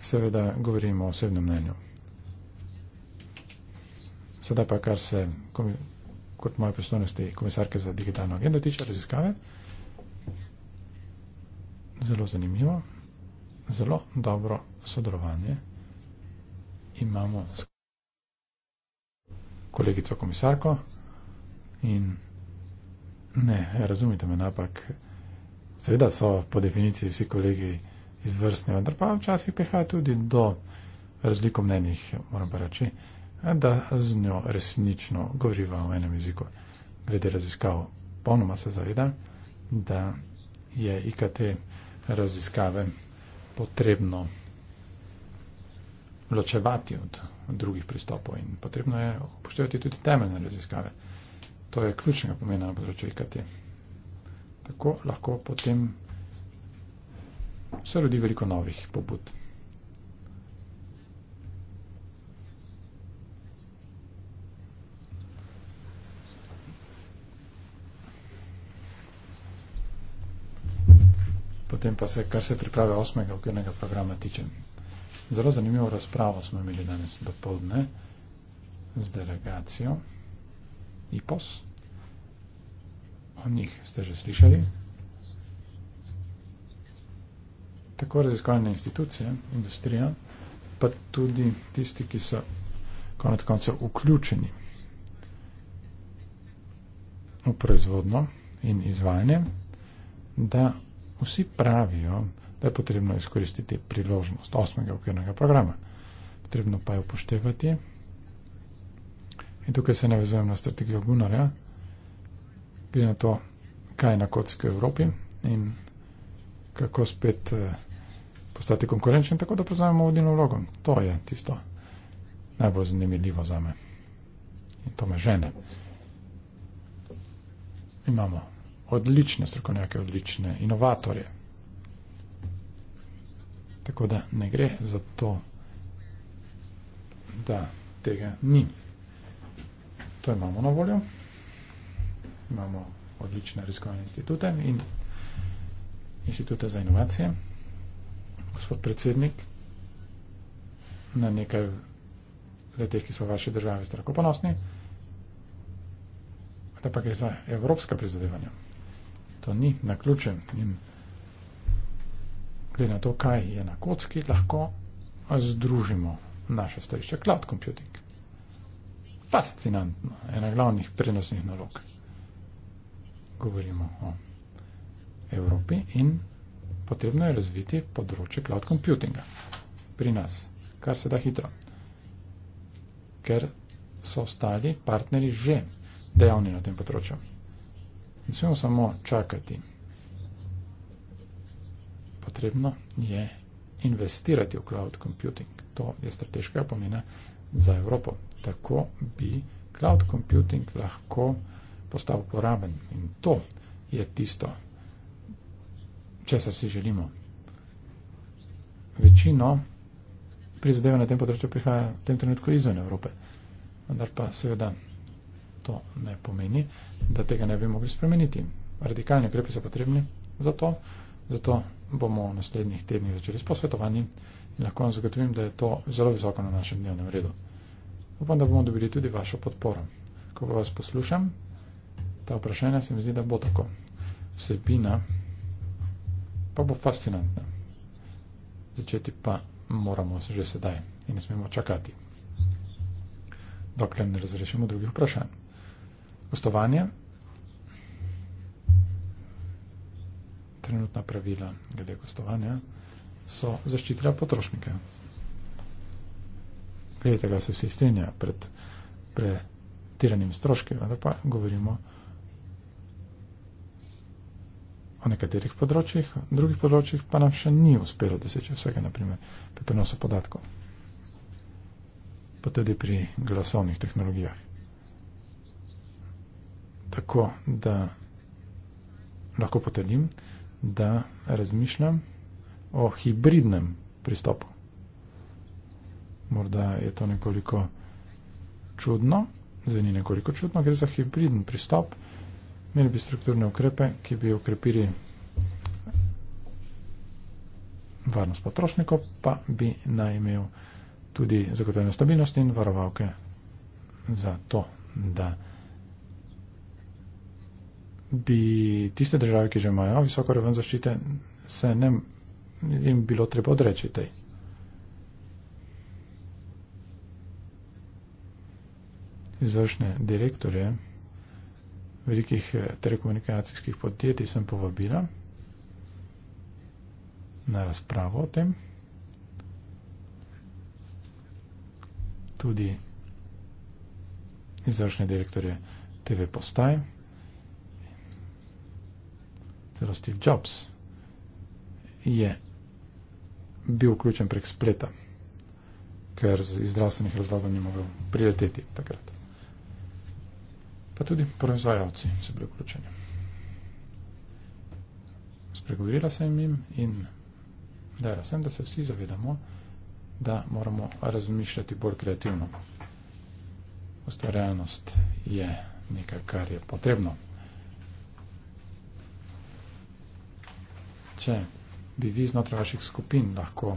seveda govorimo o osebnem mnenju. Sedaj pa kar se kot moje pristojnosti komisarke za digitalno agendo tiče raziskave. Zelo zanimivo, zelo dobro sodelovanje imamo s kolegico komisarko in ne, razumite me napak, seveda so po definiciji vsi kolegi izvrstni, vendar pa včasih prihaja tudi do razliko mnenjih, moram pa reči, da z njo resnično govoriva v enem jeziku. Glede raziskav, ponoma se zaveda, da je IKT raziskave potrebno ločevati od drugih pristopov in potrebno je upoštevati tudi temeljne raziskave. To je ključnega pomena na področju IKT. Tako lahko potem se rodi veliko novih pobud. Potem pa se, kar se priprave osmega okvirnega programa tiče. Zelo zanimivo razpravo smo imeli danes dopoldne z delegacijo IPOS. O njih ste že slišali. tako raziskovalne institucije, industrija, pa tudi tisti, ki so konec konca vključeni v proizvodno in izvajanje, da vsi pravijo, da je potrebno izkoristiti priložnost osmega okvirnega programa. Potrebno pa je upoštevati, in tukaj se navezujem na strategijo Gunarja, glede na to, kaj je na kocki v Evropi in kako spet eh, postati konkurenčen, tako da prevzamemo vodilno vlogo. To je tisto najbolj zanimivo za me. In to me žene. Imamo odlične strokovnjake, odlične inovatorje. Tako da ne gre za to, da tega ni. To imamo na voljo. Imamo odlične raziskovalne institute in institute za inovacije. Mm -hmm gospod predsednik, na nekaj letih, ki so v vaši državi strako ponosni, da pa gre za evropska prizadevanja. To ni na ključen in glede na to, kaj je na kocki, lahko združimo naše stališče. Cloud computing. Fascinantno. Ena glavnih prenosnih nalog. Govorimo o Evropi in potrebno je razviti področje cloud computinga pri nas, kar se da hitro, ker so ostali partnerji že dejavni na tem področju. Ne smemo samo čakati. Potrebno je investirati v cloud computing. To je strateškega pomena za Evropo. Tako bi cloud computing lahko postal uporaben. In to je tisto, česar si želimo. Večino prizadeva na tem področju prihaja v tem trenutku izven Evrope. Vendar pa seveda to ne pomeni, da tega ne bi mogli spremeniti. Radikalni ukrepi so potrebni za to, zato bomo v naslednjih tednih začeli s posvetovanji in lahko vam zagotovim, da je to zelo visoko na našem dnevnem redu. Upam, da bomo dobili tudi vašo podporo. Ko vas poslušam, ta vprašanja se mi zdi, da bo tako. Vsebina pa bo fascinantna. Začeti pa moramo že sedaj in ne smemo čakati, dokler ne razrešimo drugih vprašanj. Gostovanje, trenutna pravila glede gostovanja so zaščitila potrošnike. Glede tega se vsi strinjajo pred pretiranim stroškem, da pa govorimo o o nekaterih področjih, drugih področjih pa nam še ni uspelo doseči vsega, naprimer pri prenosu podatkov, pa tudi pri glasovnih tehnologijah. Tako da lahko potrdim, da razmišljam o hibridnem pristopu. Morda je to nekoliko čudno, zveni nekoliko čudno, gre za hibridni pristop, imeli bi strukturne ukrepe, ki bi ukrepili varnost potrošnikov, pa bi naj imel tudi zagotovljeno stabilnost in varovalke za to, da bi tiste države, ki že imajo visoko raven zaščite, se ne jim bilo treba odreči tej. Izvršne direktorje velikih eh, telekomunikacijskih podjetij sem povabila na razpravo o tem. Tudi izvršne direktorje TV postaj. Celo Steve Jobs je bil vključen prek spleta, ker iz zdravstvenih razlogov ni mogel prileteti takrat pa tudi proizvajalci so bili vključeni. Spregovorila sem jim in dala sem, da se vsi zavedamo, da moramo razmišljati bolj kreativno. Ustvarjalnost je nekaj, kar je potrebno. Če bi vi znotraj vaših skupin lahko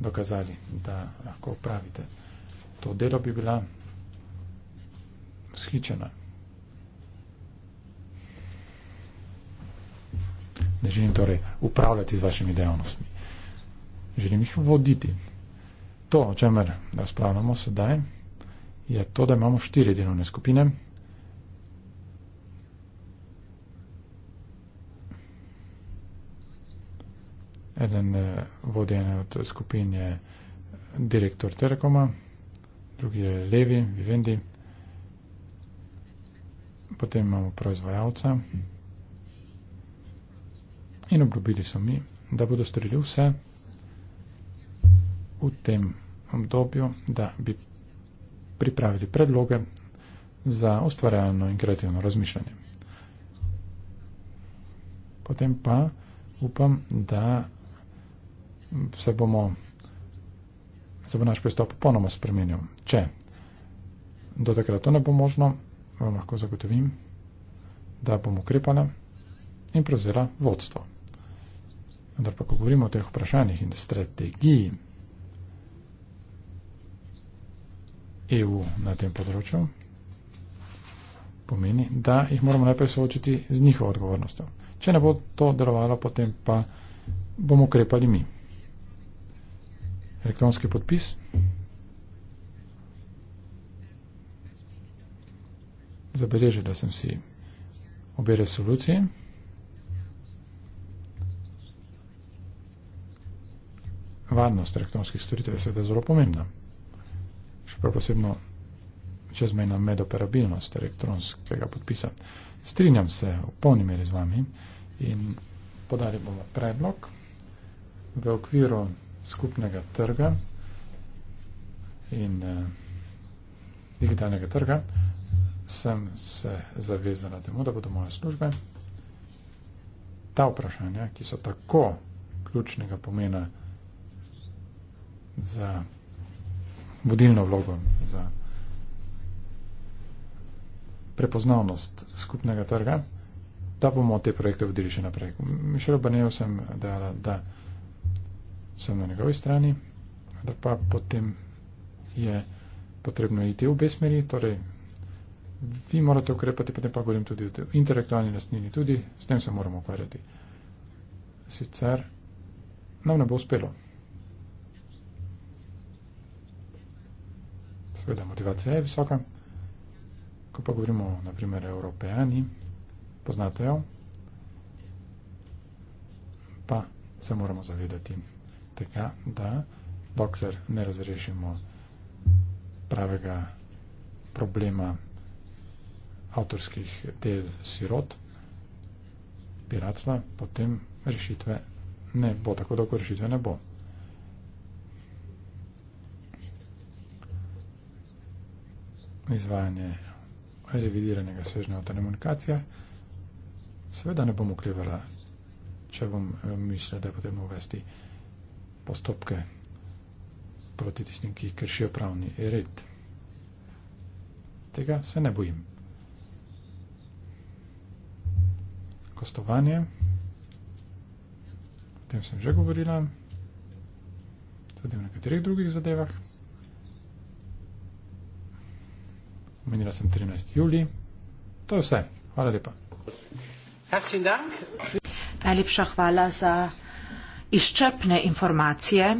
dokazali, da lahko upravite to delo, bi bila vzhičena Ne želim torej upravljati z vašimi dejavnostmi. Želim jih voditi. To, o čemer razpravljamo sedaj, je to, da imamo štiri delovne skupine. Eden eh, vodi ene od skupin je direktor Telekoma, drugi je Levi, Vivendi, potem imamo proizvajalca. Mm -hmm in obljubili so mi, da bodo storili vse v tem obdobju, da bi pripravili predloge za ustvarjalno in kreativno razmišljanje. Potem pa upam, da se bomo se bo naš pristop ponoma spremenil. Če do takrat to ne bo možno, vam lahko zagotovim, da bom ukrepala in prevzela vodstvo. Vendar pa, ko govorimo o teh vprašanjih in strategiji EU na tem področju, pomeni, da jih moramo najprej soočiti z njihovo odgovornostjo. Če ne bo to delovalo, potem pa bomo ukrepali mi. Elektronski podpis. Zabeležite, da sem si obe resolucije. varnost elektronskih storitev je seveda zelo pomembna. Še prav posebno čezmejna medoperabilnost elektronskega podpisa. Strinjam se v polni meri z vami in podali bomo predlog v okviru skupnega trga in eh, digitalnega trga sem se zavezala temu, da bodo moje službe ta vprašanja, ki so tako ključnega pomena za vodilno vlogo, za prepoznavnost skupnega trga, da bomo te projekte vodili še naprej. Mišel Barnev sem dejala, da sem na njegovi strani, da pa potem je potrebno iti v besmeri, torej vi morate ukrepati, potem pa govorim tudi o intelektualni lastnini, tudi s tem se moramo ukvarjati. Sicer nam ne bo uspelo. seveda motivacija je visoka. Ko pa govorimo, naprimer, evropejani, poznate jo, pa se moramo zavedati tega, da dokler ne razrešimo pravega problema avtorskih del sirot, piratstva, potem rešitve ne bo, tako dolgo rešitve ne bo. izvajanje revidiranega svežnja avtorne komunikacije. Seveda ne bom oklevala, če bom eh, mislila, da je potrebno uvesti postopke proti tistim, ki kršijo pravni red. Tega se ne bojim. Kostovanje, o tem sem že govorila, tudi v nekaterih drugih zadevah. omenila sem 13. juli. To je vse. Hvala lepa. Najlepša hvala za izčrpne informacije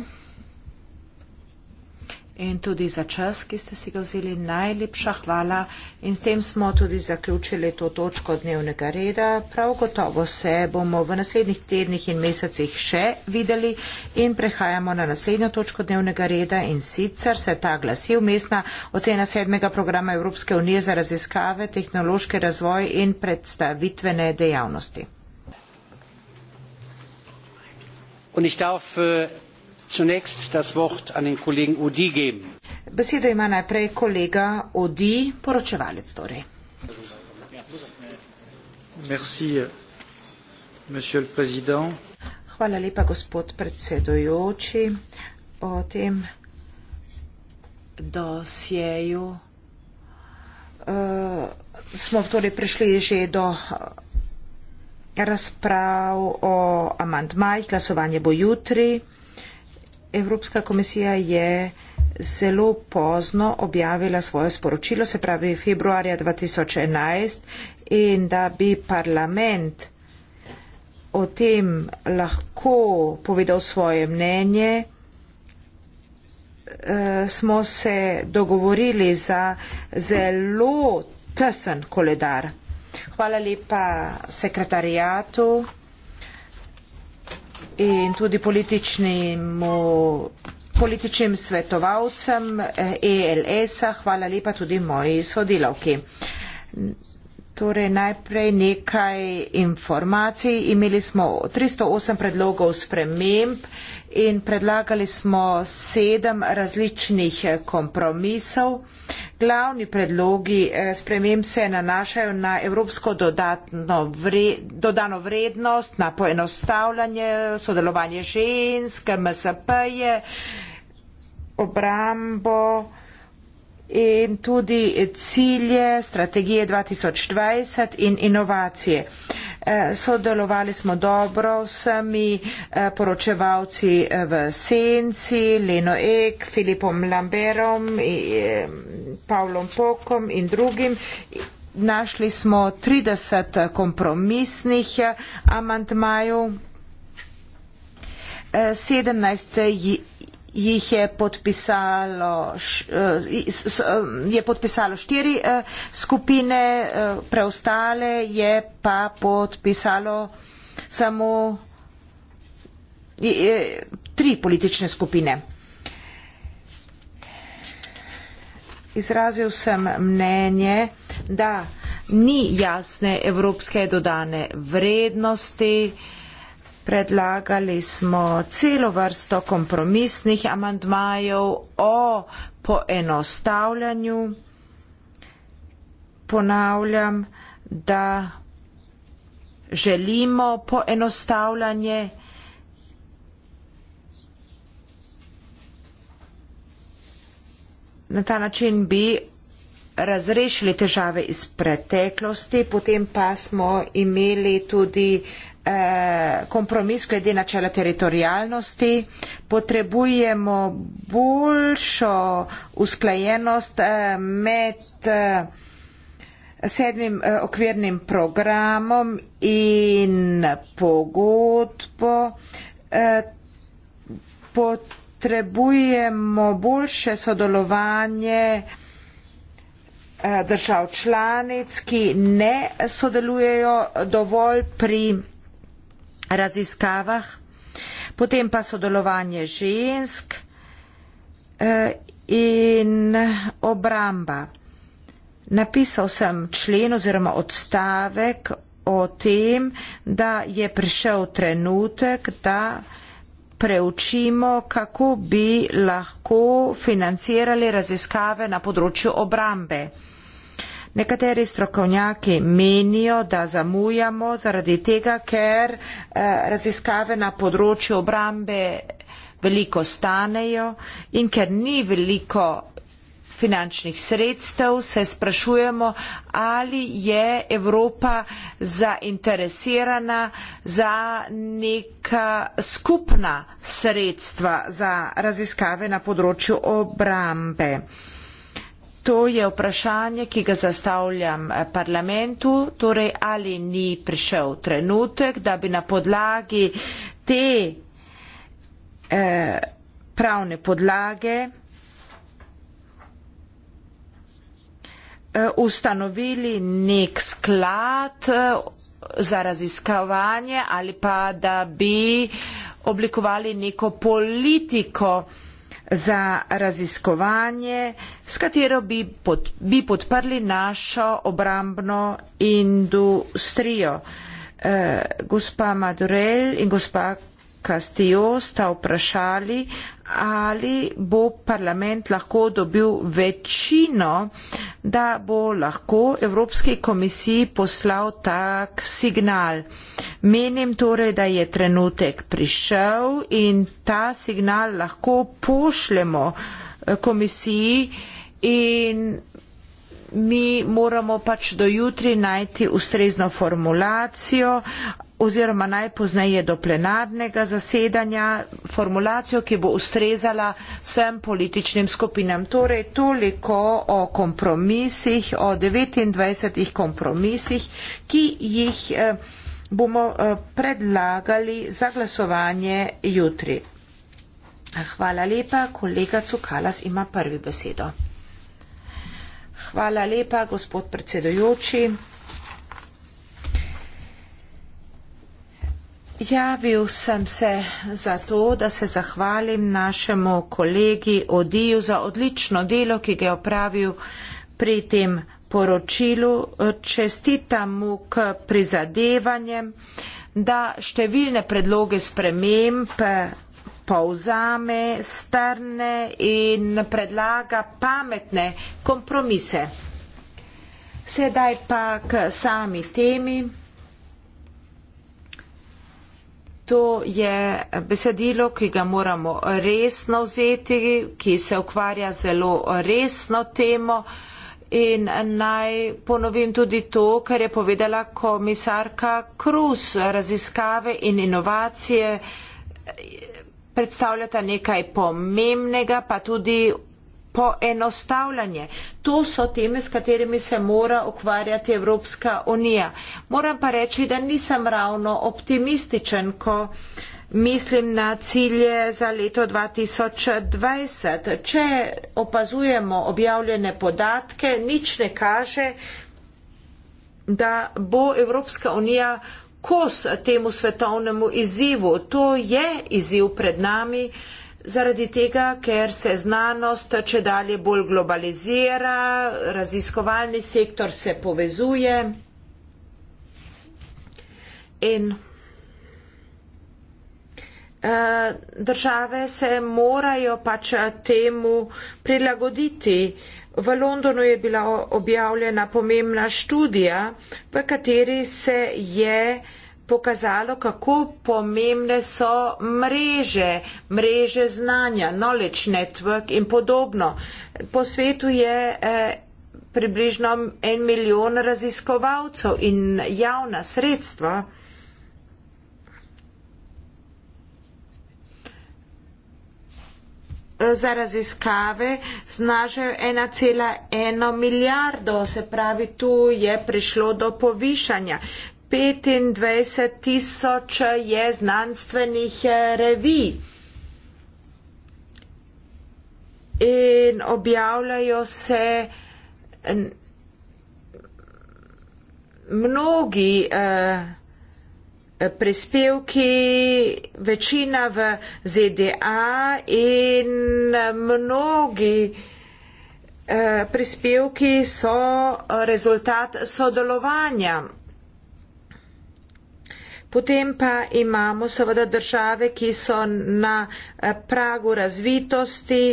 in tudi za čas, ki ste si ga vzeli. Najlepša hvala in s tem smo tudi zaključili to točko dnevnega reda. Prav gotovo se bomo v naslednjih tednih in mesecih še videli in prehajamo na naslednjo točko dnevnega reda in sicer se ta glasi umestna ocena sedmega programa Evropske unije za raziskave, tehnološki razvoj in predstavitvene dejavnosti. Und ich darf äh, zunächst das Wort an den Kollegen Udi geben. Besedo ima najprej kolega Odi, poročevalec torej. Merci, Hvala lepa, gospod predsedujoči, o tem dosjeju. Uh, smo torej prišli že do eh, razprav o amandmajih, glasovanje bo jutri. Evropska komisija je zelo pozno objavila svoje sporočilo, se pravi februarja 2011, in da bi parlament o tem lahko povedal svoje mnenje, eh, smo se dogovorili za zelo tesen koledar. Hvala lepa sekretarijatu in tudi političnim, političnim svetovalcem ELS-a. Eh, e Hvala lepa tudi moji sodelavki torej najprej nekaj informacij. Imeli smo 308 predlogov sprememb in predlagali smo sedem različnih kompromisov. Glavni predlogi eh, sprememb se nanašajo na evropsko vre, dodano vrednost, na poenostavljanje, sodelovanje žensk, MSP-je, obrambo in tudi cilje strategije 2020 in inovacije. Eh, sodelovali smo dobro vsemi eh, poročevalci eh, v Senci, Leno Ek, Filipom Lamberom, Pavlom Pokom in drugim. Našli smo 30 kompromisnih amantmajev, 17 jih je podpisalo, eh, eh, je podpisalo štiri eh, skupine, preostale je pa podpisalo samo tri politične skupine. Izrazil sem mnenje, da ni jasne evropske dodane vrednosti, Predlagali smo celo vrsto kompromisnih amandmajev o poenostavljanju. Ponavljam, da želimo poenostavljanje. Na ta način bi razrešili težave iz preteklosti, potem pa smo imeli tudi uh, Eh, kompromis glede načela teritorijalnosti, potrebujemo boljšo usklajenost eh, med eh, sedmim okvirnim programom in pogodbo, potrebujemo boljše sodelovanje držav članic, ki ne sodelujejo dovolj pri raziskavah, potem pa sodelovanje žensk eh, in obramba. Napisal sem člen oziroma odstavek o tem, da je prišel trenutek, da preučimo, kako bi lahko financirali raziskave na področju obrambe. Nekateri strokovnjaki menijo, da zamujamo zaradi tega, ker eh, raziskave na področju obrambe veliko stanejo in ker ni veliko finančnih sredstev, se sprašujemo, ali je Evropa zainteresirana za neka skupna sredstva za raziskave na področju obrambe. To je vprašanje, ki ga zastavljam eh, parlamentu, torej ali ni prišel trenutek, da bi na podlagi te eh, pravne podlage eh, ustanovili nek sklad eh, za raziskovanje ali pa da bi oblikovali neko politiko eh, za raziskovanje, s katero bi, pod, bi podprli našo obrambno industrijo. E, gospa Madurel in gospa Castillo sta vprašali, ali bo parlament lahko dobil večino, da bo lahko Evropski komisiji poslal tak signal. Menim torej, da je trenutek prišel in ta signal lahko pošljemo eh, komisiji in mi moramo pač do jutri najti ustrezno formulacijo oziroma najpozneje do plenarnega zasedanja formulacijo, ki bo ustrezala vsem političnim skupinam. Torej toliko o kompromisih, o 29 kompromisih, ki jih eh, bomo eh, predlagali za glasovanje jutri. Hvala lepa, kolega Cukalas ima prvi besedo. Hvala lepa, gospod predsedujoči. Javil sem se zato, da se zahvalim našemu kolegi Odiju za odlično delo, ki ga je opravil pri tem poročilu. Čestitam mu k prizadevanjem, da številne predloge sprememb povzame strne in predlaga pametne kompromise. Sedaj pa k sami temi. To je besedilo, ki ga moramo resno vzeti, ki se ukvarja zelo resno temo. In naj ponovim tudi to, kar je povedala komisarka Kruz, raziskave in inovacije predstavljata nekaj pomembnega, pa tudi poenostavljanje. To so teme, s katerimi se mora ukvarjati Evropska unija. Moram pa reči, da nisem ravno optimističen, ko mislim na cilje za leto 2020. Če opazujemo objavljene podatke, nič ne kaže, da bo Evropska unija kos temu svetovnemu izzivu. To je izziv pred nami zaradi tega, ker se znanost če dalje bolj globalizira, raziskovalni sektor se povezuje in eh, države se morajo pač temu prilagoditi. V Londonu je bila objavljena pomembna študija, v kateri se je pokazalo, kako pomembne so mreže, mreže znanja, knowledge network in podobno. Po svetu je eh, približno en milijon raziskovalcev in javna sredstva za raziskave znašajo 1,1 milijardo, se pravi, tu je prišlo do povišanja. 25 tisoč je znanstvenih eh, revij in objavljajo se eh, mnogi eh, prispevki, večina v ZDA in mnogi eh, prispevki so rezultat sodelovanja. Potem pa imamo seveda države, ki so na eh, pragu razvitosti,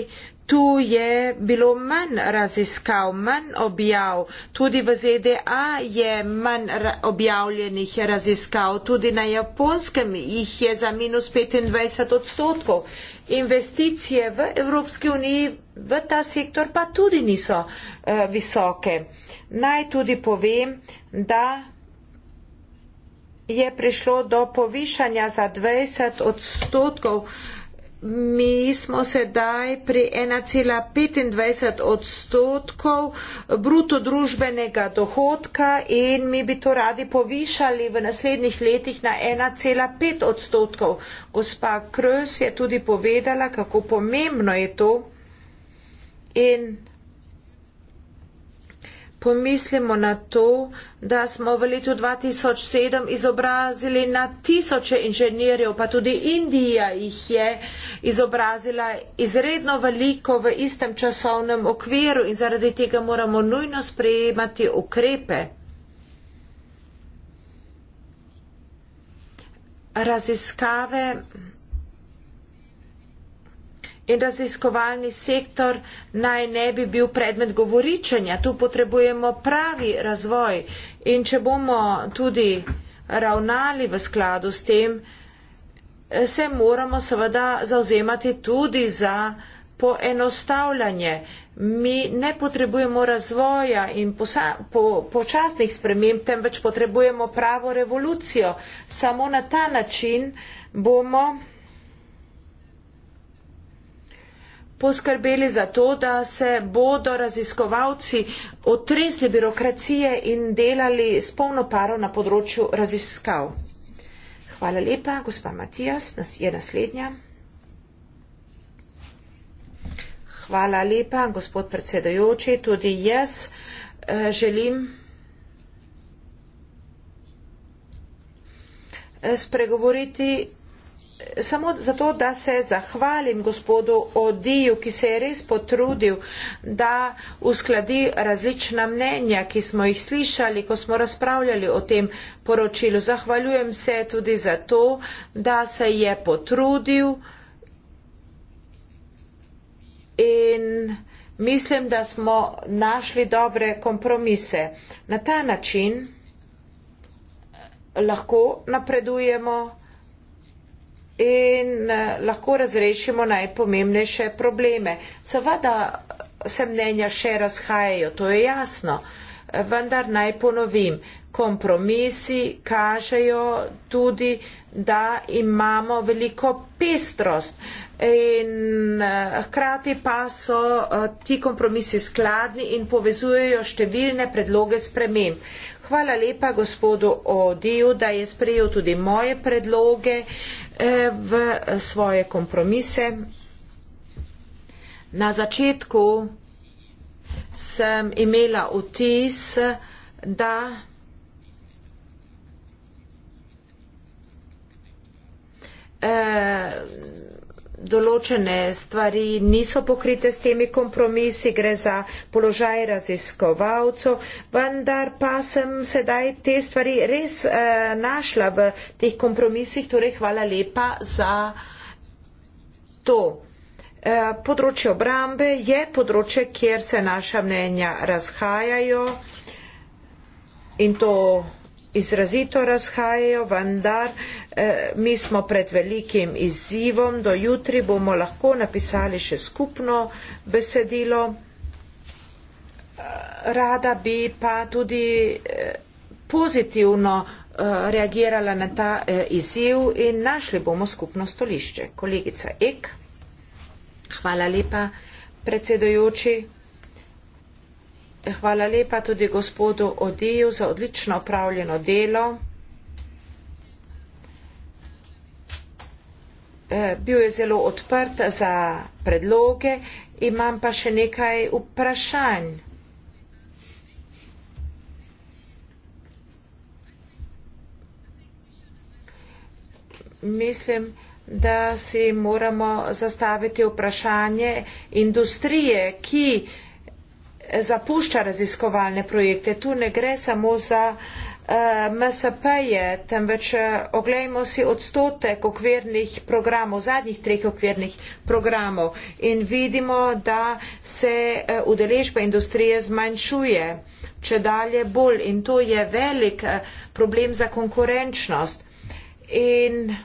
tu je bilo manj raziskav, manj objav, tudi v ZDA je manj ra objavljenih raziskav, tudi na japonskem jih je za minus 25 odstotkov. Investicije v Evropski uniji v ta sektor pa tudi niso uh, visoke. Naj tudi povem, da je prišlo do povišanja za 20 odstotkov uh, Mi smo sedaj pri 1,25 odstotkov bruto družbenega dohodka in mi bi to radi povišali v naslednjih letih na 1,5 odstotkov. Gospa Krös je tudi povedala, kako pomembno je to in Pomislimo na to, da smo v letu 2007 izobrazili na tisoče inženirjev, pa tudi Indija jih je izobrazila izredno veliko v istem časovnem okviru in zaradi tega moramo nujno sprejemati ukrepe. Raziskave in raziskovalni sektor naj ne bi bil predmet govoričanja. Tu potrebujemo pravi razvoj in če bomo tudi ravnali v skladu s tem, se moramo seveda zauzemati tudi za poenostavljanje. Mi ne potrebujemo razvoja in posa, po, počasnih sprememb, temveč potrebujemo pravo revolucijo. Samo na ta način bomo poskrbeli za to, da se bodo raziskovalci otresli birokracije in delali s polno paro na področju raziskav. Hvala lepa, gospa Matijas, nas je naslednja. Hvala lepa, gospod predsedojoči, tudi jaz eh, želim eh, spregovoriti samo zato, da se zahvalim gospodu Odiju, ki se je res potrudil, da uskladi različna mnenja, ki smo jih slišali, ko smo razpravljali o tem poročilu. Zahvaljujem se tudi za to, da se je potrudil in mislim, da smo našli dobre kompromise. Na ta način lahko napredujemo in eh, lahko razrešimo najpomembnejše probleme. Seveda se mnenja še razhajajo, to je jasno, vendar naj ponovim, kompromisi kažejo tudi, da imamo veliko pestrost in eh, hkrati pa so eh, ti kompromisi skladni in povezujejo številne predloge sprememb. Hvala lepa gospodu Odiju, da je sprejel tudi moje predloge v svoje kompromise. Na začetku sem imela vtis, da eh, določene stvari niso pokrite s temi kompromisi, gre za položaj raziskovalcev, vendar pa sem sedaj te stvari res eh, našla v teh kompromisih, torej hvala lepa za to. Eh, področje obrambe je področje, kjer se naša mnenja razhajajo in to izrazito razhajajo, vendar eh, mi smo pred velikim izzivom, do jutri bomo lahko napisali še skupno besedilo. Eh, rada bi pa tudi eh, pozitivno eh, reagirala na ta izziv in našli bomo skupno stolišče. Kolegica Ek. Hvala lepa, predsedojoči. Hvala lepa tudi gospodu Odiju za odlično opravljeno delo. E, bil je zelo odprt za predloge, imam pa še nekaj vprašanj. Mislim, da si moramo zastaviti vprašanje industrije, ki zapušča raziskovalne projekte. Tu ne gre samo za uh, eh, MSP-je, temveč uh, oglejmo si odstotek okvirnih programov, zadnjih treh okvirnih programov in vidimo, da se uh, udeležba industrije zmanjšuje če dalje bolj in to je velik uh, problem za konkurenčnost. In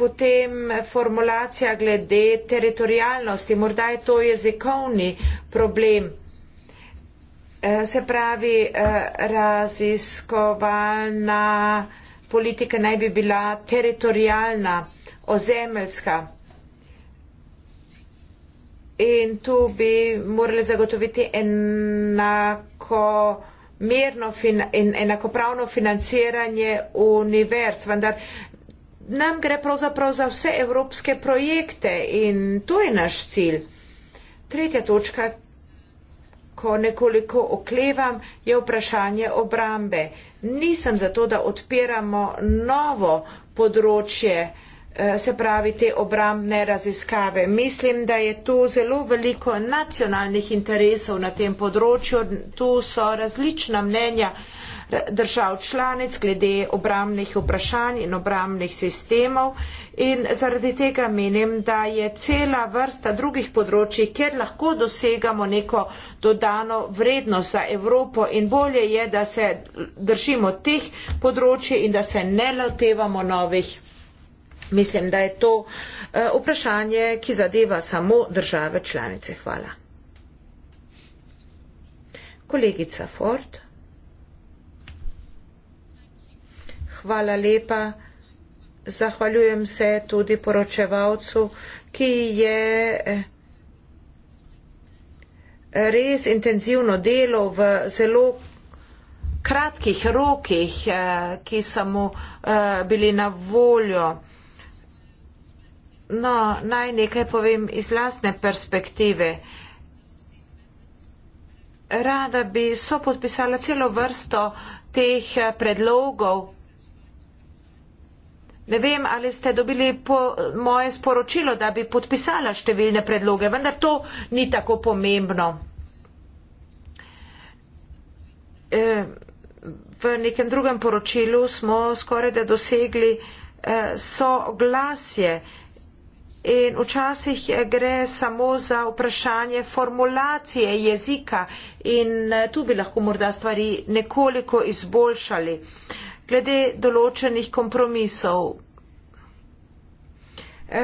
potem formulacija glede teritorijalnosti, morda je to jezikovni problem. Eh, se pravi, eh, raziskovalna politika naj bi bila teritorijalna, ozemeljska. In tu bi morali zagotoviti enako merno in enakopravno financiranje univerz, vendar nam gre pravzaprav za vse evropske projekte in to je naš cilj. Tretja točka, ko nekoliko oklevam, je vprašanje obrambe. Nisem zato, da odpiramo novo področje, eh, se pravi te obrambne raziskave. Mislim, da je tu zelo veliko nacionalnih interesov na tem področju, tu so različna mnenja držav članic glede obramnih vprašanj in obramnih sistemov. In zaradi tega menim, da je cela vrsta drugih področji, kjer lahko dosegamo neko dodano vrednost za Evropo in bolje je, da se držimo teh področji in da se ne lotevamo novih. Mislim, da je to eh, vprašanje, ki zadeva samo države članice. Hvala. Kolegica Ford. hvala lepa. Zahvaljujem se tudi poročevalcu, ki je eh, res intenzivno delo v zelo kratkih rokih, eh, ki so mu eh, bili na voljo. No, naj nekaj povem iz lastne perspektive. Rada bi sopodpisala celo vrsto teh predlogov, Ne vem, ali ste dobili po, moje sporočilo, da bi podpisala številne predloge, vendar to ni tako pomembno. E, v nekem drugem poročilu smo skoraj da dosegli e, soglasje in včasih e, gre samo za vprašanje formulacije jezika in e, tu bi lahko morda stvari nekoliko izboljšali. E, glede določenih kompromisov.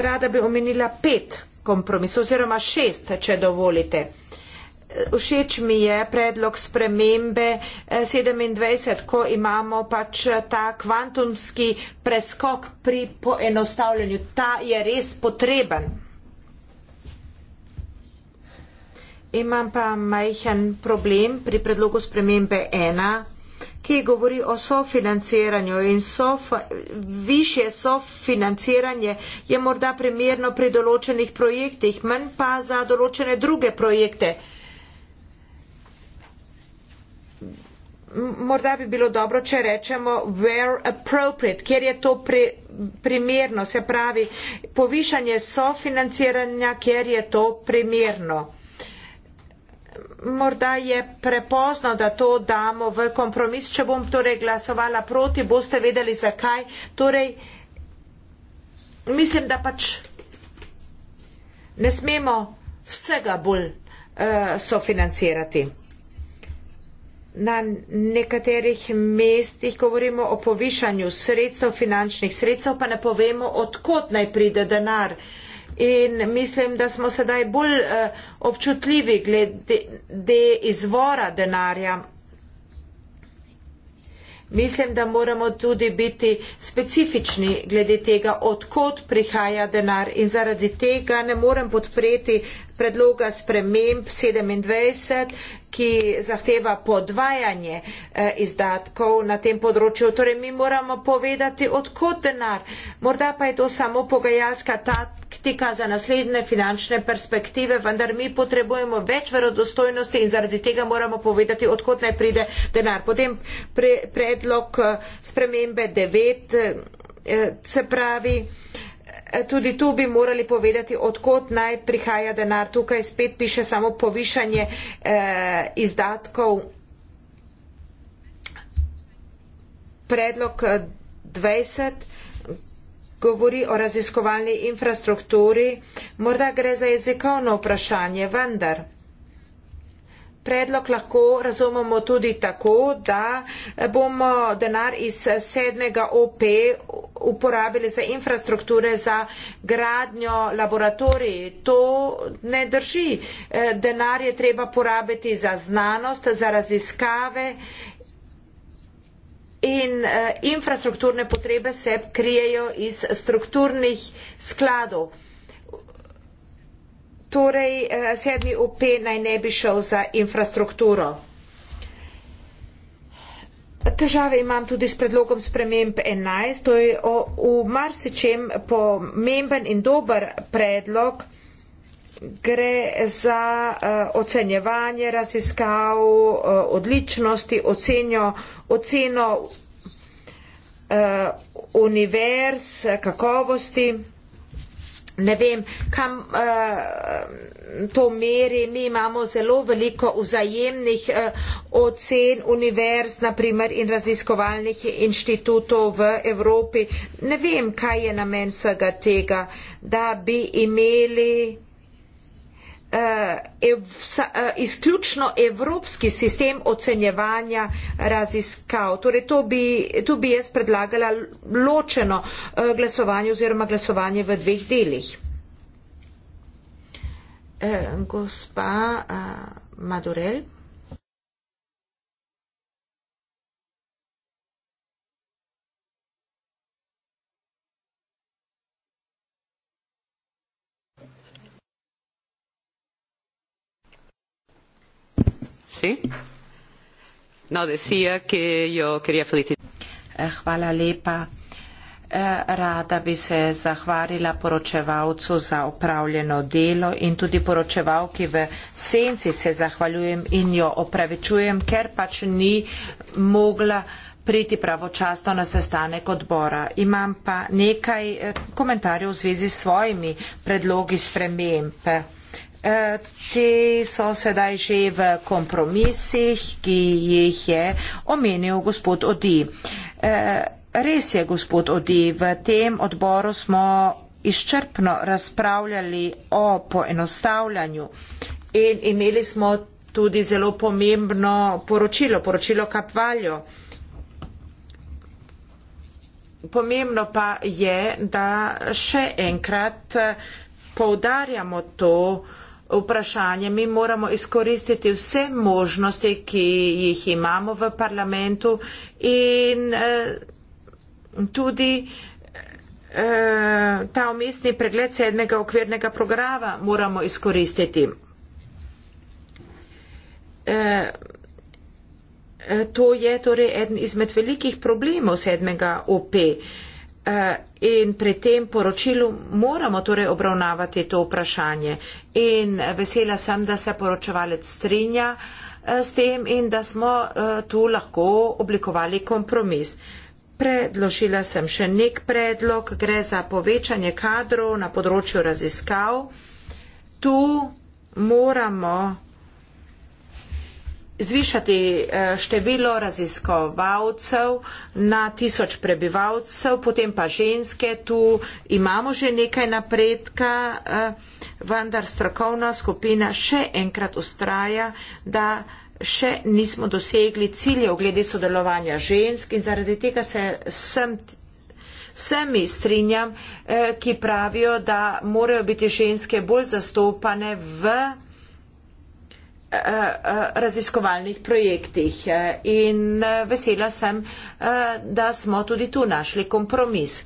Rada bi omenila pet kompromisov oziroma šest, če dovolite. Všeč mi je predlog spremembe 27, eh, ko imamo pač eh, ta kvantumski preskok pri poenostavljanju. Ta je res potreben. Imam pa majhen problem pri predlogu spremembe 1 ki govori o sofinanciranju in sof, više sofinanciranje je morda primerno pri določenih projektih, manj pa za določene druge projekte. Morda bi bilo dobro, če rečemo where appropriate, kjer je to pri, primerno, se pravi povišanje sofinanciranja, kjer je to primerno morda je prepozno, da to damo v kompromis. Če bom torej glasovala proti, boste vedeli zakaj. Torej, mislim, da pač ne smemo vsega bolj uh, sofinancirati. Na nekaterih mestih govorimo o povišanju sredstev, finančnih sredstev, pa ne povemo, odkot naj pride denar. Uh, in mislim, da smo sedaj bolj eh, občutljivi glede izvora denarja. Mislim, da moramo tudi biti specifični glede tega, odkot prihaja denar in zaradi tega ne morem podpreti predloga sprememb 27, ki zahteva podvajanje eh, izdatkov na tem področju. Torej, mi moramo povedati, odkot denar. Morda pa je to samo pogajalska taktika za naslednje finančne perspektive, vendar mi potrebujemo več verodostojnosti in zaradi tega moramo povedati, odkot naj pride denar. Potem pre, predlog eh, spremembe 9 eh, se pravi. Eh, tudi tu bi morali povedati, odkot naj prihaja denar. Tukaj spet piše samo povišanje eh, izdatkov. Predlog 20 eh, govori o raziskovalni infrastrukturi. Morda gre za jezikovno vprašanje, vendar predlog lahko razumemo tudi tako, da bomo denar iz sednega OP uporabili za infrastrukture, za gradnjo laboratorij. To ne drži. Denar je treba porabiti za znanost, za raziskave in eh, infrastrukturne potrebe se krijejo iz strukturnih skladov torej eh, sedmi OP naj ne bi šel za infrastrukturo. Težave imam tudi s predlogom sprememb 11. To je v marsičem pomemben in dober predlog. Gre za uh, ocenjevanje raziskav, uh, odličnosti, ocenjo, oceno uh, univerz, kakovosti ne vem, kam uh, to meri. Mi imamo zelo veliko vzajemnih uh, ocen univerz, naprimer, in raziskovalnih inštitutov v Evropi. Ne vem, kaj je namen vsega tega, da bi imeli Eh, ev, sa, uh, eh, isključno evropski sistem ocenjevanja raziskav. Torej, to bi, tu bi jaz predlagala ločeno uh, glasovanje oziroma glasovanje v dveh delih. Uh, gospa uh, Madurel. No, eh, hvala lepa. Eh, rada bi se zahvalila poročevalcu za upravljeno delo in tudi poročevalki v senci se zahvaljujem in jo opravičujem, ker pač ni mogla priti pravočasno na sestanek odbora. Imam pa nekaj eh, komentarjev v zvezi s svojimi predlogi sprememb ki eh, so sedaj že v kompromisih, ki jih je omenil gospod Odi. Eh, res je, gospod Odi, v tem odboru smo izčrpno razpravljali o poenostavljanju in imeli smo tudi zelo pomembno poročilo, poročilo Kapvaljo. Pomembno pa je, da še enkrat eh, poudarjamo to, vprašanje. Mi moramo izkoristiti vse možnosti, ki jih imamo v parlamentu in eh, tudi eh, ta umestni pregled sedmega okvirnega programa moramo izkoristiti. Eh, to je torej eden izmed velikih problemov sedmega OP. Eh, in pri tem poročilu moramo torej obravnavati to vprašanje. In vesela sem, da se poročevalec strinja eh, s tem in da smo eh, tu lahko oblikovali kompromis. Predložila sem še nek predlog, gre za povečanje kadrov na področju raziskav. Tu moramo zvišati eh, število raziskovalcev na tisoč prebivalcev, potem pa ženske. Tu imamo že nekaj napredka, eh, vendar strokovna skupina še enkrat ustraja, da še nismo dosegli ciljev glede sodelovanja žensk in zaradi tega se sem. Vsemi strinjam, eh, ki pravijo, da morajo biti ženske bolj zastopane v raziskovalnih projektih in eh, vesela sem, eh, da smo tudi tu našli kompromis.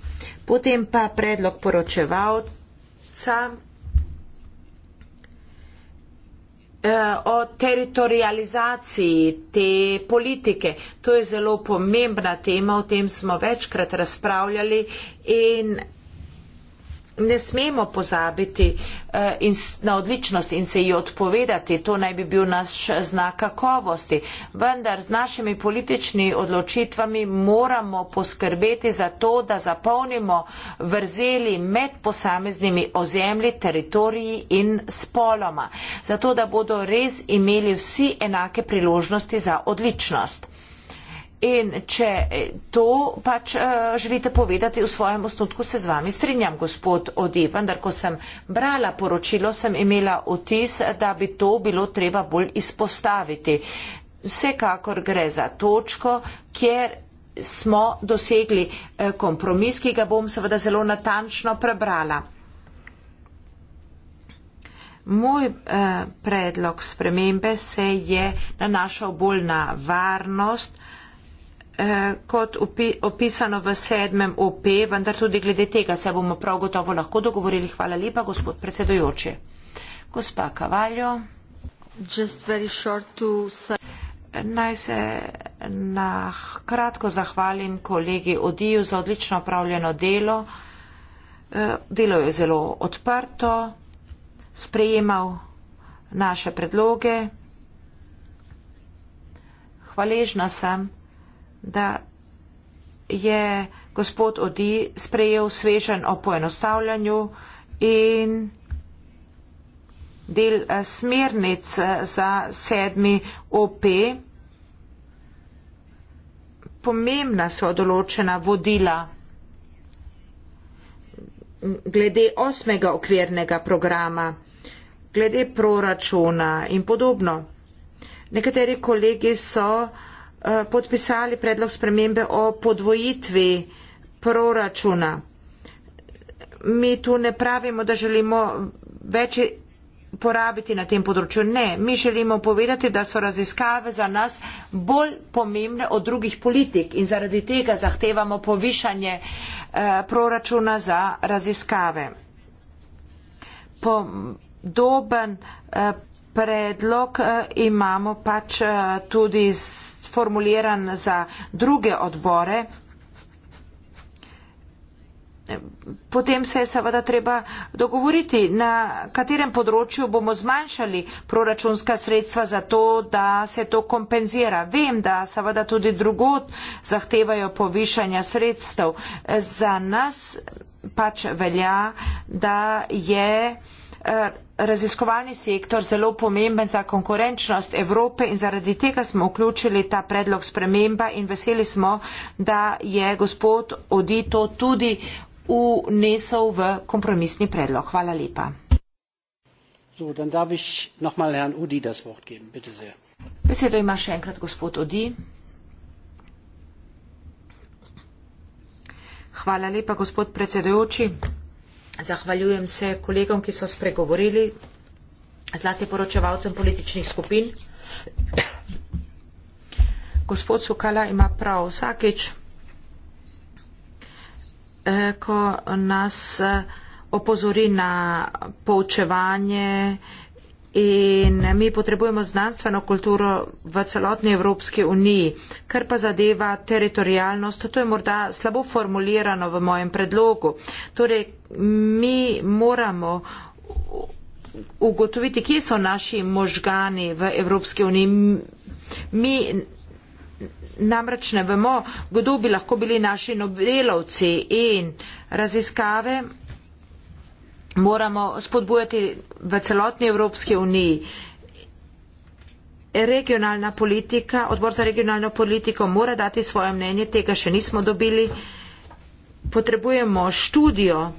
Potem pa predlog poročevalca eh, o teritorializaciji te politike. To je zelo pomembna tema, o tem smo večkrat razpravljali in ne smemo pozabiti eh, in, na odličnost in se ji odpovedati. To naj bi bil naš znak kakovosti. Vendar z našimi političnimi odločitvami moramo poskrbeti za to, da zapolnimo vrzeli med posameznimi ozemlji, teritoriji in spoloma. Zato, da bodo res imeli vsi enake priložnosti za odličnost. In če eh, to pač eh, želite povedati v svojem osnutku, se z vami strinjam, gospod Odi, vendar ko sem brala poročilo, sem imela vtis, da bi to bilo treba bolj izpostaviti. Vsekakor gre za točko, kjer smo dosegli eh, kompromis, ki ga bom seveda zelo natančno prebrala. Moj eh, predlog spremembe se je nanašal bolj na varnost Eh, kot opisano v sedmem OP, vendar tudi glede tega se bomo prav gotovo lahko dogovorili. Hvala lepa, gospod predsedojoči. Gospa Kavaljo. Naj se na kratko zahvalim kolegi Odiju za odlično opravljeno delo. Eh, delo je zelo odprto, sprejemal naše predloge. Hvaležna sem da je gospod Odi sprejel svežen o poenostavljanju in del eh, smernic eh, za sedmi OP. Pomembna so določena vodila glede osmega okvirnega programa, glede proračuna in podobno. Nekateri kolegi so uh, Eh, podpisali predlog spremembe o podvojitvi proračuna. Mi tu ne pravimo, da želimo več porabiti na tem področju. Ne, mi želimo povedati, da so raziskave za nas bolj pomembne od drugih politik in zaradi tega zahtevamo povišanje eh, proračuna za raziskave. Podoben eh, predlog imamo pač tudi z sformuliran za druge odbore, potem se je seveda treba dogovoriti, na katerem področju bomo zmanjšali proračunska sredstva za to, da se to kompenzira. Vem, da seveda tudi drugot zahtevajo povišanja sredstev. Za nas pač velja, da je Eh, raziskovalni sektor zelo pomemben za konkurenčnost Evrope in zaradi tega smo vključili ta predlog sprememba in veseli smo, da je gospod Odi to tudi unesel v kompromisni predlog. Hvala lepa. So, dan darf ich noch mal Herrn Udi das Wort geben. Bitte sehr. Besedo ima še enkrat gospod Odi. Hvala lepa, gospod predsedujoči. Zahvaljujem se kolegom, ki so spregovorili, zlasti poročevalcem političnih skupin. Gospod Sukala ima prav vsakič, eh, ko nas eh, opozori na poučevanje, in mi potrebujemo znanstveno kulturo v celotni Evropski uniji. Kar pa zadeva teritorijalnost, to je morda slabo formulirano v mojem predlogu. Torej, mi moramo ugotoviti, kje so naši možgani v Evropski uniji. Mi namreč ne vemo, kdo bi lahko bili naši nobelovci in raziskave moramo spodbujati v celotni Evropski uniji. Regionalna politika, odbor za regionalno politiko mora dati svoje mnenje, tega še nismo dobili. Potrebujemo študijo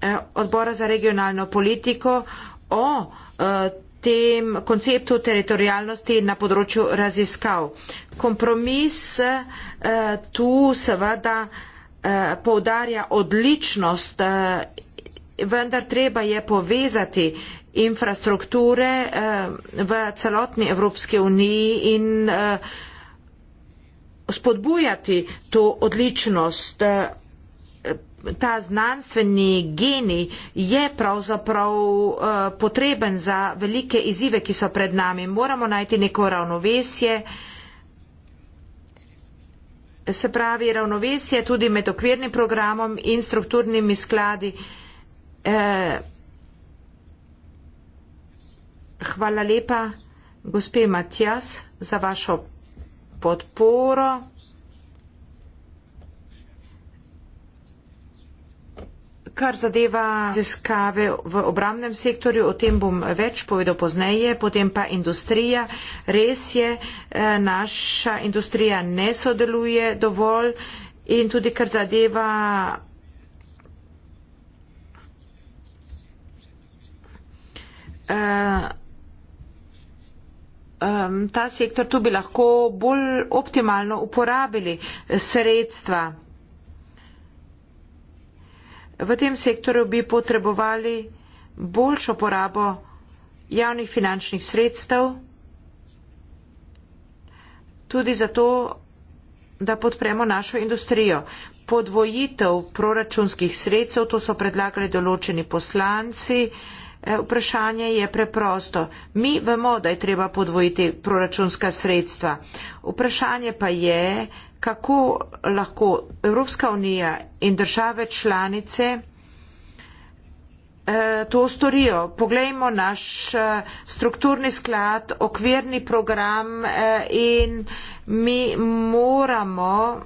eh, odbora za regionalno politiko o eh, tem konceptu teritorijalnosti na področju raziskav. Kompromis eh, tu seveda Eh, poudarja odličnost, eh, vendar treba je povezati infrastrukture eh, v celotni Evropske uniji in spodbujati to odličnost. Ta znanstveni geni je pravzaprav potreben za velike izzive, ki so pred nami. Moramo najti neko ravnovesje se pravi ravnovesje tudi med okvirnim programom in strukturnimi skladi. Eh, hvala lepa, gospe Matjas, za vašo podporo. kar zadeva raziskave v obramnem sektorju, o tem bom več povedal pozneje, potem pa industrija. Res je, eh, naša industrija ne sodeluje dovolj in tudi kar zadeva eh, ta sektor, tu bi lahko bolj optimalno uporabili sredstva V tem sektoru bi potrebovali boljšo porabo javnih finančnih sredstev, tudi zato, da podpremo našo industrijo. Podvojitev proračunskih sredstev, to so predlagali določeni poslanci, e, vprašanje je preprosto. Mi vemo, da je treba podvojiti proračunska sredstva. Vprašanje pa je, kako lahko Evropska unija in države članice eh, to storijo. Poglejmo naš eh, strukturni sklad, okvirni program eh, in mi moramo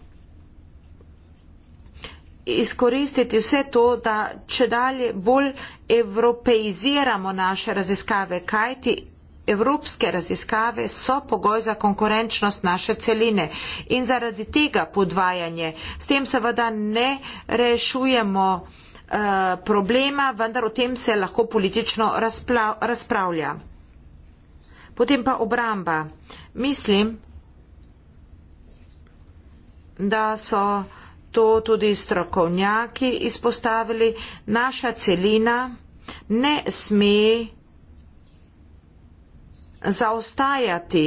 izkoristiti vse to, da če dalje bolj evropeiziramo naše raziskave, kajti Evropske raziskave so pogoj za konkurenčnost naše celine in zaradi tega podvajanje. S tem seveda ne rešujemo uh, problema, vendar o tem se lahko politično razpla, razpravlja. Potem pa obramba. Mislim, da so to tudi strokovnjaki izpostavili. Naša celina ne smeje zaostajati.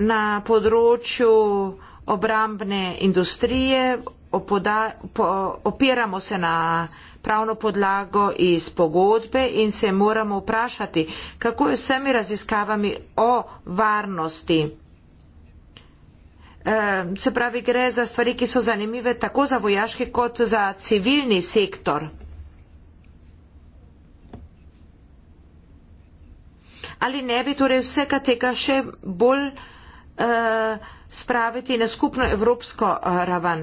Na področju obrambne industrije opoda, po, opiramo se na pravno podlago iz pogodbe in se moramo vprašati, kako je vsemi raziskavami o varnosti. E, se pravi, gre za stvari, ki so zanimive tako za vojaški kot za civilni sektor. ali ne bi torej vsega tega še bolj uh, spraviti na skupno evropsko uh, raven.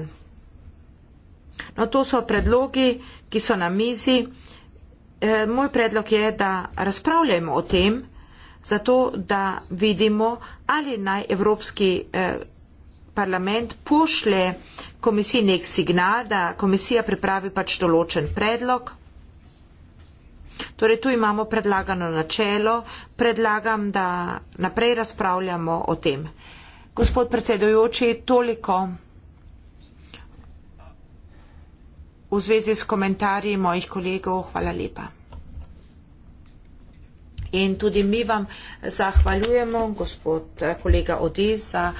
No, to so predlogi, ki so na mizi. E, moj predlog je, da razpravljamo o tem, zato da vidimo, ali naj Evropski eh, parlament pošle komisiji nek signal, da komisija pripravi pač določen predlog. Torej, tu imamo predlagano načelo. Predlagam, da naprej razpravljamo o tem. Gospod predsedujoči, toliko v zvezi s komentarji mojih kolegov. Hvala lepa. In tudi mi vam zahvaljujemo, gospod eh, kolega Ode, za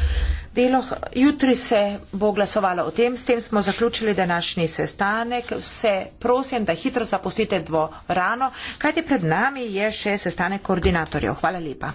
delo. Jutri se bo glasovalo o tem, s tem smo zaključili današnji sestanek. Vse prosim, da hitro zapustite dvorano, kajti pred nami je še sestanek koordinatorjev. Hvala lepa.